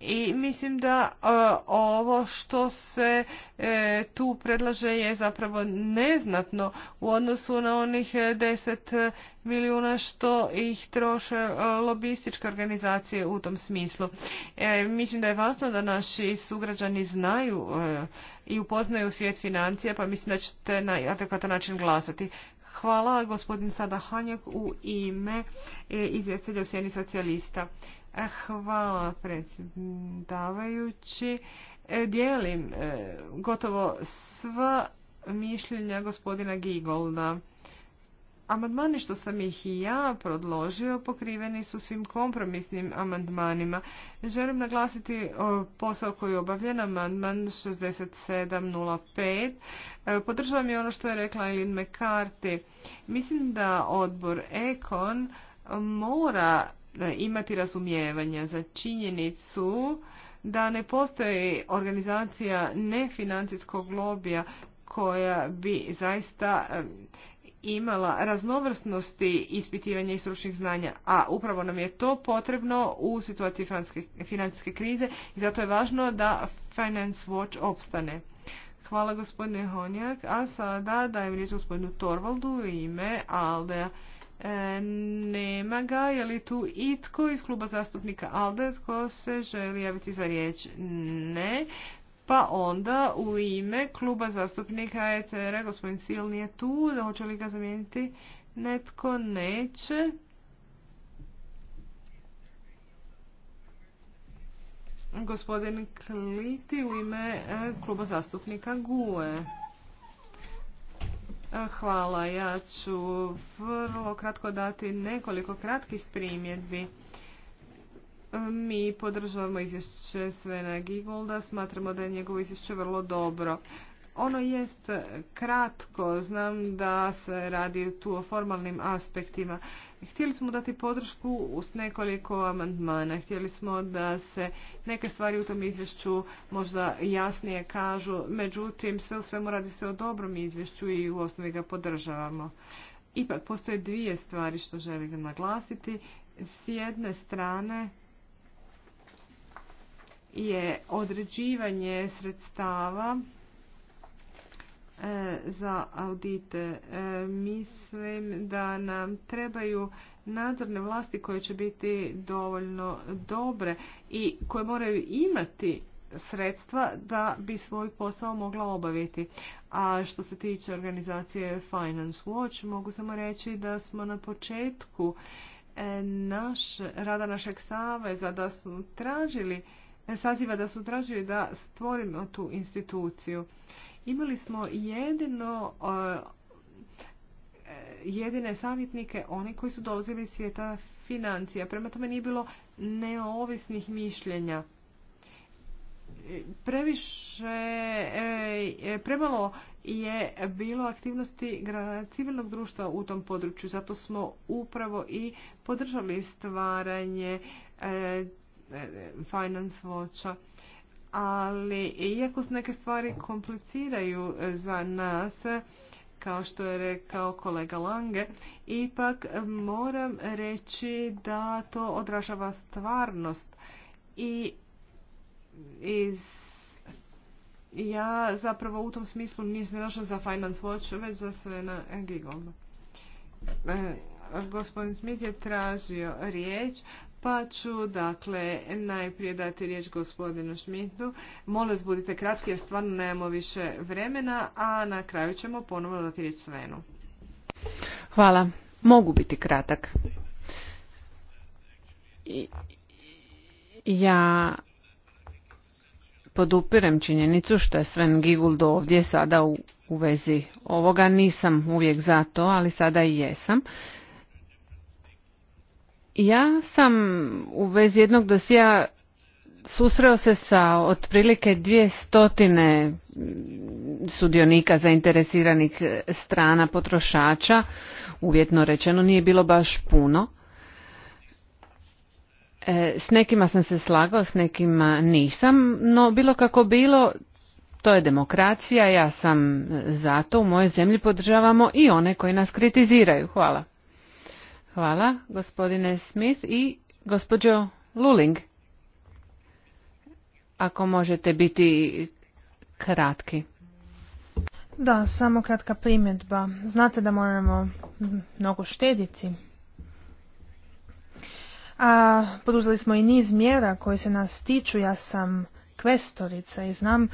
i mislim da e, ovo što se e, tu predlaže je zapravo neznatno u odnosu na onih 10 milijuna što ih troše e, lobističke organizacije u tom smislu. Mislim da je važno da naši sugrađani znaju i upoznaju svijet financija pa mislim da ćete na adekvatan način glasati. Hvala gospodin Sada Hanjak u ime izvjestelja Sjeni socijalista. Hvala predsjedavajući. E, dijelim e, gotovo sva mišljenja gospodina Gigolda. Amandmani što sam ih i ja predložio pokriveni su svim kompromisnim amandmanima. Želim naglasiti e, posao koji je obavljen amandman 6705. Podržavam i ono što je rekla Eileen McCarthy. Mislim da odbor Ekon mora E, imati razumijevanja za činjenicu da ne postoji organizacija nefinancijskog lobija koja bi zaista e, imala raznovrsnosti ispitivanja i stručnih znanja, a upravo nam je to potrebno u situaciji financijske krize i zato je važno da Finance Watch opstane. Hvala gospodine Honjak, a sada dajem riječ gospodinu Torvaldu u ime Aldeja. E, nema ga. Je li tu itko iz kluba zastupnika ALDE tko se želi javiti za riječ? Ne. Pa onda u ime kluba zastupnika etr a gospodin Sil nije tu. Hoće li ga zamijeniti? Netko neće. Gospodin Kliti u ime e, kluba zastupnika GUE. Hvala. Ja ću vrlo kratko dati nekoliko kratkih primjedbi. Mi podržavamo izvješće Svena Gigolda, smatramo da je njegovo izvješće vrlo dobro. Ono jest kratko, znam da se radi tu o formalnim aspektima. Htjeli smo dati podršku uz nekoliko amandmana. Htjeli smo da se neke stvari u tom izvješću možda jasnije kažu. Međutim, sve u svemu radi se o dobrom izvješću i u osnovi ga podržavamo. Ipak postoje dvije stvari što želim naglasiti. S jedne strane je određivanje sredstava E, za audite. E, mislim da nam trebaju nadzorne vlasti koje će biti dovoljno dobre i koje moraju imati sredstva da bi svoj posao mogla obaviti. A što se tiče organizacije Finance Watch, mogu samo reći da smo na početku e, naš, rada našeg saveza da su tražili saziva da su tražili da stvorimo tu instituciju. Imali smo jedino jedine savjetnike oni koji su dolazili iz svijeta financija. Prema tome nije bilo neovisnih mišljenja. Previše, e, premalo je bilo aktivnosti civilnog društva u tom području. Zato smo upravo i podržali stvaranje e, e, Finance Watcha ali iako se neke stvari kompliciraju e, za nas, kao što je rekao kolega Lange, ipak moram reći da to odražava stvarnost i ja zapravo u tom smislu nisam našao za Finance Watch, već za sve na gigom e, gospodin Smith je tražio riječ, pa ću, dakle, najprije dati riječ gospodinu Šmitu. Molim vas, budite kratki jer stvarno nemamo više vremena, a na kraju ćemo ponovno dati riječ Svenu. Hvala. Mogu biti kratak. Ja podupirem činjenicu što je Sven Giguldo ovdje sada u, u vezi ovoga. Nisam uvijek za to, ali sada i jesam. Ja sam u vezi jednog dosija susreo se sa otprilike dvije stotine sudionika zainteresiranih e, strana potrošača, uvjetno rečeno nije bilo baš puno. E, s nekima sam se slagao, s nekima nisam, no bilo kako bilo, to je demokracija, ja sam zato u mojoj zemlji podržavamo i one koji nas kritiziraju. Hvala. Hvala, gospodine Smith i gospođo Luling. Ako možete biti kratki. Da, samo kratka primjedba. Znate da moramo mnogo štediti. A poduzeli smo i niz mjera koje se nas tiču. Ja sam kvestorica i znam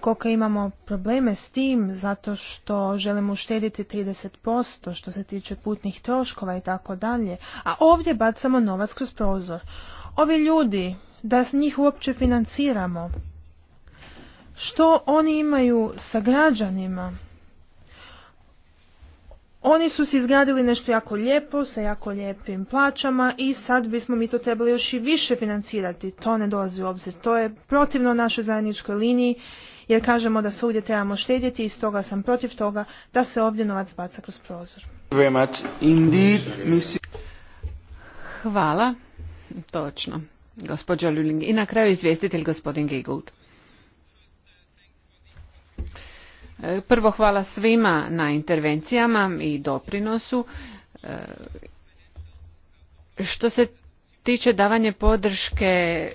koliko imamo probleme s tim zato što želimo uštediti 30% što se tiče putnih troškova i tako dalje, a ovdje bacamo novac kroz prozor. Ovi ljudi, da njih uopće financiramo, što oni imaju sa građanima? Oni su se izgradili nešto jako lijepo, sa jako lijepim plaćama i sad bismo mi to trebali još i više financirati. To ne dolazi u obzir. To je protivno našoj zajedničkoj liniji jer kažemo da svugdje trebamo štedjeti i stoga sam protiv toga da se ovdje novac baca kroz prozor. Hvala. Točno. Gospođa Luling. I na kraju izvjestitelj gospodin Gigold. E, prvo hvala svima na intervencijama i doprinosu. E, što se tiče davanje podrške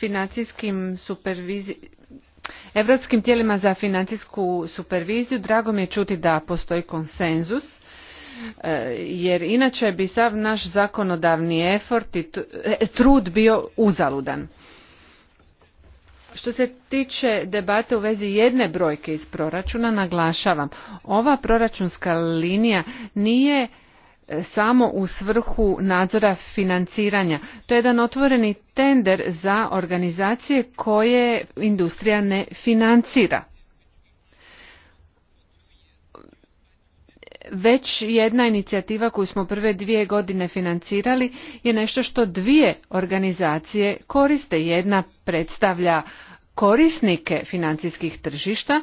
financijskim supervizijama, europskim tijelima za financijsku superviziju drago mi je čuti da postoji konsenzus e, jer inače bi sav naš zakonodavni efort i e, trud bio uzaludan. Što se tiče debate u vezi jedne brojke iz proračuna, naglašavam, ova proračunska linija nije E, samo u svrhu nadzora financiranja. To je jedan otvoreni tender za organizacije koje industrija ne financira. Već jedna inicijativa koju smo prve dvije godine financirali je nešto što dvije organizacije koriste. Jedna predstavlja korisnike financijskih tržišta,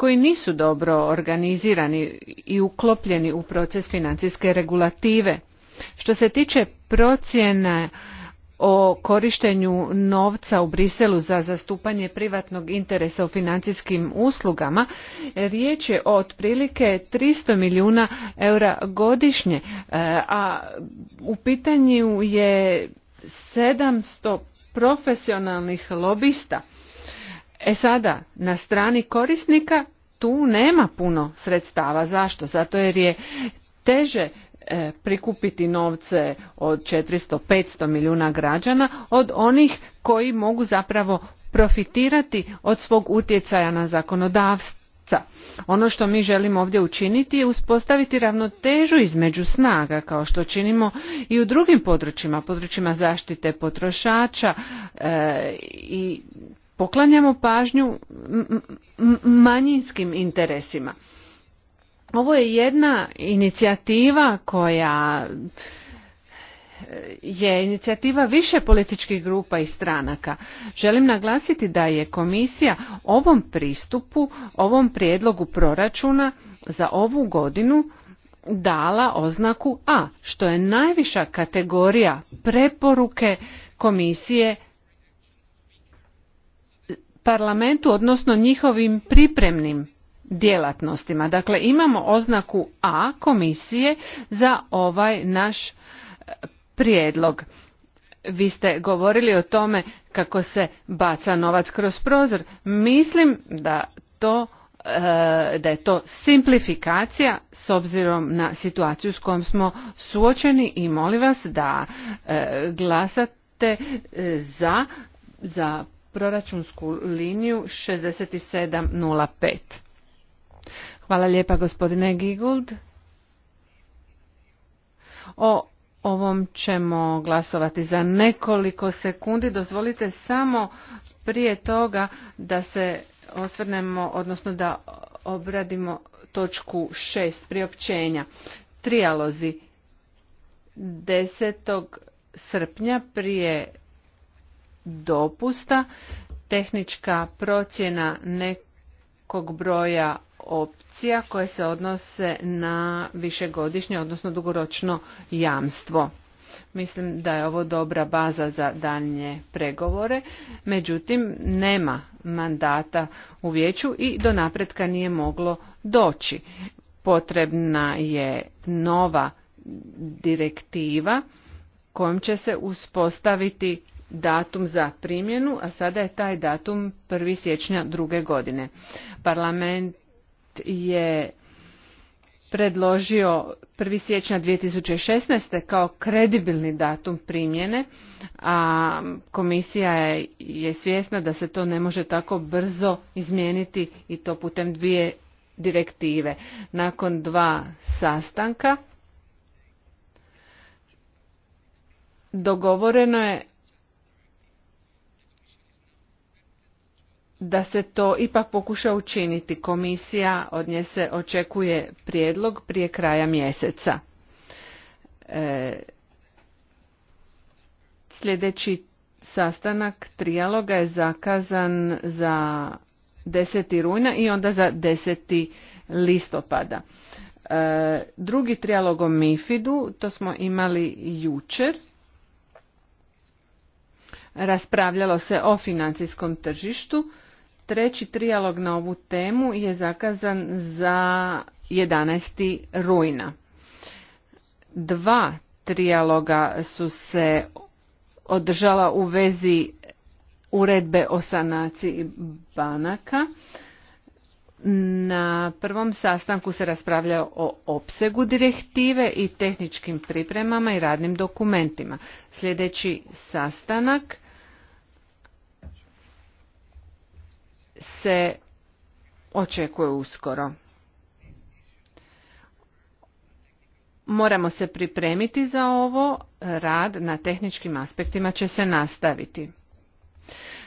koji nisu dobro organizirani i uklopljeni u proces financijske regulative. Što se tiče procjene o korištenju novca u Briselu za zastupanje privatnog interesa u financijskim uslugama, riječ je o otprilike 300 milijuna eura godišnje, e, a u pitanju je 700 profesionalnih lobista E sada, na strani korisnika tu nema puno sredstava. Zašto? Zato jer je teže e, prikupiti novce od 400-500 milijuna građana od onih koji mogu zapravo profitirati od svog utjecaja na zakonodavca. Ono što mi želimo ovdje učiniti je uspostaviti ravnotežu između snaga kao što činimo i u drugim područjima, područjima zaštite potrošača e, i poklanjamo pažnju manjinskim interesima. Ovo je jedna inicijativa koja e, je inicijativa više političkih grupa i stranaka. Želim naglasiti da je komisija ovom pristupu, ovom prijedlogu proračuna za ovu godinu dala oznaku A, što je najviša kategorija preporuke komisije parlamentu, odnosno njihovim pripremnim djelatnostima. Dakle, imamo oznaku A komisije za ovaj naš e, prijedlog. Vi ste govorili o tome kako se baca novac kroz prozor. Mislim da to e, da je to simplifikacija s obzirom na situaciju s kojom smo suočeni i molim vas da e, glasate za, za proračunsku liniju 6705. Hvala lijepa gospodine Giguld. O ovom ćemo glasovati za nekoliko sekundi. Dozvolite samo prije toga da se osvrnemo, odnosno da obradimo točku 6 priopćenja. Trijalozi 10. srpnja prije dopusta, tehnička procjena nekog broja opcija koje se odnose na višegodišnje, odnosno dugoročno jamstvo. Mislim da je ovo dobra baza za daljnje pregovore, međutim nema mandata u vijeću i do napretka nije moglo doći. Potrebna je nova direktiva kojom će se uspostaviti datum za primjenu, a sada je taj datum 1. siječnja druge godine. Parlament je predložio 1. siječnja 2016. kao kredibilni datum primjene, a komisija je svjesna da se to ne može tako brzo izmijeniti i to putem dvije direktive. Nakon dva sastanka dogovoreno je da se to ipak pokuša učiniti. Komisija od nje se očekuje prijedlog prije kraja mjeseca. E, sljedeći sastanak trijaloga je zakazan za 10. rujna i onda za 10. listopada. E, drugi trijalog o Mifidu, to smo imali jučer, raspravljalo se o financijskom tržištu Treći trijalog na ovu temu je zakazan za 11. rujna. Dva trijaloga su se održala u vezi uredbe o sanaciji banaka. Na prvom sastanku se raspravljao o opsegu direktive i tehničkim pripremama i radnim dokumentima. Sljedeći sastanak se očekuje uskoro. Moramo se pripremiti za ovo, rad na tehničkim aspektima će se nastaviti.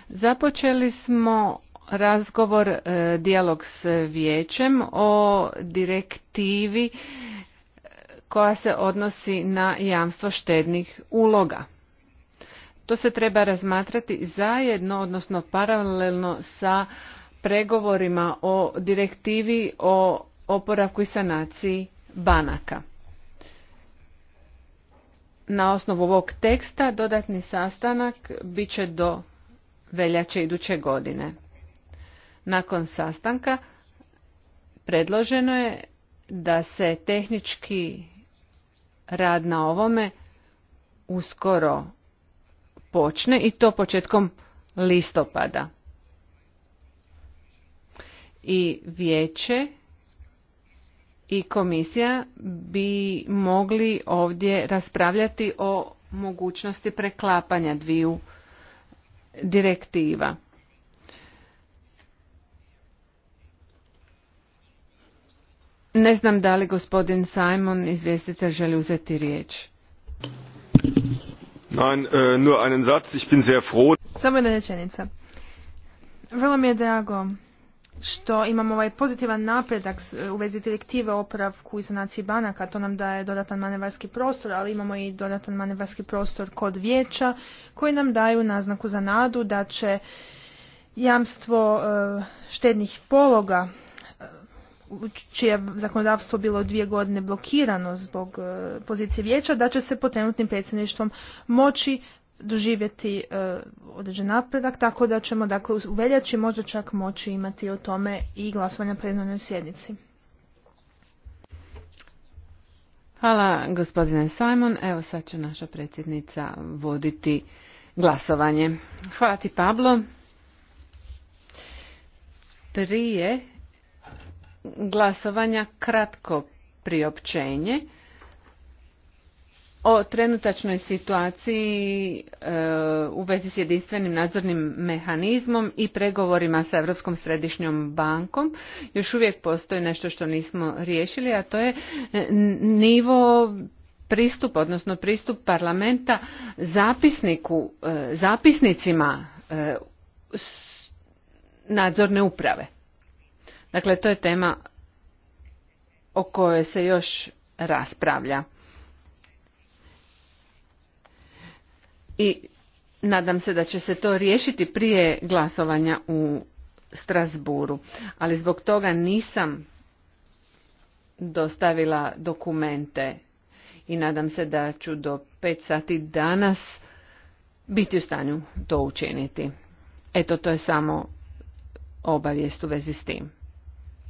Započeli smo razgovor, e, dijalog s vijećem o direktivi e, koja se odnosi na jamstvo štednih uloga to se treba razmatrati zajedno, odnosno paralelno sa pregovorima o direktivi o oporavku i sanaciji banaka. Na osnovu ovog teksta dodatni sastanak bit će do veljače iduće godine. Nakon sastanka predloženo je da se tehnički rad na ovome uskoro počne i to početkom listopada. I vijeće i komisija bi mogli ovdje raspravljati o mogućnosti preklapanja dviju direktiva. Ne znam da li gospodin Simon izvjestitelj želi uzeti riječ. Äh, Samo jedna rečenica. Vrlo mi je drago što imamo ovaj pozitivan napredak u vezi direktive o opravku i sanaciji banaka, to nam daje dodatan manevarski prostor, ali imamo i dodatan manevarski prostor kod vijeća koji nam daju naznaku za nadu da će jamstvo e, štednih pologa čije zakonodavstvo bilo dvije godine blokirano zbog e, pozicije vijeća, da će se po trenutnim predsjedništvom moći doživjeti e, određen napredak, tako da ćemo dakle u veljači možda čak moći imati o tome i glasovanja na sjednici. Hvala gospodine Simon. Evo sad će naša predsjednica voditi glasovanje. Hvala ti Pablo. Prije glasovanja kratko priopćenje o trenutačnoj situaciji e, u vezi s jedinstvenim nadzornim mehanizmom i pregovorima sa Europskom središnjom bankom. Još uvijek postoji nešto što nismo riješili, a to je e, nivo pristup, odnosno pristup parlamenta zapisniku, e, zapisnicima nadzorne uprave. Dakle, to je tema o kojoj se još raspravlja. I nadam se da će se to riješiti prije glasovanja u Strasburu. Ali zbog toga nisam dostavila dokumente i nadam se da ću do pet sati danas biti u stanju to učiniti. Eto, to je samo obavijest u vezi s tim.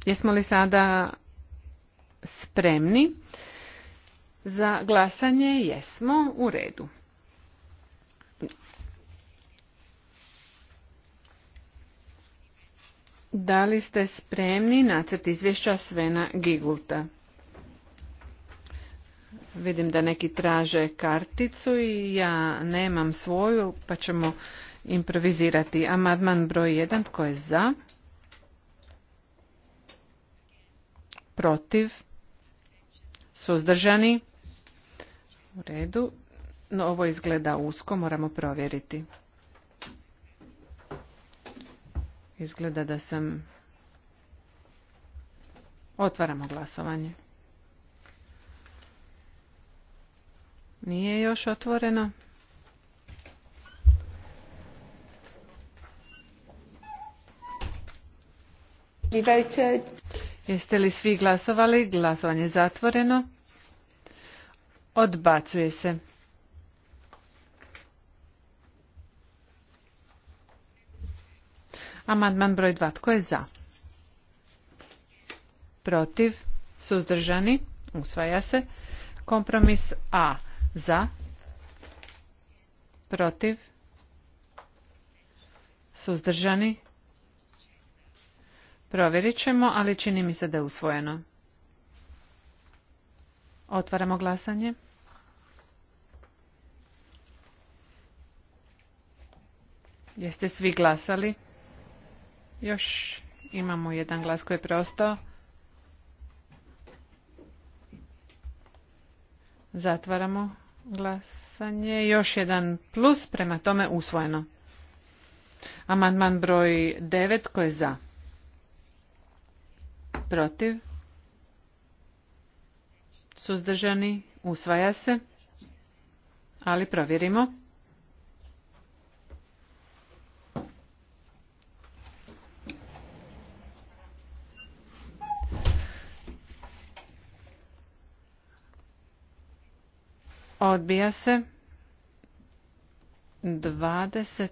Jesmo li sada spremni? Za glasanje jesmo u redu. Da li ste spremni nacrt izvješća Svena Gigulta? Vidim da neki traže karticu i ja nemam svoju, pa ćemo improvizirati. Amadman broj 1, tko je za? protiv, suzdržani, u redu, no ovo izgleda usko, moramo provjeriti. Izgleda da sam... Otvaramo glasovanje. Nije još otvoreno. Jeste li svi glasovali? Glasovanje je zatvoreno. Odbacuje se. Amandman broj 2. Tko je za? Protiv? Suzdržani? Usvaja se. Kompromis A. Za? Protiv? Suzdržani? Provjerit ćemo, ali čini mi se da je usvojeno. Otvaramo glasanje. Jeste svi glasali? Još imamo jedan glas koji je preostao. Zatvaramo glasanje. Još jedan plus, prema tome usvojeno. Amandman broj 9, koji je za? protiv, suzdržani, usvaja se, ali provjerimo. Odbija se. 20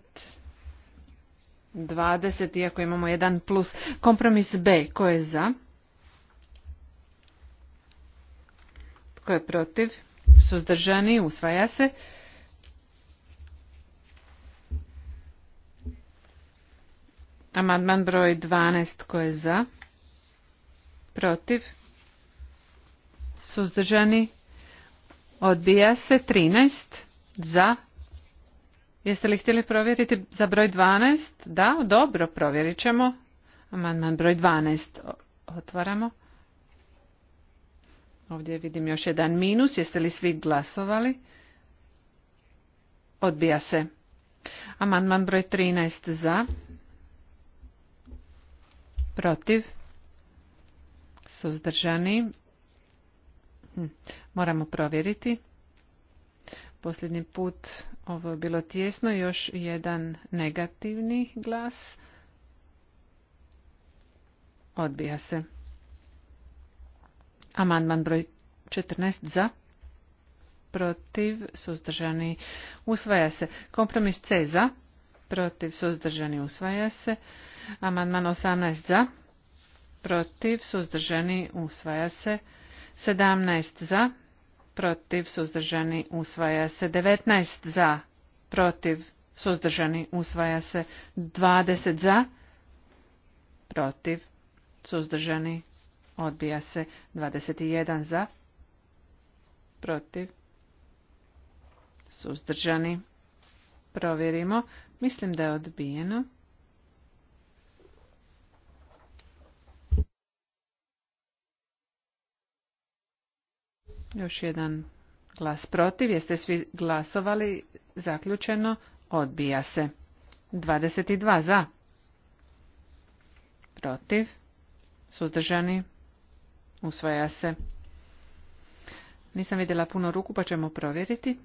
20, iako imamo 1 plus. Kompromis B, ko je za? Ko je protiv? Suzdržani, usvaja se. Amadman broj 12, ko je za? Protiv? Suzdržani, odbija se. 13, za? Jeste li htjeli provjeriti za broj 12? Da, dobro, provjerit ćemo. Amandman broj 12 otvaramo. Ovdje vidim još jedan minus. Jeste li svi glasovali? Odbija se. Amandman broj 13 za. Protiv. Suzdržani. Hm, moramo provjeriti. Posljednji put ovo je bilo tjesno, još jedan negativni glas. Odbija se. Amandman broj 14 za. Protiv suzdržani usvaja se. Kompromis C za. Protiv suzdržani usvaja se. Amandman 18 za. Protiv suzdržani usvaja se. 17 za protiv, suzdržani, usvaja se. 19 za, protiv, suzdržani, usvaja se. 20 za, protiv, suzdržani, odbija se. 21 za, protiv, suzdržani, provjerimo. Mislim da je odbijeno. Još jedan glas protiv. Jeste svi glasovali? Zaključeno. Odbija se. 22 za. Protiv. Suzdržani. Usvaja se. Nisam vidjela puno ruku pa ćemo provjeriti.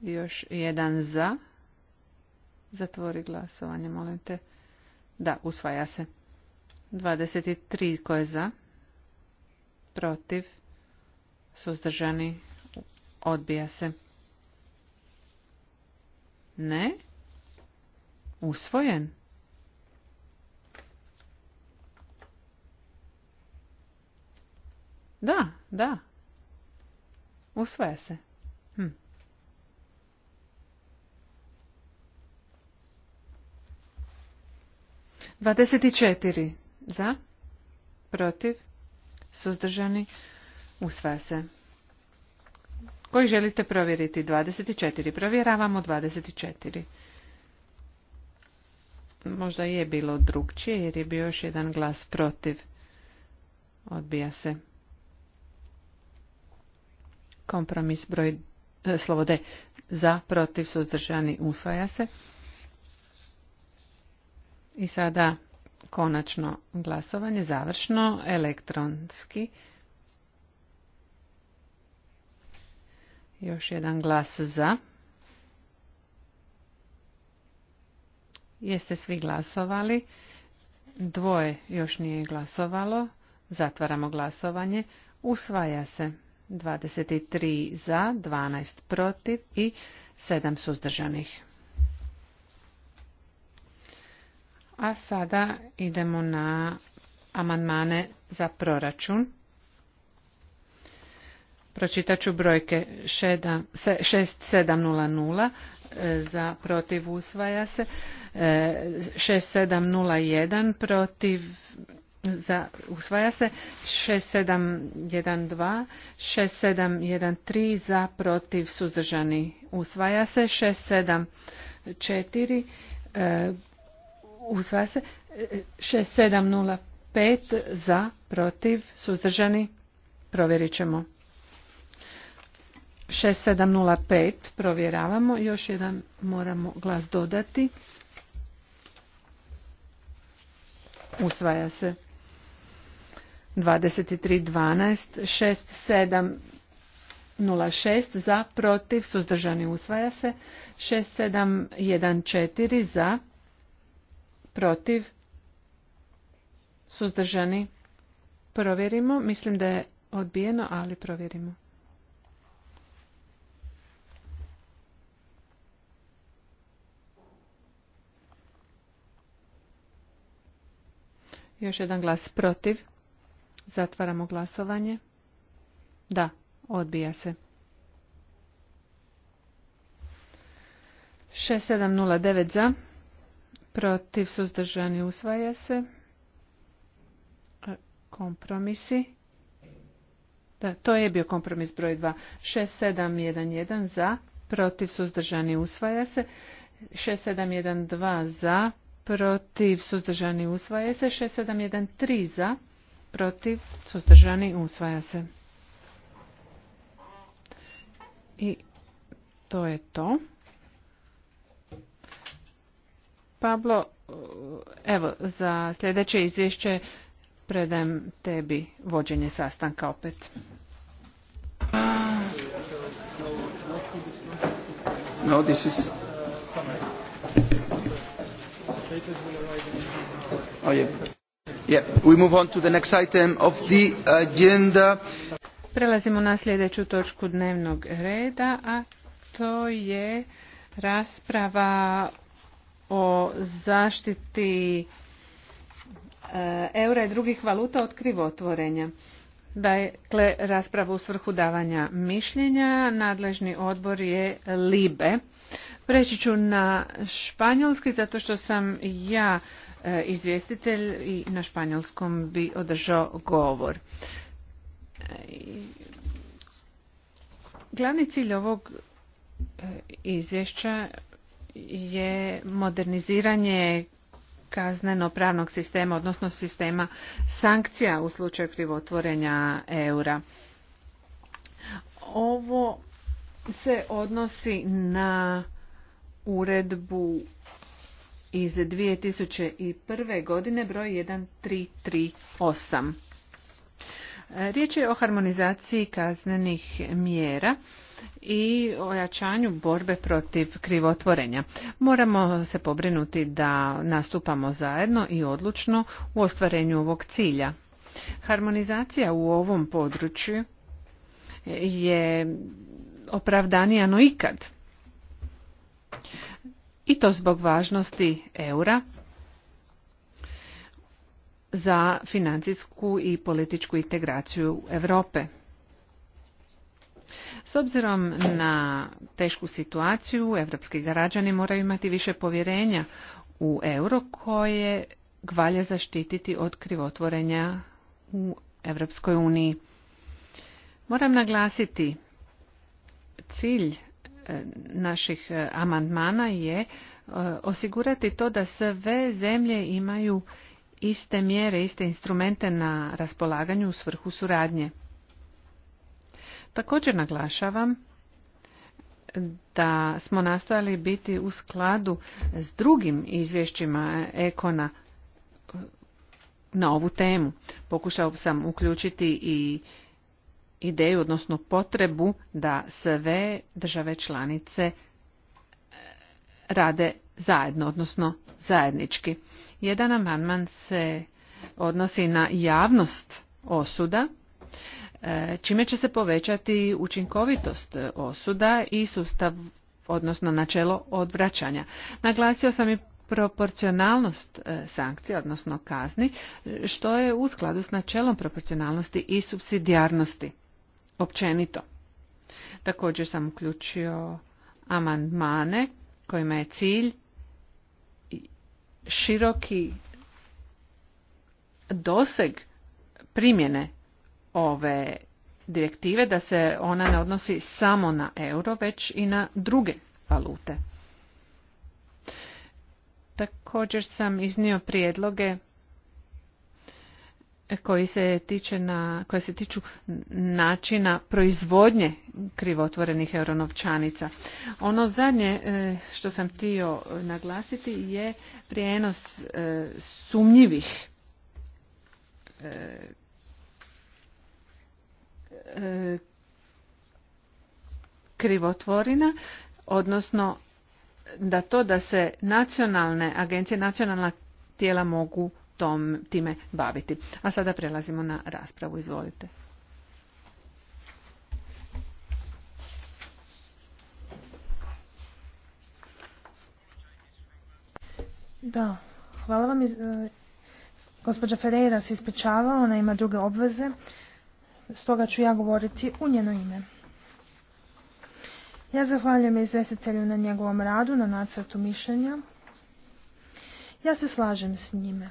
Još jedan za. Zatvori glasovanje, molim te. Da, usvaja se. 23 koje za, protiv, suzdržani, odbija se. Ne, usvojen. Da, da, usvaja se. Hm. Dvadeset četiri za? Protiv? Suzdržani? Usvaja se. Koji želite provjeriti? 24. Provjeravamo 24. Možda je bilo drugčije jer je bio još jedan glas protiv. Odbija se. Kompromis broj e, slovo D. Za, protiv, suzdržani, usvaja se. I sada konačno glasovanje, završno, elektronski. Još jedan glas za. Jeste svi glasovali? Dvoje još nije glasovalo. Zatvaramo glasovanje. Usvaja se. 23 za, 12 protiv i 7 suzdržanih. A sada idemo na amandmane za proračun. Pročitat ću brojke 6700 e, za protiv usvaja se, 6701 e, protiv za usvaja se, 6712, 6713 za protiv suzdržani usvaja se, 674 Usvaja se 6705 e, e, za, protiv, suzdržani. Provjerit ćemo. 6705 provjeravamo. Još jedan moramo glas dodati. Usvaja se 2312 6706 za, protiv, suzdržani. Usvaja se 6714 za, protiv, suzdržani, provjerimo. Mislim da je odbijeno, ali provjerimo. Još jedan glas protiv. Zatvaramo glasovanje. Da, odbija se. 6709 za protiv suzdržani usvaja se e, kompromisi da to je bio kompromis broj 2 6711 za protiv suzdržani usvaja se 6712 za protiv suzdržani usvaja se 6713 za protiv suzdržani usvaja se i to je to Pablo, evo, za sljedeće izvješće predajem tebi vođenje sastanka opet. No, this is... Oh, yeah. We move on to the next item of the agenda. Prelazimo na sljedeću točku dnevnog reda, a to je rasprava o zaštiti e, eura i drugih valuta od krivotvorenja. Dakle, raspravu u svrhu davanja mišljenja. Nadležni odbor je LIBE. Preći ću na španjolski, zato što sam ja e, izvjestitelj i na španjolskom bi održao govor. E, glavni cilj ovog izvješća je moderniziranje kazneno-pravnog sistema, odnosno sistema sankcija u slučaju krivotvorenja eura. Ovo se odnosi na uredbu iz 2001. godine broj 1338. Riječ je o harmonizaciji kaznenih mjera i ojačanju borbe protiv krivotvorenja. Moramo se pobrinuti da nastupamo zajedno i odlučno u ostvarenju ovog cilja. Harmonizacija u ovom području je opravdanija no ikad. I to zbog važnosti eura za financijsku i političku integraciju Europe. S obzirom na tešku situaciju, evropski građani moraju imati više povjerenja u euro koje valja zaštititi od krivotvorenja u Evropskoj uniji. Moram naglasiti, cilj e, naših e, amandmana je e, osigurati to da sve zemlje imaju iste mjere, iste instrumente na raspolaganju u svrhu suradnje. Također naglašavam da smo nastojali biti u skladu s drugim izvješćima Ekona na ovu temu. Pokušao sam uključiti i ideju, odnosno potrebu da sve države članice e, rade zajedno, odnosno zajednički. Jedan amandman se odnosi na javnost osuda. E, čime će se povećati učinkovitost e, osuda i sustav odnosno načelo odvraćanja. Naglasio sam i proporcionalnost e, sankcija, odnosno kazni, što je u skladu s načelom proporcionalnosti i subsidijarnosti, općenito. Također sam uključio amandmane kojima je cilj široki doseg primjene ove direktive da se ona ne odnosi samo na euro već i na druge valute. Također sam iznio prijedloge koji se tiče na, koje se tiču načina proizvodnje krivotvorenih euronovčanica. Ono zadnje e, što sam htio naglasiti je prijenos e, sumnjivih e, E, krivotvorina, odnosno da to da se nacionalne agencije, nacionalna tijela mogu tom, time baviti. A sada prelazimo na raspravu. Izvolite. Da, hvala vam. E, gospođa Ferreira se ispričava, ona ima druge obveze stoga ću ja govoriti u njeno ime. Ja zahvaljujem izvjestitelju na njegovom radu, na nacrtu mišljenja. Ja se slažem s njime.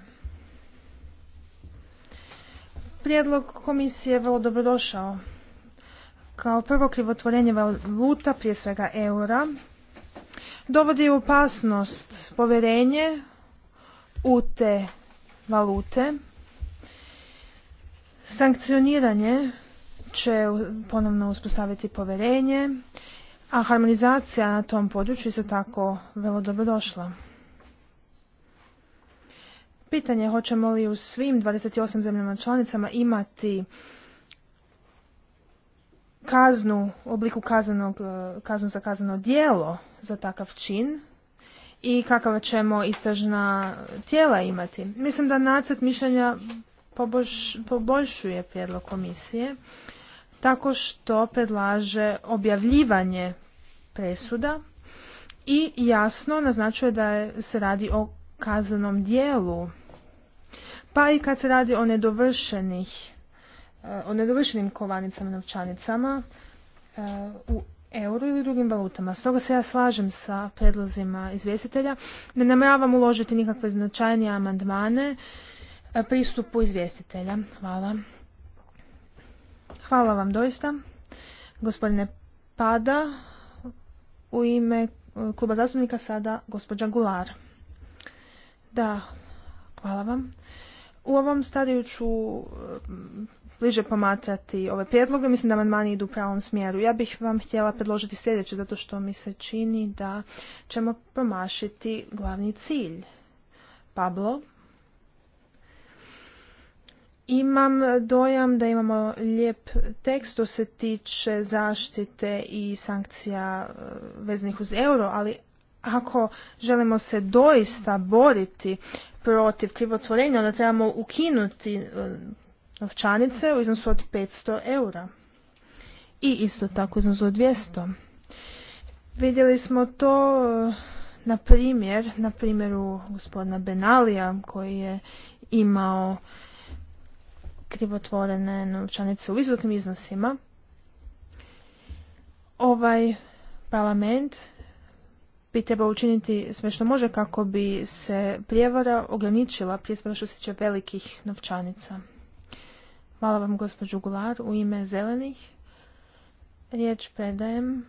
Prijedlog komisije je vrlo dobrodošao. Kao prvo krivotvorenje valuta, prije svega eura, dovodi u opasnost povjerenje u te valute, Sankcioniranje će ponovno uspostaviti povjerenje, a harmonizacija na tom području se tako vrlo dobro došla. Pitanje je hoćemo li u svim 28 zemljama članicama imati kaznu obliku kaznenog, e, kaznu za kazneno djelo za takav čin i kakava ćemo istražna tijela imati. Mislim da nacrt mišljenja poboljšuje prijedlog komisije tako što predlaže objavljivanje presuda i jasno naznačuje da se radi o kaznenom dijelu pa i kad se radi o nedovršenih eh, o nedovršenim kovanicama novčanicama eh, u euro ili drugim valutama. Stoga se ja slažem sa predlozima izvjestitelja. Ne namravam uložiti nikakve značajnije amandmane pristupu izvjestitelja. Hvala. Hvala vam doista. Gospodine Pada, u ime kluba zastupnika sada gospođa Gular. Da, hvala vam. U ovom stadiju ću eh, bliže pomatrati ove prijedloge. Mislim da amandmani idu u pravom smjeru. Ja bih vam htjela predložiti sljedeće, zato što mi se čini da ćemo promašiti glavni cilj. Pablo, imam dojam da imamo lijep tekst što se tiče zaštite i sankcija eh, veznih uz euro, ali ako želimo se doista boriti protiv krivotvorenja, onda trebamo ukinuti eh, novčanice u iznosu od 500 eura. I isto tako u iznosu od 200. Vidjeli smo to eh, na primjer, na primjeru gospodina Benalija koji je imao krivotvorene novčanice u visokim iznosima, ovaj parlament bi trebao učiniti sve što može kako bi se prijevara ograničila prije svega što se tiče velikih novčanica. Hvala vam gospođu Gular u ime zelenih. Riječ predajem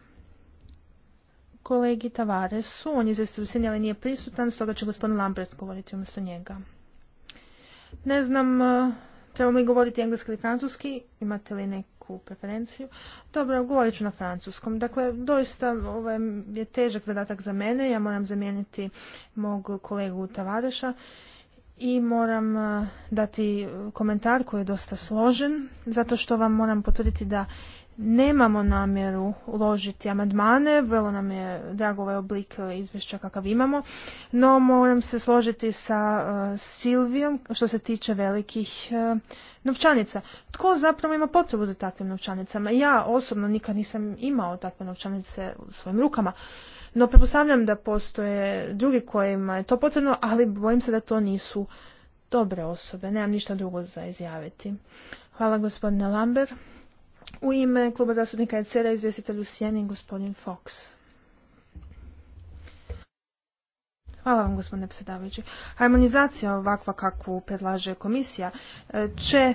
kolegi Tavaresu. On je u ali nije prisutan, stoga će gospodin Lambert govoriti umjesto njega. Ne znam Trebamo mi govoriti engleski ili francuski? Imate li neku preferenciju? Dobro, govorit ću na francuskom. Dakle, doista ovaj je težak zadatak za mene. Ja moram zamijeniti mog kolegu Tavareša i moram eh, dati komentar koji je dosta složen, zato što vam moram potvrditi da nemamo namjeru uložiti amandmane, vrlo nam je drago ovaj oblik izvješća kakav imamo, no moram se složiti sa e, Silvijom što se tiče velikih e, novčanica. Tko zapravo ima potrebu za takvim novčanicama? Ja osobno nikad nisam imao takve novčanice u svojim rukama. No, pretpostavljam da postoje drugi kojima je to potrebno, ali bojim se da to nisu dobre osobe. Nemam ništa drugo za izjaviti. Hvala gospodine Lamber. U ime kluba zastupnika ECR-a izvjestitelj u Sjeni gospodin Fox. Hvala vam gospodine predsjedavajući. Harmonizacija ovakva kakvu predlaže komisija e, će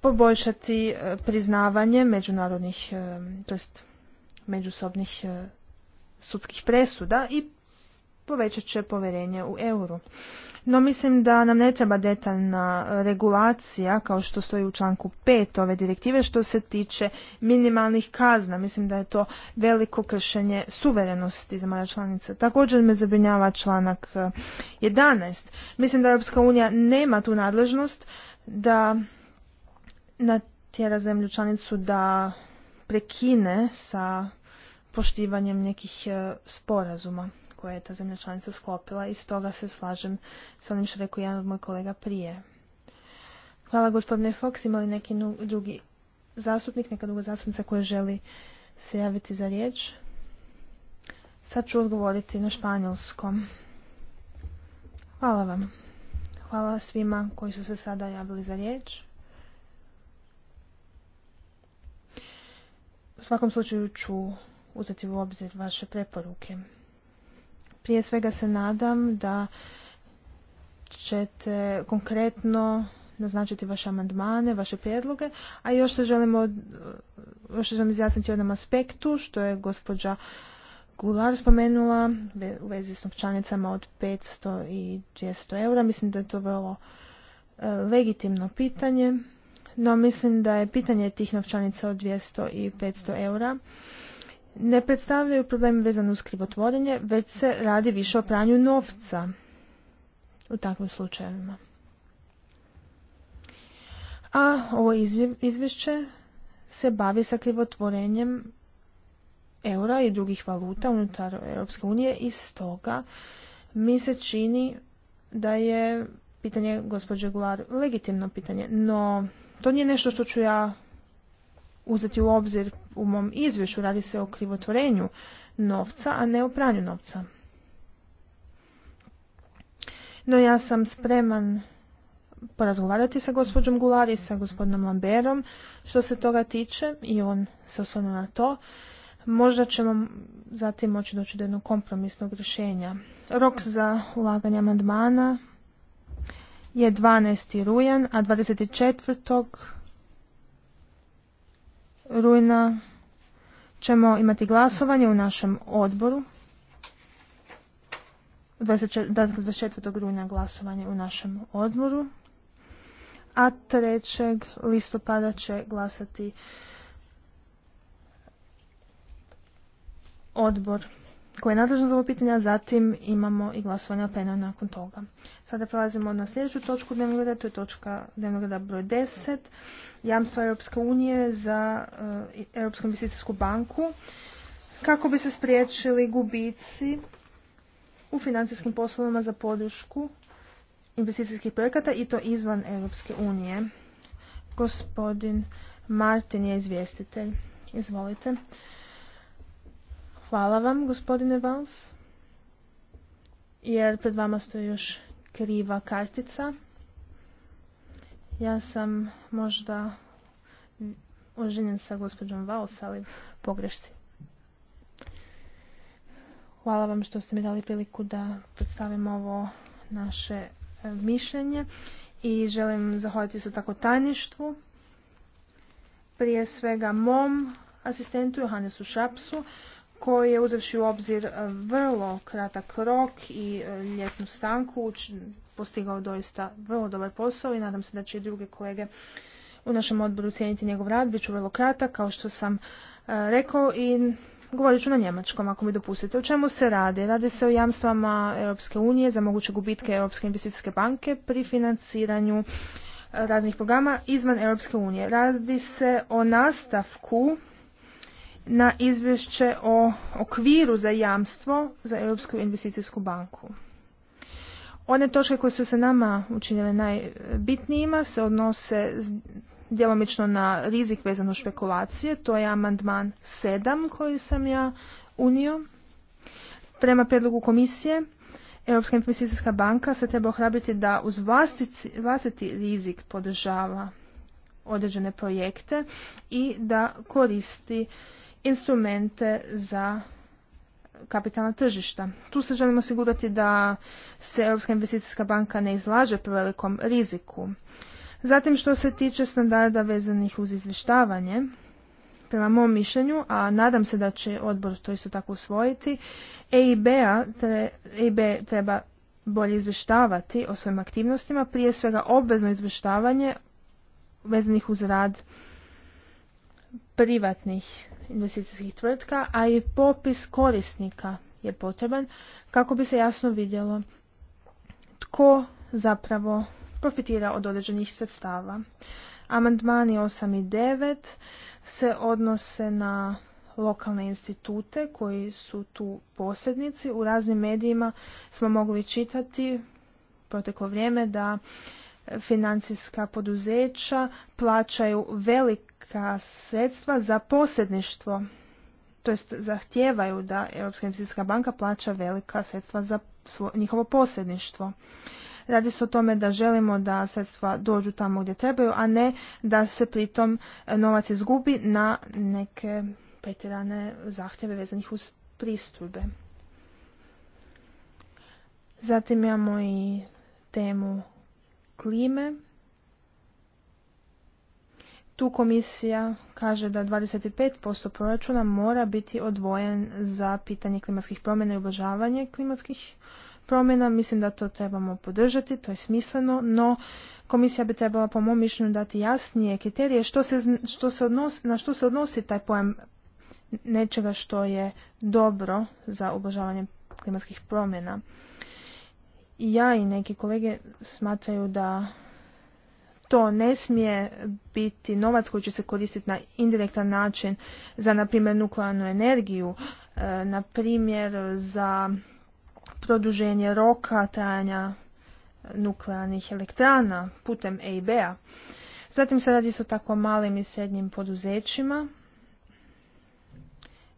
poboljšati e, priznavanje međunarodnih, e, to jest međusobnih sudskih presuda i povećat će povjerenje u euro. No mislim da nam ne treba detaljna regulacija kao što stoji u članku 5 ove direktive što se tiče minimalnih kazna. Mislim da je to veliko kršenje suverenosti zemalja članica. Također me zabrinjava članak 11. Eh, mislim da Europska unija nema tu nadležnost da natjera zemlju članicu da prekine sa poštivanjem nekih eh, sporazuma koje je ta zemlja članica sklopila i stoga se slažem s onim što rekao jedan od mojih kolega prije. Hvala gospodine Fox, imali neki drugi zastupnik, neka druga zastupnica koja želi se javiti za riječ. Sad ću odgovoriti na španjolskom. Hvala vam. Hvala svima koji su se sada javili za riječ. U svakom slučaju ću uzeti u obzir vaše preporuke. Prije svega se nadam da ćete konkretno naznačiti vaše amandmane, vaše prijedloge, a još se želimo, još želim izjasniti o jednom aspektu što je gospođa Gular spomenula u vezi s novčanicama od 500 i 200 eura. Mislim da je to vrlo e, legitimno pitanje, no mislim da je pitanje tih novčanica od 200 i 500 eura ne predstavljaju problem vezano uz krivotvorenje, već se radi više o pranju novca u takvim slučajevima. A ovo izvješće se bavi sa krivotvorenjem eura i drugih valuta unutar Europske unije i stoga mi se čini da je pitanje gospođe Gular legitimno pitanje, no to nije nešto što ću ja uzeti u obzir u mom izvješću. Radi se o krivotvorenju novca, a ne o pranju novca. No ja sam spreman porazgovarati sa gospođom Gulari sa gospodinom Lamberom što se toga tiče i on se osvrnu na to. Možda ćemo zatim moći doći do jednog kompromisnog rješenja. Rok za ulaganje amandmana je 12. rujan, a 24 rujna ćemo imati glasovanje u našem odboru. 24. rujna glasovanje u našem odboru. A 3. listopada će glasati odbor koje je nadležno za ovo pitanje, a zatim imamo i glasovanje o nakon toga. Sada prelazimo na sljedeću točku dnevnog reda, to je točka dnevnog reda broj 10, jamstva Europske unije za eh, Europsku investicijsku banku, kako bi se spriječili gubici u financijskim poslovima za podršku investicijskih projekata i to izvan Europske unije. Gospodin Martin je izvjestitelj. Izvolite. Hvala vam, gospodine Vals, jer pred vama stoji još kriva kartica. Ja sam možda oženjen sa gospođom Vals, ali pogrešci. Hvala vam što ste mi dali priliku da predstavim ovo naše e, mišljenje i želim zahvaliti su tako tajništvu. Prije svega mom asistentu Johannesu Šapsu koji je uzevši u obzir e, vrlo kratak rok i e, ljetnu stanku postigao doista vrlo dobar posao i nadam se da će i druge kolege u našem odboru cijeniti njegov rad. Biću vrlo kratak kao što sam e, rekao i Govorit ću na njemačkom, ako mi dopustite. O čemu se radi? Radi se o jamstvama Europske unije za moguće gubitke Europske investicijske banke pri financiranju raznih programa izvan Europske unije. Radi se o nastavku na izvješće o okviru za jamstvo za Europsku investicijsku banku. One točke koje su se nama učinile najbitnijima se odnose djelomično na rizik vezano špekulacije, to je amandman 7 koji sam ja unio. Prema predlogu komisije, Europska investicijska banka se treba ohrabriti da uz vlastiti rizik podržava određene projekte i da koristi instrumente za kapitalna tržišta. Tu se želimo osigurati da se Europska investicijska banka ne izlaže velikom riziku. Zatim što se tiče standarda vezanih uz izvještavanje, prema mom mišljenju, a nadam se da će odbor to isto tako usvojiti, EIB, tre, EIB treba bolje izvještavati o svojim aktivnostima, prije svega obvezno izvještavanje vezanih uz rad privatnih investicijskih tvrtka, a i popis korisnika je potreban kako bi se jasno vidjelo tko zapravo profitira od određenih sredstava. Amandmani 8 i 9 se odnose na lokalne institute koji su tu posrednici. U raznim medijima smo mogli čitati proteklo vrijeme da financijska poduzeća plaćaju velik ka sredstva za posredništvo, to jest zahtijevaju da Europska investicijska banka plaća velika sredstva za njihovo posredništvo. Radi se o tome da želimo da sredstva dođu tamo gdje trebaju, a ne da se pritom novac izgubi na neke petirane zahtjeve vezanih uz pristupe. Zatim imamo i temu klime. Tu komisija kaže da 25% proračuna mora biti odvojen za pitanje klimatskih promjena i ublažavanje klimatskih promjena. Mislim da to trebamo podržati, to je smisleno, no komisija bi trebala po mom mišljenju dati jasnije kriterije što se, što se odnosi, na što se odnosi taj pojam nečega što je dobro za ublažavanje klimatskih promjena. Ja i neki kolege smatraju da to ne smije biti novac koji će se koristiti na indirektan način za, na primjer, nuklearnu energiju, e, na primjer, za produženje roka trajanja nuklearnih elektrana putem EIB-a. Zatim se radi isto tako malim i srednjim poduzećima.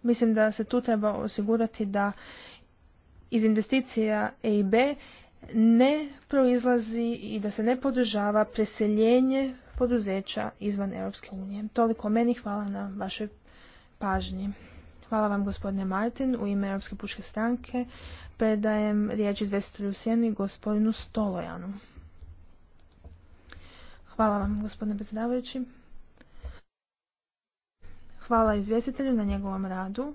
Mislim da se tu treba osigurati da iz investicija EIB ne proizlazi i da se ne podržava preseljenje poduzeća izvan Europske unije. Toliko meni hvala na vašoj pažnji. Hvala vam gospodine Martin. U ime Europske pučke stranke predajem riječ izvestitelju i gospodinu Stolojanu. Hvala vam gospodine predsjedavajući. Hvala izvjestitelju na njegovom radu.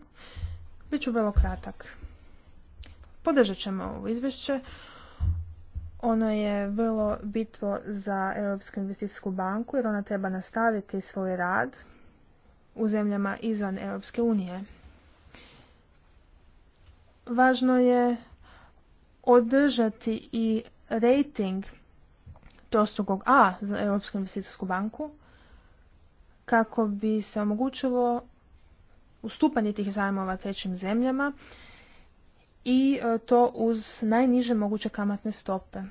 Biću vrlo kratak. Podržat ćemo ovo izvješće. Ono je vrlo bitvo za Europsku investicijsku banku jer ona treba nastaviti svoj rad u zemljama izvan Europske unije. Važno je održati i rating trostogog A za Europsku investicijsku banku kako bi se omogućilo ustupanje tih zajmova trećim zemljama i e, to uz najniže moguće kamatne stope.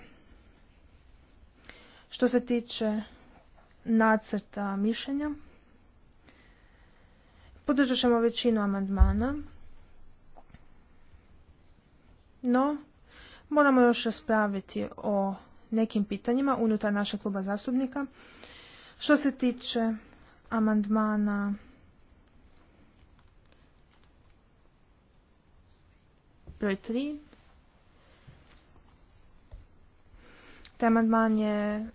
Što se tiče nacrta mišljenja, podržat ćemo većinu amandmana, no moramo još raspraviti o nekim pitanjima unutar našeg kluba zastupnika. Što se tiče amandmana Broj 3. Taj amandman je e,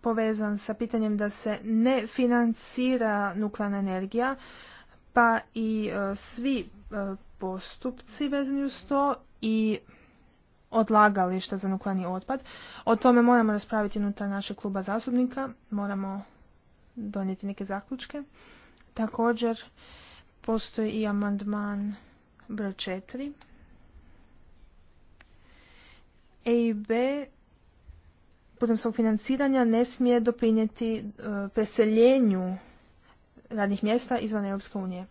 povezan sa pitanjem da se ne financira nuklearna energija, pa i e, svi e, postupci vezani uz to i odlagališta za nuklearni otpad. O tome moramo raspraviti unutar našeg kluba zasobnika, moramo donijeti neke zaključke. Također postoji i amandman broj 4 EIB putem svog financiranja ne smije doprinijeti e, preseljenju radnih mjesta izvan Europske unije.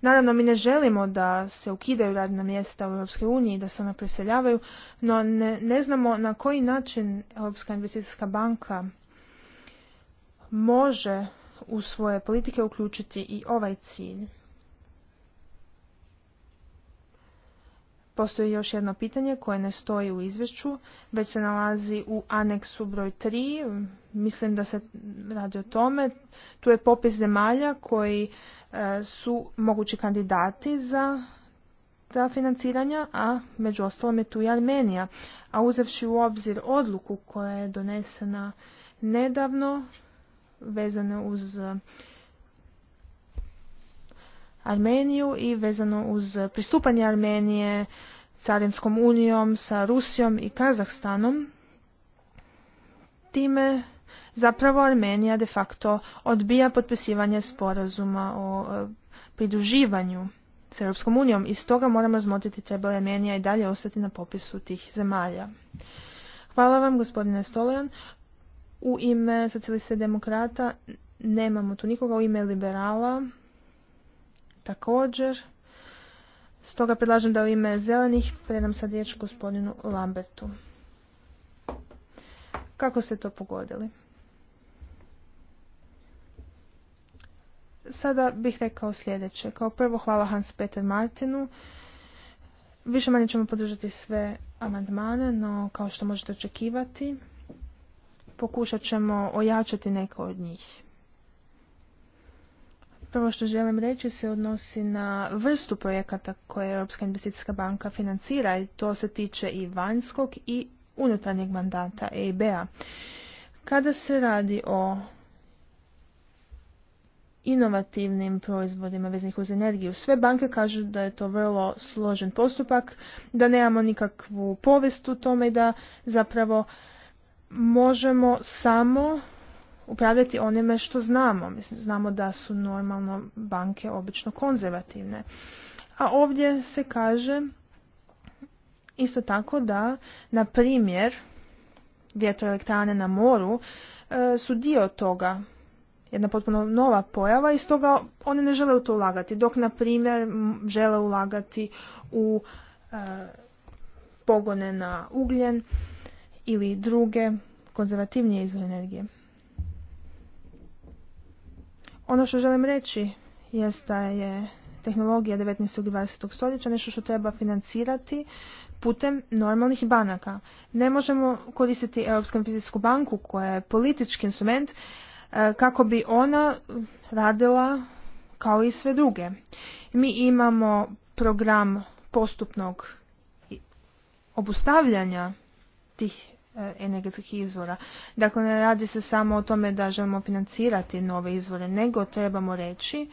Naravno, mi ne želimo da se ukidaju radna mjesta u Europske uniji i da se ona preseljavaju, no ne znamo na koji način Europska investicijska banka može u svoje politike uključiti i ovaj cilj. Postoji još jedno pitanje koje ne stoji u izvješću, već se nalazi u aneksu broj 3. Mislim da se radi o tome. Tu je popis zemalja koji e, su mogući kandidati za ta financiranja, a među ostalom je tu i Armenija. A uzevši u obzir odluku koja je donesena nedavno vezane uz Armeniju i vezano uz pristupanje Armenije Carinskom unijom sa Rusijom i Kazahstanom. Time zapravo Armenija de facto odbija potpisivanje sporazuma o e, pridruživanju s Europskom unijom i stoga moramo razmotriti treba li Armenija i dalje ostati na popisu tih zemalja. Hvala vam gospodine Stolan. U ime socijaliste demokrata nemamo tu nikoga, u ime liberala Također, stoga predlažem da u ime zelenih predam sad riječ gospodinu Lambertu. Kako ste to pogodili? Sada bih rekao sljedeće. Kao prvo hvala Hans Peter Martinu. Više manje ćemo podržati sve amandmane, no kao što možete očekivati, pokušat ćemo ojačati neko od njih. Prvo što želim reći se odnosi na vrstu projekata koje Europska investicijska banka financira i to se tiče i vanjskog i unutarnjeg mandata EIB-a. Kada se radi o inovativnim proizvodima veznih uz energiju. Sve banke kažu da je to vrlo složen postupak, da nemamo nikakvu povijest u tome i da zapravo možemo samo upravljati onime što znamo. Mislim, znamo da su normalno banke obično konzervativne. A ovdje se kaže isto tako da, na primjer, vjetroelektrane na moru e, su dio toga jedna potpuno nova pojava i stoga one ne žele u to ulagati, dok na primjer žele ulagati u e, pogone na ugljen ili druge konzervativnije izvore energije. Ono što želim reći jest da je tehnologija 19. i 20. stoljeća nešto što treba financirati putem normalnih banaka. Ne možemo koristiti Europsku investicijsku banku koja je politički instrument e, kako bi ona radila kao i sve druge. Mi imamo program postupnog obustavljanja tih E, energetskih izvora. Dakle, ne radi se samo o tome da želimo financirati nove izvore, nego trebamo reći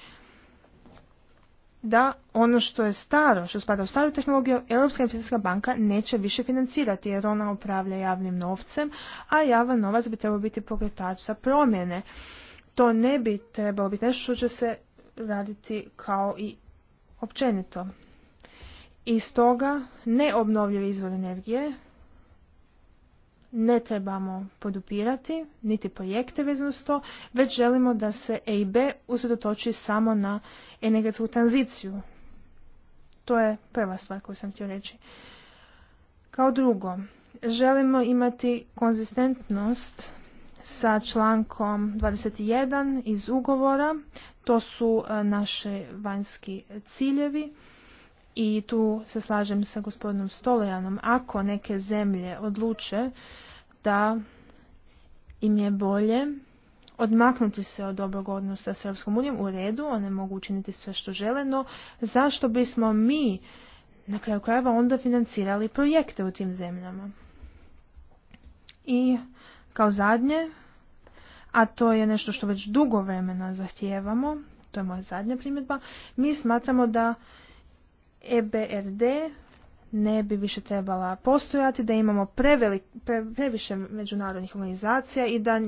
da ono što je staro, što spada u staru tehnologiju, Europska investicijska banka neće više financirati jer ona upravlja javnim novcem, a javan novac bi trebao biti pokretač za promjene. To ne bi trebalo biti nešto što će se raditi kao i općenito. I stoga neobnovljivi izvor energije ne trebamo podupirati, niti projekte vezano s to, već želimo da se EIB usredotoči samo na energetsku tranziciju. To je prva stvar koju sam htio reći. Kao drugo, želimo imati konzistentnost sa člankom 21 iz ugovora. To su e, naše vanjski ciljevi i tu se slažem sa gospodinom Stolejanom. Ako neke zemlje odluče da im je bolje odmaknuti se od dobrog odnosa s Europskom unijom u redu, one mogu učiniti sve što žele, no zašto bismo mi na kraju krajeva onda financirali projekte u tim zemljama? I kao zadnje, a to je nešto što već dugo vremena zahtijevamo, to je moja zadnja primjedba, mi smatramo da EBRD ne bi više trebala postojati, da imamo previše međunarodnih organizacija i da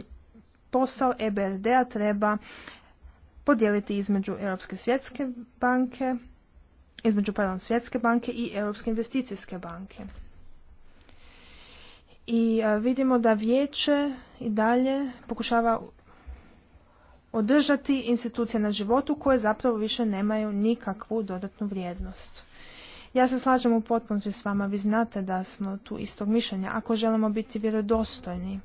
posao EBRD-a treba podijeliti između Europske svjetske banke, između pardon, svjetske banke i Europske investicijske banke. I e, vidimo da vijeće i dalje pokušava održati institucije na životu koje zapravo više nemaju nikakvu dodatnu vrijednost. Ja se slažem u potpunosti s vama, vi znate da smo tu istog mišljenja. Ako želimo biti vjerodostojni,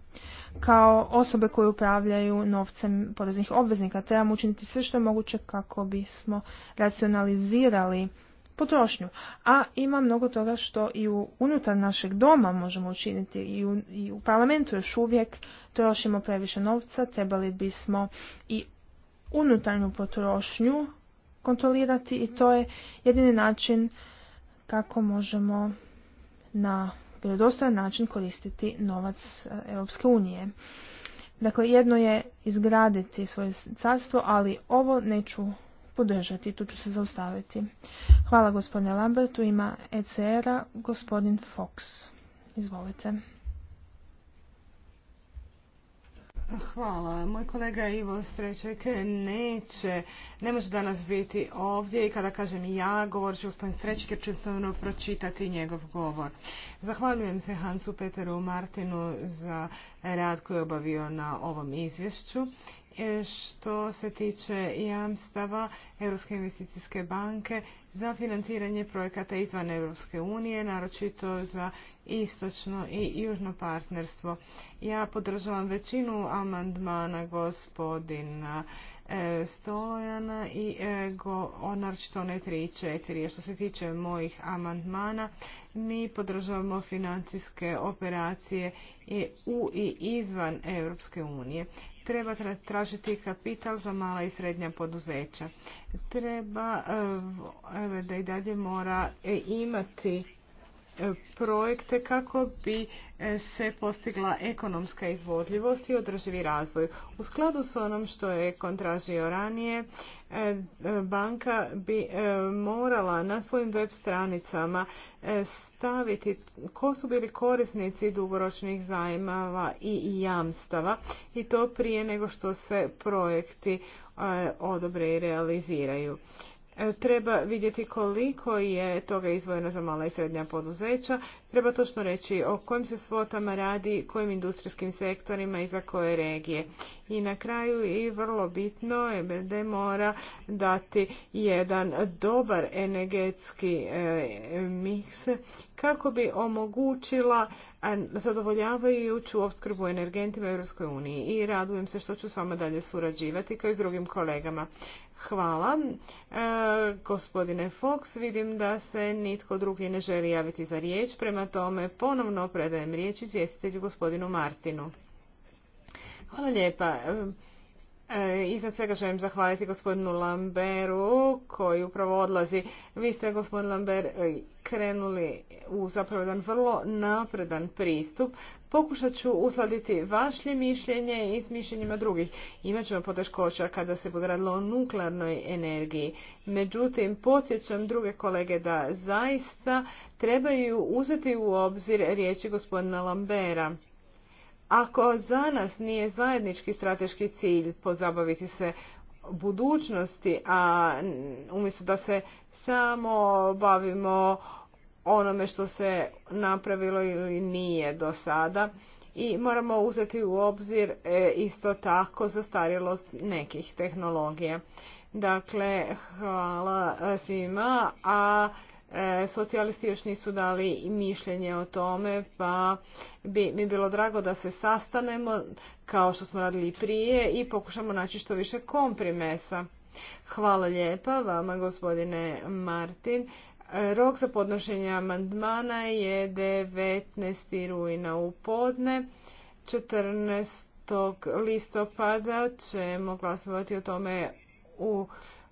kao osobe koje upravljaju novcem poreznih obveznika, trebamo učiniti sve što je moguće kako bismo racionalizirali potrošnju. A ima mnogo toga što i u, unutar našeg doma možemo učiniti i u, i u parlamentu još uvijek trošimo previše novca, trebali bismo i unutarnju potrošnju kontrolirati i to je jedini način kako možemo na vjerodostojan način koristiti novac e, Europske unije. Dakle, jedno je izgraditi svoje carstvo, ali ovo neću podržati, tu ću se zaustaviti. Hvala gospodine Lambertu, ima ECR-a gospodin Fox. Izvolite. Hvala. Moj kolega Ivo Streček neće, ne može danas biti ovdje i kada kažem ja, govor ću gospodin Streček jer ću samo pročitati njegov govor. Zahvaljujem se Hansu Peteru Martinu za rad koji je obavio na ovom izvješću E, što se tiče jamstava Europske investicijske banke za financiranje projekata izvan Europske unije, naročito za istočno i južno partnerstvo. Ja podržavam većinu amandmana gospodina e, Stojana i e, go, naročito one 3 i 4. Što se tiče mojih amandmana, mi podržavamo financijske operacije u i izvan Europske unije treba tražiti kapital za mala i srednja poduzeća. Treba eh, da i dalje mora eh, imati projekte kako bi e, se postigla ekonomska izvodljivost i održivi razvoj. U skladu s onom što je kontražio ranije, e, banka bi e, morala na svojim web stranicama staviti ko su bili korisnici dugoročnih zajmava i jamstava i to prije nego što se projekti odobre i realiziraju. E, treba vidjeti koliko je toga izvojeno za mala i srednja poduzeća. Treba točno reći o kojim se svotama radi, kojim industrijskim sektorima i za koje regije. I na kraju i vrlo bitno, da mora dati jedan dobar energetski e, miks kako bi omogućila zadovoljavajuću opskrbu energentima u Europskoj uniji i radujem se što ću s vama dalje surađivati kao i s drugim kolegama. Hvala. E, gospodine Fox, vidim da se nitko drugi ne želi javiti za riječ, prema tome ponovno predajem riječ izvjestitelju gospodinu Martinu. Hvala lijepa. E, iznad svega želim zahvaliti gospodinu Lamberu koji upravo odlazi. Vi ste, gospodin Lamber, e, krenuli u zapravo jedan vrlo napredan pristup. Pokušat ću usladiti vaše mišljenje i s mišljenjima drugih. Imaćemo poteškoća kada se bude radilo o nuklearnoj energiji. Međutim, podsjećam druge kolege da zaista trebaju uzeti u obzir riječi gospodina Lambera. Ako za nas nije zajednički strateški cilj pozabaviti se budućnosti, a umjesto da se samo bavimo onome što se napravilo ili nije do sada i moramo uzeti u obzir e, isto tako zastarjelost nekih tehnologija. Dakle, hvala svima, a socijalisti još nisu dali mišljenje o tome, pa bi mi bilo drago da se sastanemo, kao što smo radili i prije, i pokušamo naći što više komprimesa. Hvala lijepa vama, gospodine Martin. Rok za podnošenje amandmana je 19. rujna u podne. 14. listopada ćemo glasovati o tome u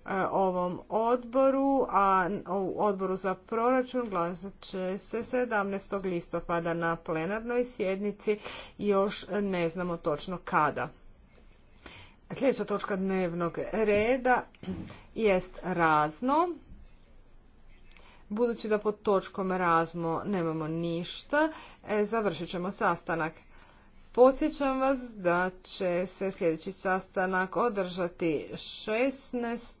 E, ovom odboru, a u odboru za proračun glasat će se 17. listopada na plenarnoj sjednici, još ne znamo točno kada. Sljedeća točka dnevnog reda jest razno. Budući da pod točkom razmo nemamo ništa, e, završit ćemo sastanak. Podsjećam vas da će se sljedeći sastanak održati 16.